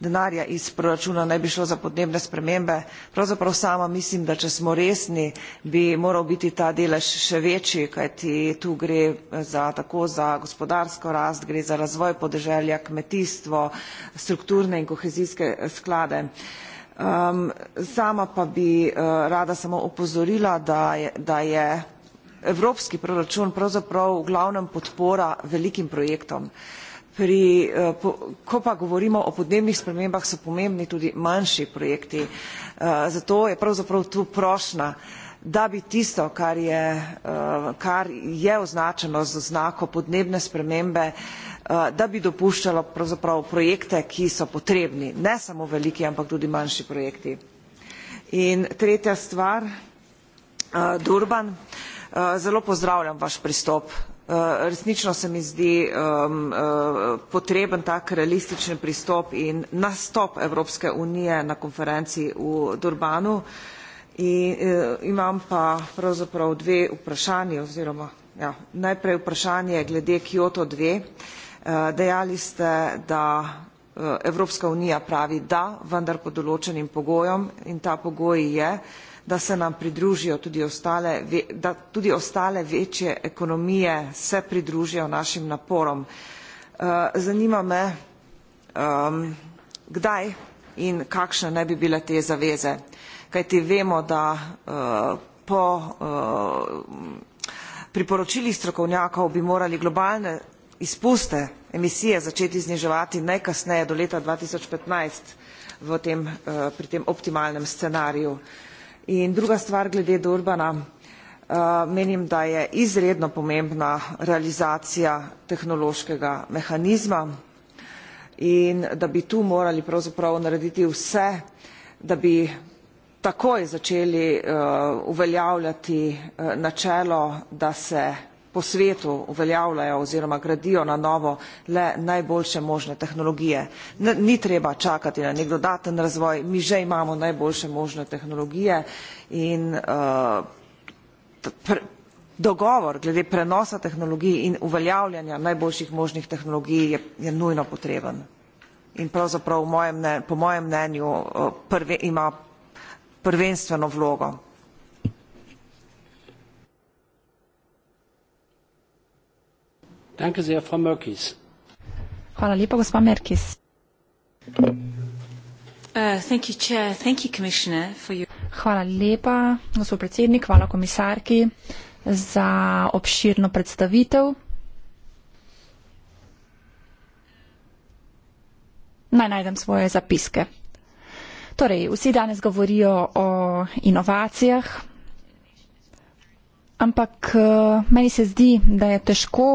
denarja iz proračuna naj bi šlo za podnebne spremembe. Pravzaprav sama mislim, da če smo resni, bi moral biti ta delež še večji, kajti tu gre za, tako za gospodarsko rast, gre za razvoj podeželja, kmetijstvo, strukturne in kohezijske sklade. Um, sama pa bi uh, rada samo opozorila, da je, da je evropski proračun pravzaprav v glavnem podpora velikim projektom. Uh, pri, eh, ko pa govorimo o podnebnih spremembah, so pomembni tudi manjši projekti. Eh, zato je pravzaprav tu prošna, da bi tisto, kar je, eh, kar je označeno z znako podnebne spremembe, da bi dopuščalo pravzaprav projekte, ki so potrebni, ne samo veliki, ampak tudi manjši projekti. In tretja stvar, Durban, zelo pozdravljam vaš pristop Eh, resnično se mi zdi um, uh, potreben tak realističen pristop in nastop Evropske unije na konferenci v Durbanu. In, uh, imam pa pravzaprav dve vprašanje oziroma ja, najprej vprašanje glede Kyoto 2. Uh, dejali ste, da Evropska unija pravi da, vendar pod določenim pogojem in ta pogoj je, da se nam pridružijo tudi ostale, da tudi ostale večje ekonomije se pridružijo našim naporom. Eh, zanima me, kdaj in kakšne naj bi bile te zaveze, kajti vemo, da eh, po eh, priporočilih strokovnjakov bi morali globalne izpuste emisije začeti zniževati najkasneje do leta dva tisoč petnajst v tem, pri tem optimalnem scenariju. In druga stvar glede Durbana. Eh, menim, da je izredno pomembna realizacija tehnološkega mehanizma in da bi tu morali pravzaprav narediti vse, da bi takoj začeli eh, uveljavljati eh, načelo, da se po svetu uveljavljajo oziroma gradijo na novo le najboljše možne tehnologije. Ni treba čakati na nek dodaten razvoj, mi že imamo najboljše možne tehnologije in eh, dogovor glede prenosa tehnologij in uveljavljanja najboljših možnih tehnologij je nujno potreben. In pravzaprav po mojem mnenju eh, ima prvenstveno vlogo. Danke sehr, Frau Merkis. Hvala lepa, gospa Merkis. Uh, hvala lepa, gospod predsednik, hvala komisarki za obširno predstavitev. Naj najdem svoje zapiske. Torej, vsi danes govorijo o inovacijah, ampak uh, meni se zdi, da je težko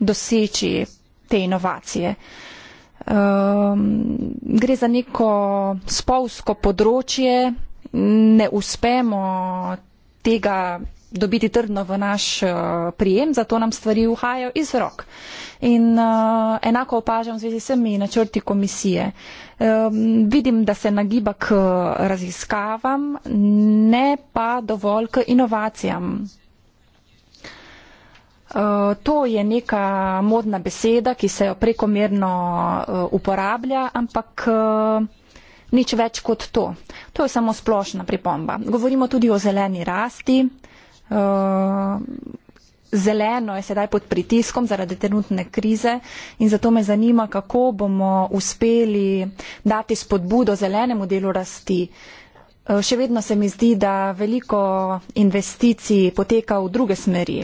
doseči te inovacije. Um, gre za neko spolsko področje, ne uspemo tega dobiti trdno v naš uh, prijem, zato nam stvari uhajajo iz rok. In uh, enako opažam v zvezi s temi načrti komisije. Um, vidim, da se nagiba k raziskavam, ne pa dovolj k inovacijam. Eh, to je neka modna beseda, ki se jo prekomerno eh, uporablja, ampak eh, nič več kot to. To je samo splošna pripomba. Govorimo tudi o zeleni rasti. Zeleno je sedaj pod pritiskom zaradi trenutne krize in zato me zanima, kako bomo uspeli dati spodbudo zelenemu delu rasti. Še vedno se mi zdi, da veliko investicij poteka v druge smeri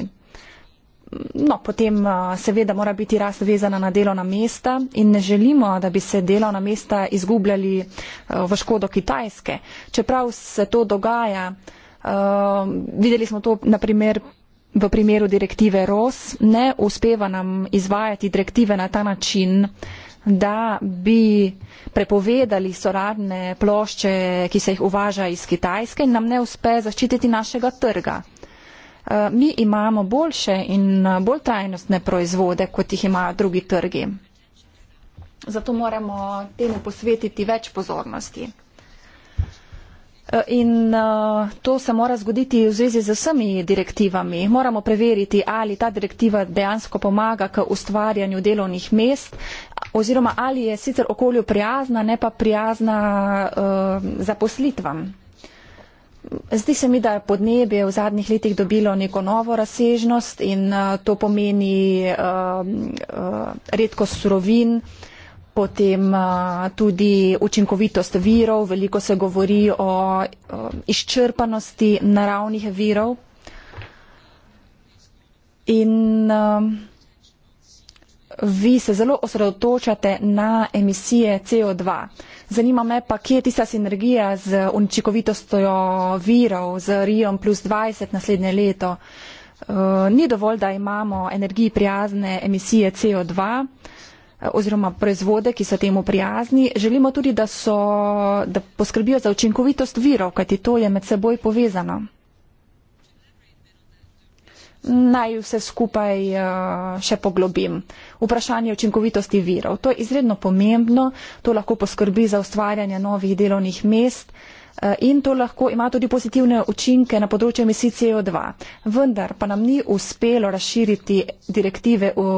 no, potem eh, seveda mora biti rast vezana na delovna mesta in ne želimo, da bi se delovna mesta izgubljali eh, v škodo Kitajske. Čeprav se to dogaja, eh, videli smo to na primer. V primeru direktive ROS ne uspeva nam izvajati direktive na ta način, da bi prepovedali soradne plošče, ki se jih uvaža iz Kitajske in nam ne uspe zaščititi našega trga. Eh, mi imamo boljše in eh, bolj trajnostne proizvode, kot jih imajo drugi trgi. Zato moramo temu posvetiti več pozornosti. Eh, in to se mora zgoditi v zvezi z vsemi direktivami. Moramo preveriti, ali ta direktiva dejansko pomaga k ustvarjanju delovnih mest oziroma ali je sicer okolju prijazna, ne pa prijazna uh, zaposlitvam. Zdi se mi, da je podnebje v zadnjih letih dobilo neko novo razsežnost in eh, to pomeni eh, eh, redko surovin, potem tudi učinkovitost virov. Veliko se govori o izčrpanosti naravnih virov. In vi se zelo osredotočate na emisije CO2. Zanima me pa, kje je tista sinergija z uničikovitostjo virov, z Rijom plus 20 naslednje leto. Eh, ni dovolj, da imamo energiji prijazne emisije CO2 eh, oziroma proizvode, ki so temu prijazni. Želimo tudi, da, so, da poskrbijo za učinkovitost virov, kajti to je med seboj povezano. Naj vse skupaj eh, še poglobim. Vprašanje učinkovitosti virov. To je izredno pomembno, to lahko poskrbi za ustvarjanje novih delovnih mest eh, in to lahko ima tudi pozitivne učinke na področju emisij CO2. Vendar pa nam ni uspelo razširiti direktive o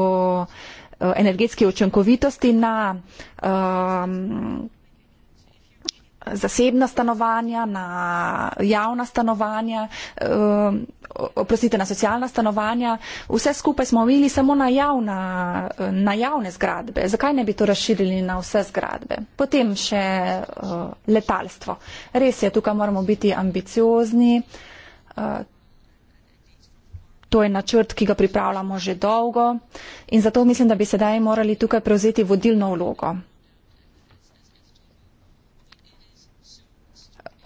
eh, energetski učinkovitosti na um, zasebna stanovanja, na javna stanovanja, ehm, oprostite, na socialna stanovanja. Vse skupaj smo omili samo na, javna, na javne zgradbe. Zakaj ne bi to razširili na vse zgradbe? Potem še eh, letalstvo. Res je, tukaj moramo biti ambiciozni. Eh, to je načrt, ki ga pripravljamo že dolgo in zato mislim, da bi sedaj morali tukaj prevzeti vodilno vlogo.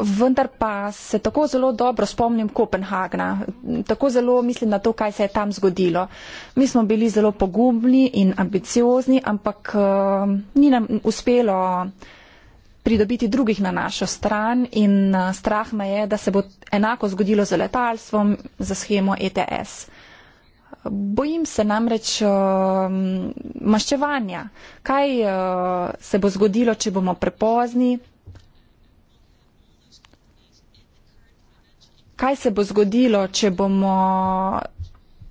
vendar pa se tako zelo dobro spomnim Kopenhagna, tako zelo mislim na to, kaj se je tam zgodilo. Mi smo bili zelo pogumni in ambiciozni, ampak uh, ni nam uspelo pridobiti drugih na našo stran in uh, strah me je, da se bo enako zgodilo z letalstvom, za schemo ETS. Bojim se namreč uh, maščevanja. Kaj uh, se bo zgodilo, če bomo prepozni? kaj se bo zgodilo, če bomo.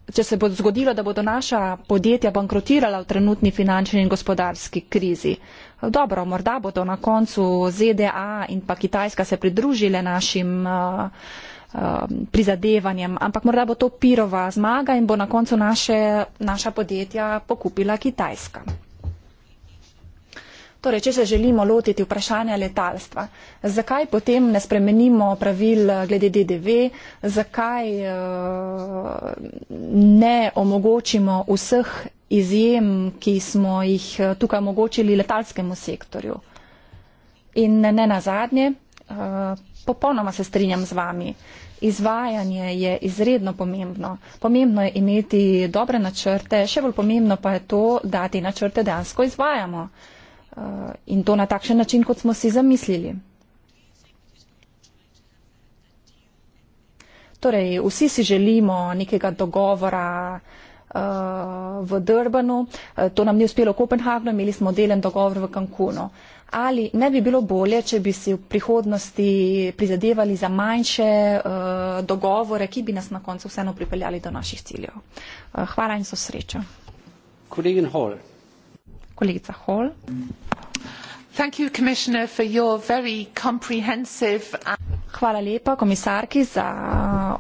Če se bo zgodilo, da bodo naša podjetja bankrotirala v trenutni finančni in gospodarski krizi. Dobro, morda bodo na koncu ZDA in pa Kitajska se pridružile našim uh, uh, prizadevanjem, ampak morda bo to pirova zmaga in bo na koncu naše, naša podjetja pokupila Kitajska. Torej, če se želimo lotiti vprašanja letalstva, zakaj potem ne spremenimo pravil glede DDV, zakaj eh, ne omogočimo vseh izjem, ki smo jih eh, tukaj omogočili letalskemu sektorju. In ne na zadnje, eh, popolnoma se strinjam z vami. Izvajanje je izredno pomembno. Pomembno je imeti dobre načrte, še bolj pomembno pa je to, da te načrte dejansko izvajamo. Eh, in to na takšen način, kot smo si zamislili. Torej, vsi si želimo nekega dogovora eh, v Drbanu, eh, to nam ni uspelo v Kopenhagnu, imeli smo delen dogovor v Cancunu. Ali ne bi bilo bolje, če bi si v prihodnosti prizadevali za manjše dogovore, ki bi nas na koncu vseeno pripeljali do naših ciljev? Hvala in so srečo. Kolegin Hall kolegica Hall. Hvala lepa komisarki za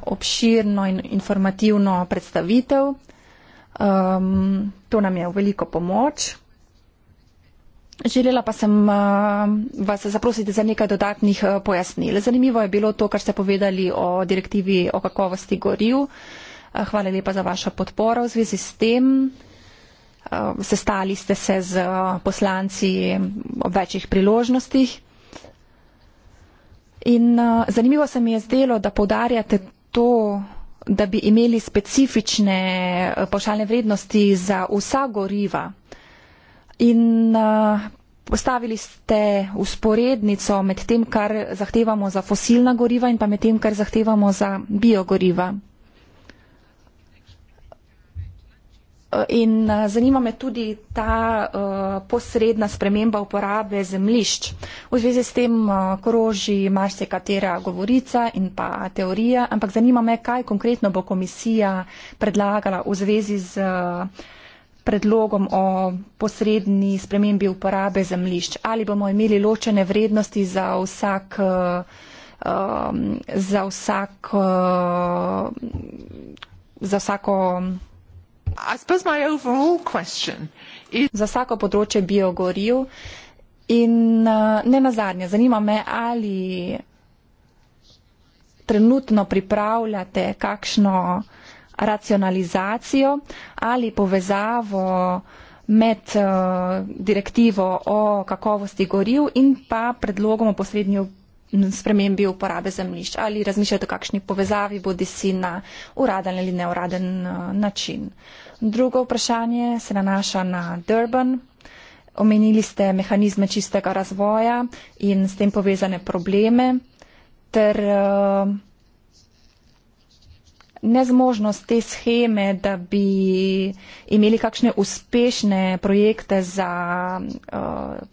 obširno in informativno predstavitev. Um, to nam je v veliko pomoč. Želela pa sem uh, vas zaprositi za nekaj dodatnih uh, pojasnil. Zanimivo je bilo to, kar ste povedali o direktivi o kakovosti goril. Uh, hvala lepa za vašo podporo v zvezi s tem. Eh, sestali ste se z eh, poslanci ob večjih priložnostih. In eh, zanimivo se mi je zdelo, da povdarjate to, da bi imeli specifične pošaljne vrednosti za vsa goriva. In postavili ste usporednico med tem, kar zahtevamo za fosilna goriva in pa med tem, kar zahtevamo za biogoriva. In eh, zanima me tudi ta eh, posredna sprememba uporabe zemlišč. V zvezi s tem eh, kroži marsikatera govorica in pa teorija, ampak zanima me, kaj konkretno bo komisija predlagala v zvezi z predlogom o posredni spremembi uporabe zemlišč. Ali bomo imeli ločene vrednosti za vsak. Za, vsak, za vsako za vsako področje biogoriv. In eh, ne nazadnje, zanima me, ali trenutno pripravljate kakšno racionalizacijo ali povezavo med eh, direktivo o kakovosti goriv in pa predlogom o posrednjem spremembi uporabe zemljišč ali razmišljati o kakšni povezavi, bodi si na uraden ali neuraden eh, način. Drugo vprašanje se nanaša na Durban. Omenili ste mehanizme čistega razvoja in s tem povezane probleme ter eh, nezmožnost te scheme, da bi imeli kakšne uspešne projekte za uh,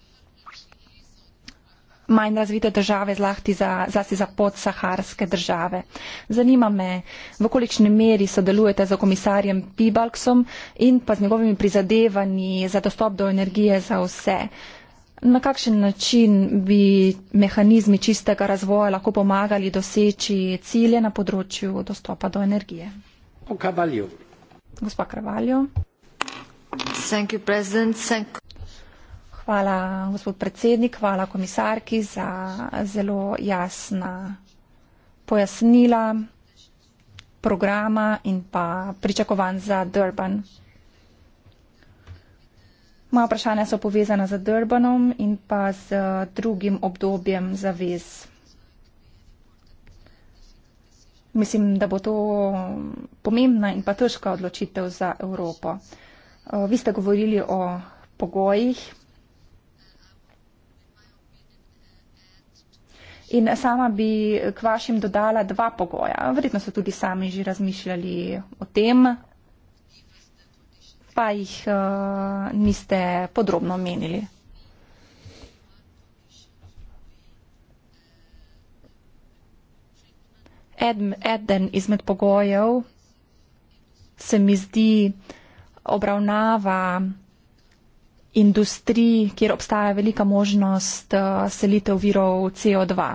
manj razvite države, zlahti za, zlasti za podsaharske države. Zanima me, v kolikšni meri sodelujete z komisarjem Pibalksom in pa z njegovimi prizadevanji za dostop do energije za vse. Na kakšen način bi mehanizmi čistega razvoja lahko pomagali doseči cilje na področju dostopa do energije? Gospa Kravaljo. Hvala, gospod predsednik, hvala komisarki za zelo jasna pojasnila programa in pa pričakovanj za Durban. Moja vprašanja so povezana z Durbanom in pa z drugim obdobjem zavez. Mislim, da bo to pomembna in pa težka odločitev za Evropo. Eh, vi ste govorili o pogojih, In sama bi k vašim dodala dva pogoja. Verjetno so tudi sami že razmišljali o tem, pa jih uh, niste podrobno omenili. Eden izmed pogojev se mi zdi obravnava industrij, kjer obstaja velika možnost eh, selitev virov CO2.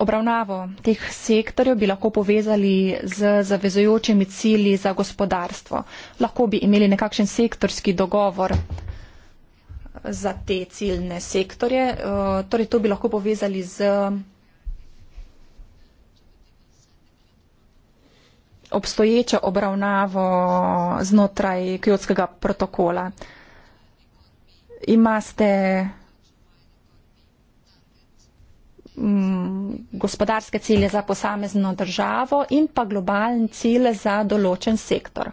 Obravnavo teh sektorjev bi lahko povezali z zavezojočimi cilji za gospodarstvo. Lahko bi imeli nekakšen sektorski dogovor eh, za te ciljne sektorje. Eh, torej, to bi lahko povezali z obstoječo obravnavo znotraj kjotskega protokola. Imate mm, gospodarske cilje za posamezno državo in pa globalne cilje za določen sektor.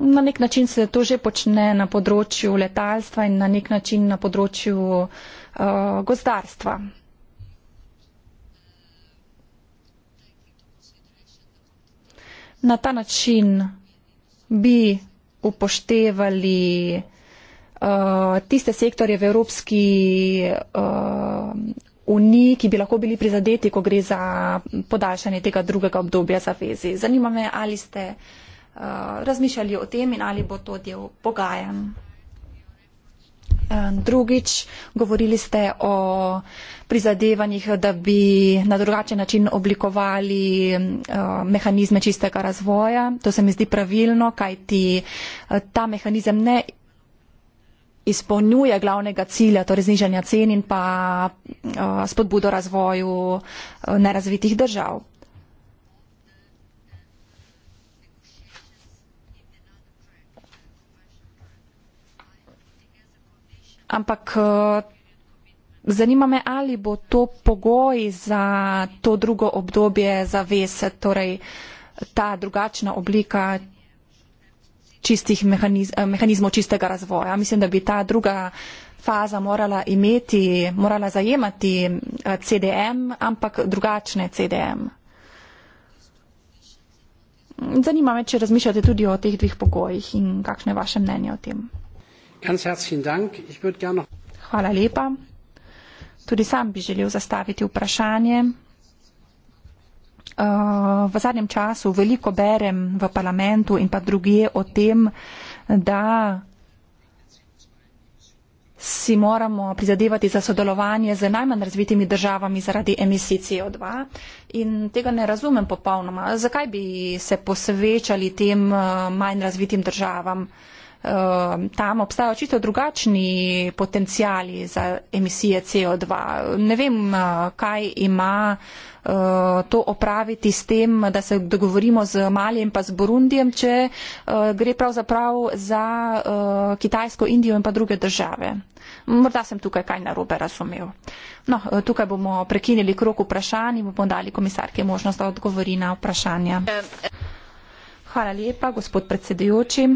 Na nek način se to že počne na področju letalstva in na nek način na področju uh, gozdarstva. na ta način bi upoštevali uh, tiste sektorje v Evropski uh, uniji, ki bi lahko bili prizadeti, ko gre za podaljšanje tega drugega obdobja zavezi. Zanima me, ali ste uh, razmišljali o tem in ali bo to del pogajanj. Eh, drugič, govorili ste o prizadevanjih, da bi na drugačen način oblikovali eh, mehanizme čistega razvoja. To se mi zdi pravilno, kajti eh, ta mehanizem ne izpolnjuje glavnega cilja, torej znižanja cen in pa spodbudo razvoju nerazvitih držav. ampak eh, zanima me, ali bo to pogoj za to drugo obdobje zavese, torej ta drugačna oblika čistih mehaniz eh, mehanizmov čistega razvoja. Mislim, da bi ta druga faza morala imeti, morala zajemati eh, CDM, ampak drugačne CDM. Zanima me, če razmišljate tudi o teh dveh pogojih in kakšno je vaše mnenje o tem. Ganz herzlichen Dank. Ich würde gerne noch. Hvala lepa. Tudi sam bi želel zastaviti vprašanje. Eh, v zadnjem času veliko berem v parlamentu in pa druge o tem, da si moramo prizadevati za sodelovanje z najmanj razvitimi državami zaradi emisij CO2 in tega ne razumem popolnoma. Zakaj bi se posvečali tem eh, manj razvitim državam? Ehm, tam obstajajo čisto drugačni potencijali za emisije CO2. Ne vem, eh, kaj ima eh, to opraviti s tem, da se dogovorimo z Malijem pa z Burundijem, če eh, gre pravzaprav za Kitajsko, Indijo in pa druge države. Morda sem tukaj kaj narobe razumel. No, tukaj bomo prekinili krok vprašanj in bomo dali komisarki možnost, da odgovori na vprašanja. Ehm, Hvala lepa, gospod predsedujoči.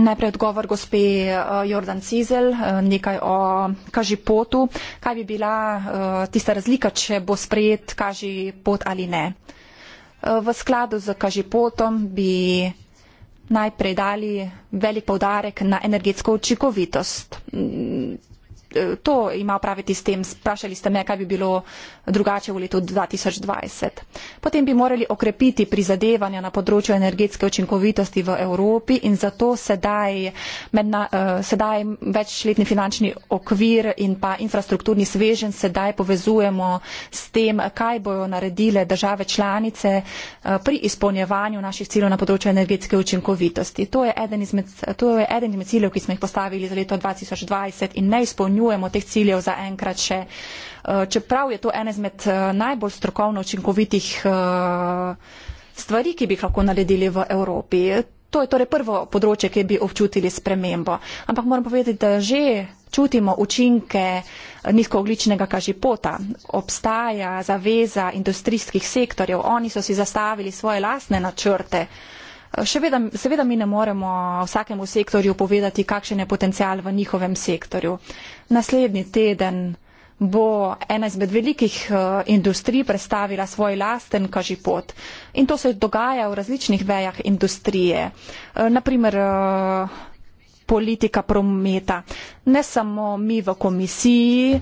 Najprej odgovor gospe eh, Jordan Cizel, eh, nekaj o kažipotu. Kaj bi bila eh, tista razlika, če bo sprejet kažipot ali ne? V skladu z kažipotom bi najprej dali velik povdarek na energetsko učinkovitost. Mm, to ima opraviti s tem, sprašali ste me, kaj bi bilo drugače v letu 2020. Potem bi morali okrepiti prizadevanja na področju energetske učinkovitosti v Evropi in zato sedaj, medna, eh, sedaj večletni finančni okvir in pa infrastrukturni svežen sedaj povezujemo s tem, kaj bojo naredile države članice eh, pri izpolnjevanju naših ciljev na področju energetske učinkovitosti. To je eden izmed, je eden izmed ciljev, ki smo jih postavili za leto 2020 in ne izpolnjujemo izpolnjujemo teh ciljev za enkrat še. Eh, čeprav je to ena izmed eh, najbolj strokovno učinkovitih eh, stvari, ki bi jih lahko naredili v Evropi. To je torej prvo področje, kjer bi občutili spremembo. Ampak moram povedati, da že čutimo učinke nizkoogličnega kažipota. Obstaja zaveza industrijskih sektorjev. Oni so si zastavili svoje lasne načrte. Veda, seveda mi ne moremo vsakemu sektorju povedati, kakšen je potencial v njihovem sektorju. Naslednji teden bo ena izmed velikih eh, industrij predstavila svoj lasten kažipot. In to se dogaja v različnih vejah industrije. Eh, Naprimer, eh, politika prometa. Ne samo mi v komisiji,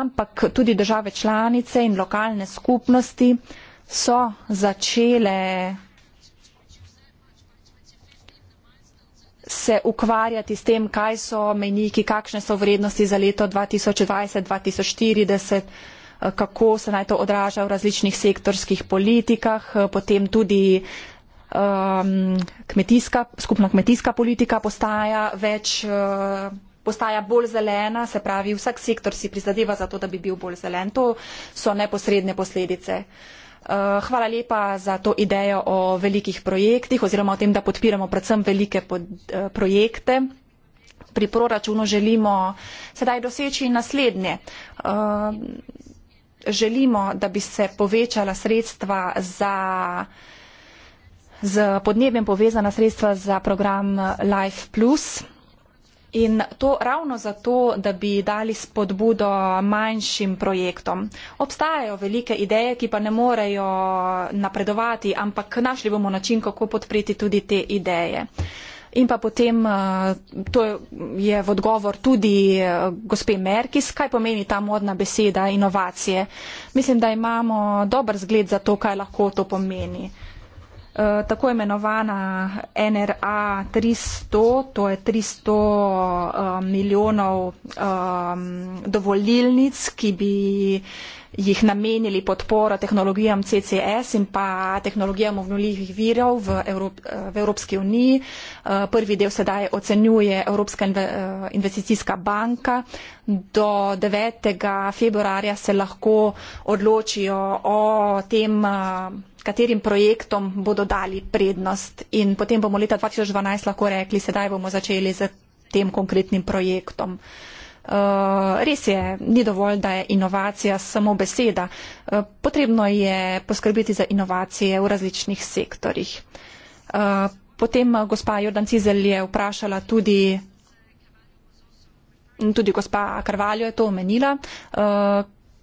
ampak tudi države članice in lokalne skupnosti so začele se ukvarjati s tem, kaj so meniki, kakšne so vrednosti za leto 2020-2040, eh, kako se naj to odraža v različnih sektorskih politikah, eh, potem tudi um, kmetijska, skupna kmetijska politika postaja več. Uh, postaja bolj zelena, se pravi, vsak sektor si prizadeva za to, da bi bil bolj zelen. To so neposredne posledice uh, Eh, hvala lepa za to idejo o velikih projektih oziroma o tem, da podpiramo predvsem velike eh, projekte. Pri proračunu želimo sedaj doseči naslednje. Eh, želimo, da bi se povečala sredstva za z podnebjem povezana sredstva za program Life Plus. In to ravno zato, da bi dali spodbudo manjšim projektom. Obstajajo velike ideje, ki pa ne morejo napredovati, ampak našli bomo način, kako podpreti tudi te ideje. In pa potem, eh, to je v odgovor tudi eh, gospe Merkis, kaj pomeni ta modna beseda inovacije. Mislim, da imamo dober zgled za to, kaj lahko to pomeni. Eh, tako imenovana NRA 300, to je 300 uh, eh, milijonov um, dovolilnic, ki bi uh, jih namenili podporo tehnologijam CCS in pa tehnologijam obnovljivih virov v, Evrop, v Evropski uniji. Eh, prvi del sedaj ocenjuje Evropska eh, investicijska banka. Do 9. februarja se lahko odločijo o tem, eh, katerim projektom bodo dali prednost. In potem bomo leta 2012 lahko rekli, sedaj bomo začeli z tem konkretnim projektom. Uh, Eh, res je, ni dovolj, da je inovacija samo beseda. Eh, potrebno je poskrbeti za inovacije v različnih sektorjih. Eh, potem gospa Jordan Cizel je vprašala tudi, tudi gospa Karvaljo je to omenila,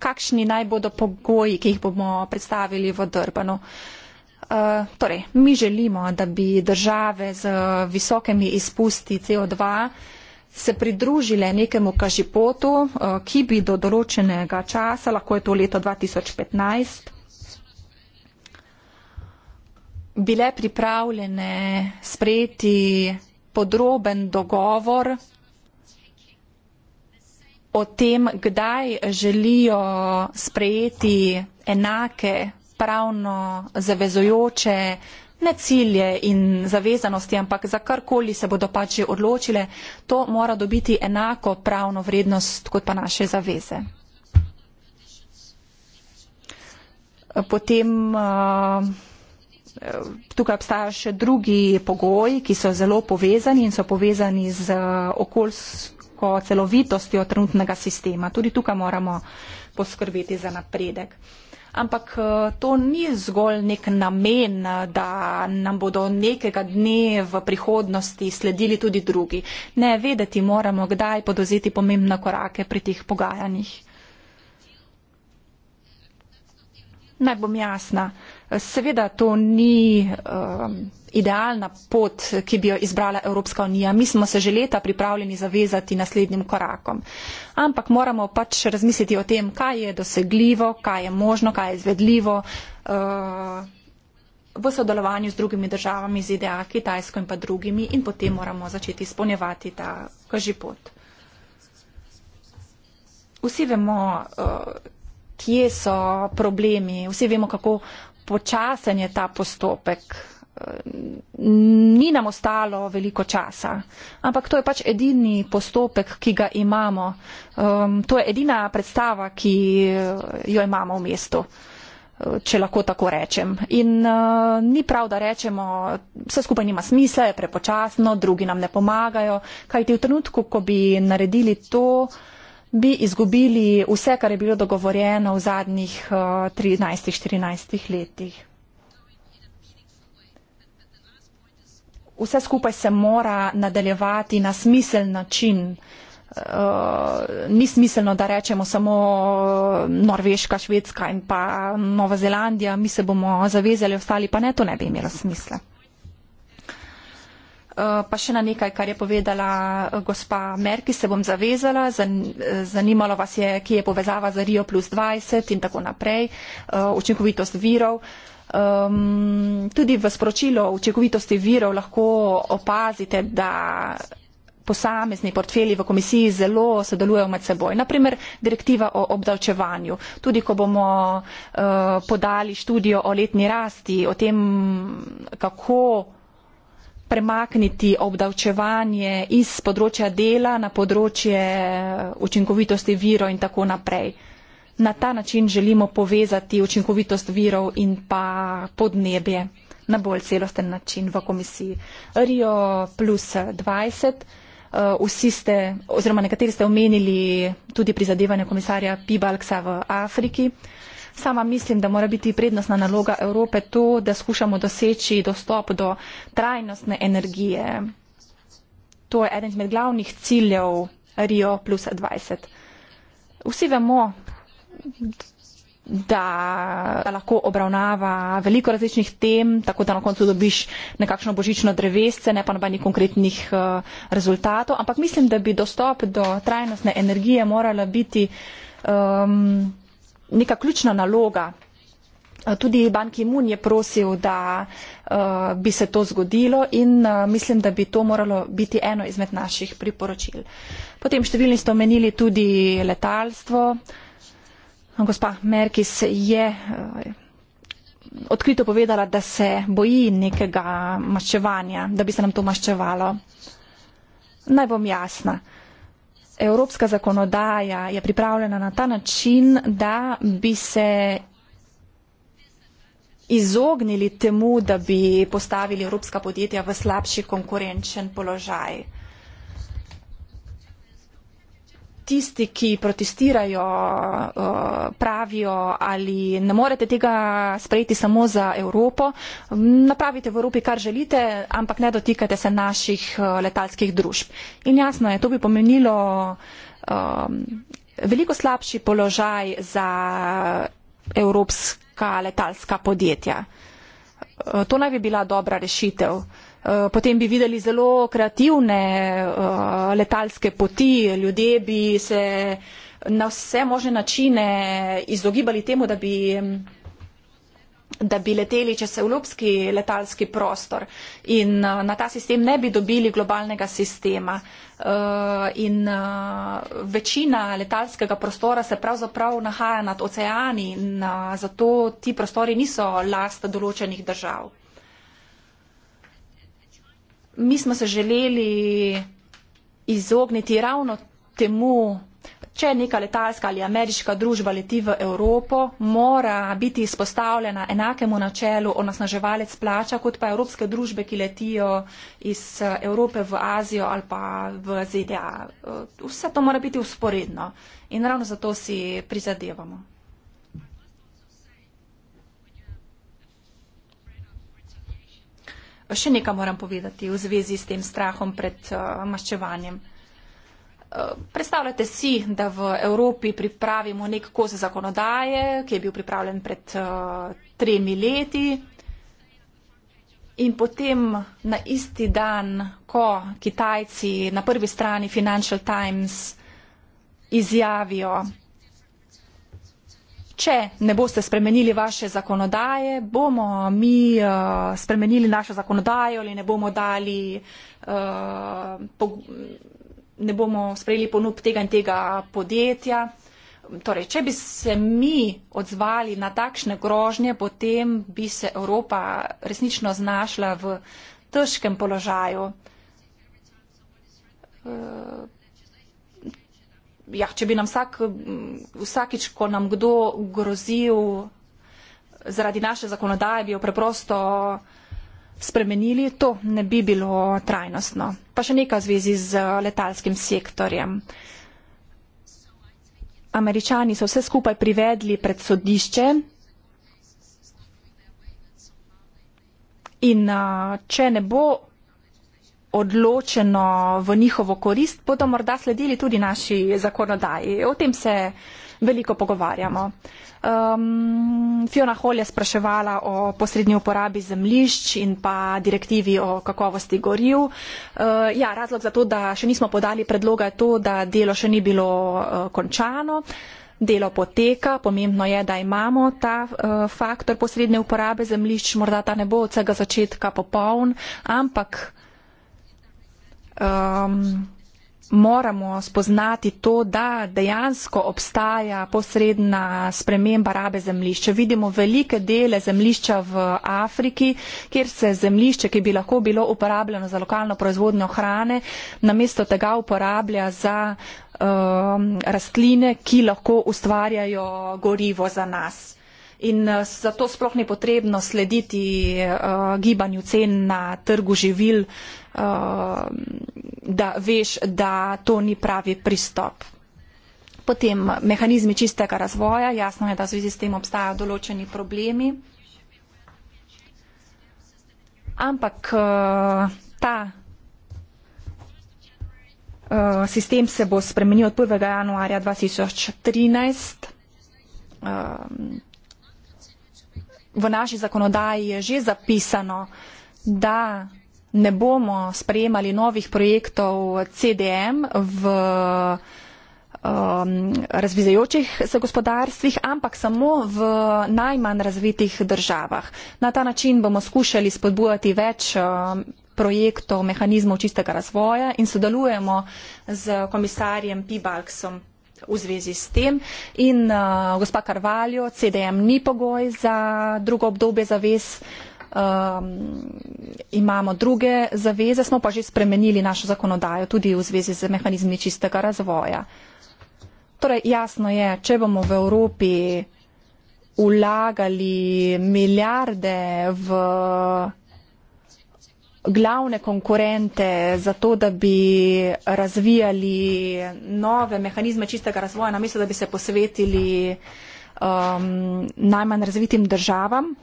kakšni naj bodo pogoji, ki jih bomo predstavili v Drbanu. Torej, mi želimo, da bi države z visokimi izpusti CO2 se pridružile nekemu kažipotu, eh, ki bi do določenega časa, lahko je to leto 2015, bile pripravljene sprejeti podroben dogovor o tem, kdaj želijo sprejeti enake pravno zavezojoče ne cilje in zavezanosti, ampak za karkoli se bodo pač že odločile, to mora dobiti enako pravno vrednost kot pa naše zaveze. Potem eh, tukaj obstajajo še drugi pogoji, ki so zelo povezani in so povezani z okoljsko celovitostjo trenutnega sistema. Tudi tukaj moramo poskrbeti za napredek ampak eh, to ni zgolj nek namen, eh, da nam bodo nekega dne v prihodnosti sledili tudi drugi. Ne, vedeti moramo, kdaj podoziti pomembna korake pri teh pogajanjih. Naj bom jasna. Seveda to ni um, idealna pot, ki bi jo izbrala Evropska unija. Mi smo se že leta pripravljeni zavezati naslednjim korakom. Ampak moramo pač razmisliti o tem, kaj je dosegljivo, kaj je možno, kaj je izvedljivo uh, v sodelovanju z drugimi državami, z IDA, Kitajsko in pa drugimi in potem moramo začeti izpolnjevati ta kaži pot. Vsi vemo, uh, kje so problemi, vsi vemo, kako počasen je ta postopek. Eh, ni nam ostalo veliko časa, ampak to je pač edini postopek, ki ga imamo. Um, to je edina predstava, ki eh, jo imamo v mestu, eh, če lahko tako rečem. In uh, ni prav, da rečemo, vse skupaj nima smisla, je prepočasno, drugi nam ne pomagajo, kajti v trenutku, ko bi naredili to, uh, bi izgubili vse, kar je bilo dogovorjeno v zadnjih 13-14 eh, letih. Vse skupaj se mora nadaljevati na smisel način. Uh, ni smiselno, da rečemo samo eh, Norveška, Švedska in pa Nova Zelandija, mi se bomo zavezali, ostali pa ne, to ne bi imelo smisla. Eh, pa še na nekaj, kar je povedala eh, gospa Merki, se bom zavezala, eh, zanimalo vas je, kje je povezava za Rio plus 20 in tako naprej, učinkovitost virov. Tudi v sporočilu učinkovitosti virov lahko opazite, da posamezni portfeli v komisiji zelo sodelujejo med seboj. Naprimer, direktiva o obdavčevanju. Tudi, ko bomo uh, podali študijo o letni rasti, o tem, kako premakniti obdavčevanje iz področja dela na področje eh, učinkovitosti virov in tako naprej. Na ta način želimo povezati učinkovitost virov in pa podnebje na bolj celosten način v komisiji. Rio plus 20, eh, vsi ste, oziroma nekateri ste omenili tudi prizadevanje komisarja Pibalksa v Afriki. Sama mislim, da mora biti prednostna naloga Evrope to, da skušamo doseči dostop do trajnostne energije. To je eden izmed glavnih ciljev Rio plus 20. Vsi vemo, da lahko obravnava veliko različnih tem, tako da na koncu dobiš nekakšno božično drevesce, ne pa nobenih konkretnih uh, rezultatov. Ampak mislim, da bi dostop do trajnostne energije morala biti. Um, neka ključna naloga. Tudi Ban Ki-moon je prosil, da bi se to zgodilo in mislim, da bi to moralo biti eno izmed naših priporočil. Potem številni ste omenili tudi letalstvo. Gospa Merkis je odkrito povedala, da se boji nekega maščevanja, da bi se nam to maščevalo. Naj bom jasna evropska zakonodaja je pripravljena na ta način, da bi se izognili temu, da bi postavili evropska podjetja v slabši konkurenčen položaj tisti, ki protestirajo, eh, pravijo ali ne morete tega sprejeti samo za Evropo, mm, napravite v Evropi, kar želite, ampak ne dotikate se naših eh, letalskih družb. In jasno je, to bi pomenilo um, veliko slabši položaj za evropska letalska podjetja. To naj bi bila dobra rešitev. Eh, potem bi videli zelo kreativne eh, letalske poti, ljudje bi se na vse možne načine izogibali temu, da bi da bi leteli čez evropski letalski prostor in eh, na ta sistem ne bi dobili globalnega sistema. In večina letalskega prostora se pravzaprav nahaja nad oceani in zato ti prostori niso last določenih držav mi smo se želeli izogniti ravno temu, če neka letalska ali ameriška družba leti v Evropo, mora biti izpostavljena enakemu načelu onasnaževalec plača, kot pa evropske družbe, ki letijo iz eh, Evrope v Azijo ali pa v ZDA. Eh, vse to mora biti usporedno in ravno zato si prizadevamo. še nekaj moram povedati v zvezi s tem strahom pred uh, maščevanjem. Eh, Predstavljate si, da v Evropi pripravimo nek kos zakonodaje, ki je bil pripravljen pred uh, tremi leti in potem na isti dan, ko Kitajci na prvi strani Financial Times izjavijo, če ne boste spremenili vaše zakonodaje, bomo mi uh, spremenili našo zakonodajo ali ne bomo dali. Uh, ne bomo sprejeli ponud tega in tega podjetja. Torej, če bi se mi odzvali na takšne grožnje, potem bi se Evropa resnično znašla v težkem položaju. Eh, ja, če bi nam vsak, vsakič, ko nam kdo grozil zaradi naše zakonodaje, bi jo preprosto spremenili, to ne bi bilo trajnostno. Pa še nekaj v zvezi z eh, letalskim sektorjem. Američani so vse skupaj privedli pred sodišče in eh, če ne bo odločeno v njihovo korist, bodo morda sledili tudi naši zakonodaji. O tem se veliko pogovarjamo. Um, Fiona Hol je spraševala o posrednji uporabi zemlišč in pa direktivi o kakovosti goril. Uh, ja, razlog za to, da še nismo podali predloga, je to, da delo še ni bilo uh, končano. Delo poteka, pomembno je, da imamo ta uh, faktor posredne uporabe zemlišč, morda ta ne bo od vsega začetka popoln, ampak um, moramo spoznati to, da dejansko obstaja posredna sprememba rabe zemljišča. Vidimo velike dele zemljišča v Afriki, kjer se zemljišče, ki bi lahko bilo uporabljeno za lokalno proizvodnjo hrane, namesto tega uporablja za um, rastline, ki lahko ustvarjajo gorivo za nas in eh, zato sploh ni potrebno slediti uh, gibanju cen na trgu živil, uh, da veš, da to ni pravi pristop. Potem mehanizmi čistega razvoja, jasno je, da v zvezi s tem obstajajo določeni problemi. Ampak ta sistem se bo spremenil od 1. januarja 2013 v naši zakonodaji je že zapisano, da ne bomo sprejemali novih projektov CDM v um, razvizajočih se gospodarstvih, ampak samo v najmanj razvitih državah. Na ta način bomo skušali spodbujati več um, projektov mehanizmov čistega razvoja in sodelujemo z komisarjem Pibalksom v zvezi s tem. In uh, gospa Karvaljo, CDM ni pogoj za drugo obdobje zavez. Um, imamo druge zaveze, smo pa že spremenili našo zakonodajo tudi v zvezi z mehanizmi čistega razvoja. Torej, jasno je, če bomo v Evropi vlagali milijarde v glavne konkurente za to, da bi razvijali nove mehanizme čistega razvoja, namesto da bi se posvetili um, najmanj razvitim državam.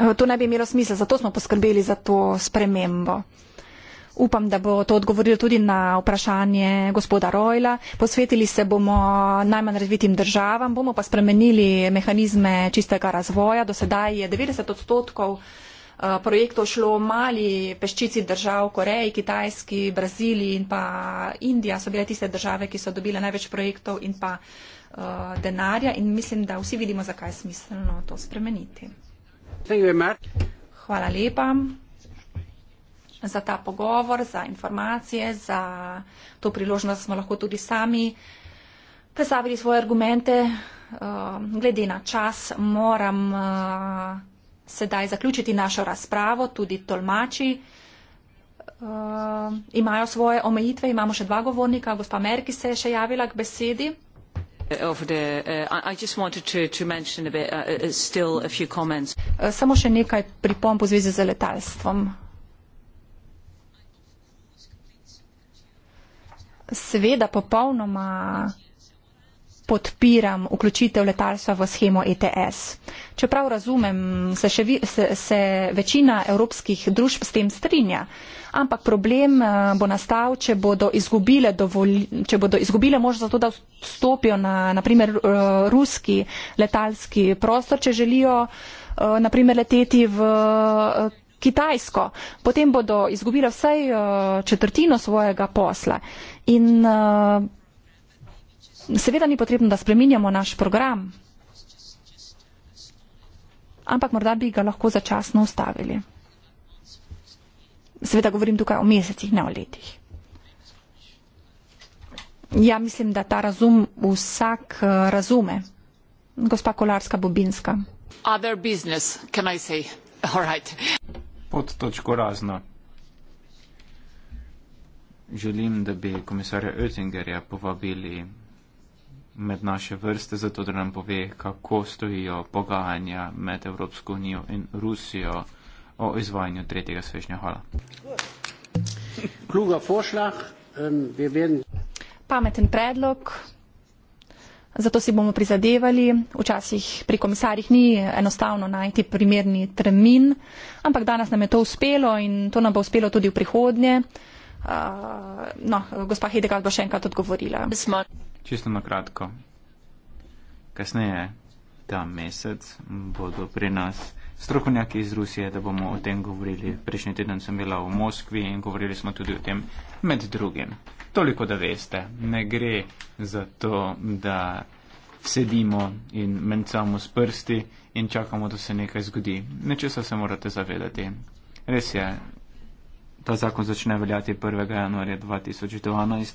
Eh, to ne bi imelo smisla, zato smo poskrbeli za to spremembo. Upam, da bo to odgovorilo tudi na vprašanje gospoda Rojla. Posvetili se bomo najmanj razvitim državam, bomo pa spremenili mehanizme čistega razvoja. Do sedaj je 90 odstotkov. Eh, projektov šlo mali peščici držav, Koreji, Kitajski, Braziliji in pa Indija so bile tiste države, ki so dobile največ projektov in pa eh, denarja in mislim, da vsi vidimo, zakaj je smiselno to spremeniti. Hvala lepa za ta pogovor, za informacije, za to priložnost, da smo lahko tudi sami predstavili svoje argumente. Eh, glede na čas moram sedaj zaključiti našo razpravo, tudi tolmači uh, imajo svoje omejitve. Imamo še dva govornika, gospa Merki se je še javila k besedi. Samo še nekaj pripomp v zvezi z letalstvom. Seveda, popolnoma. Uh, podpiram vključitev letalstva v schemo ETS. Čeprav razumem, se, še, se, se večina evropskih družb s tem strinja, ampak problem eh, bo nastal, če bodo izgubile, dovolj, če bodo izgubile možnost za to, da vstopijo na naprimer, eh, ruski letalski prostor, če želijo eh, naprimer, leteti v. Kitajsko. Potem bodo izgubile vsaj četrtino svojega posla. In, uh Seveda ni potrebno, da spreminjamo naš program, ampak morda bi ga lahko začasno ustavili. Seveda govorim tukaj o mesecih, ne o letih. Ja, mislim, da ta razum vsak eh, razume. Gospa Kolarska Bobinska. Other business, can I say? All right. Pod točko razno. Želim, da bi komisarja Oettingerja povabili med naše vrste, zato da nam pove, kako stojijo pogajanja med Evropsko unijo in Rusijo o izvajanju tretjega svežnja. Hvala. Pameten predlog. Zato si bomo prizadevali. Včasih pri komisarjih ni enostavno najti primerni termin, ampak danes nam je to uspelo in to nam bo uspelo tudi v prihodnje. Eh, no, gospa Hidegard bo še enkrat odgovorila. Smo. Čisto na kratko. Kasneje ta mesec bodo pri nas strokovnjaki iz Rusije, da bomo o tem govorili. Prejšnji teden sem bila v Moskvi in govorili smo tudi o tem med drugim. Toliko, da veste, ne gre za to, da sedimo in mencamo s prsti in čakamo, da se nekaj zgodi. Nečesa se morate zavedati. Res je, ta zakon začne veljati 1. januarja 2012.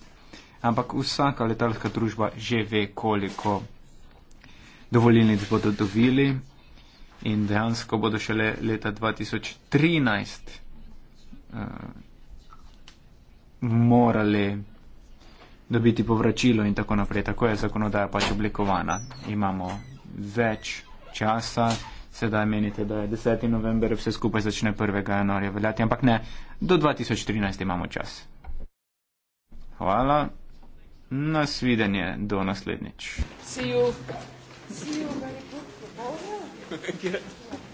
Ampak vsaka letalska družba že ve, koliko dovoljenic bodo dobili in dejansko bodo šele leta 2013 uh, eh, morali dobiti povračilo in tako naprej. Tako je zakonodaja pač oblikovana. Imamo več časa sedaj menite, da je 10. november, vse skupaj začne 1. januarja veljati, ampak ne, do 2013 imamo čas. Hvala, nasvidenje, do naslednjič. See you. See you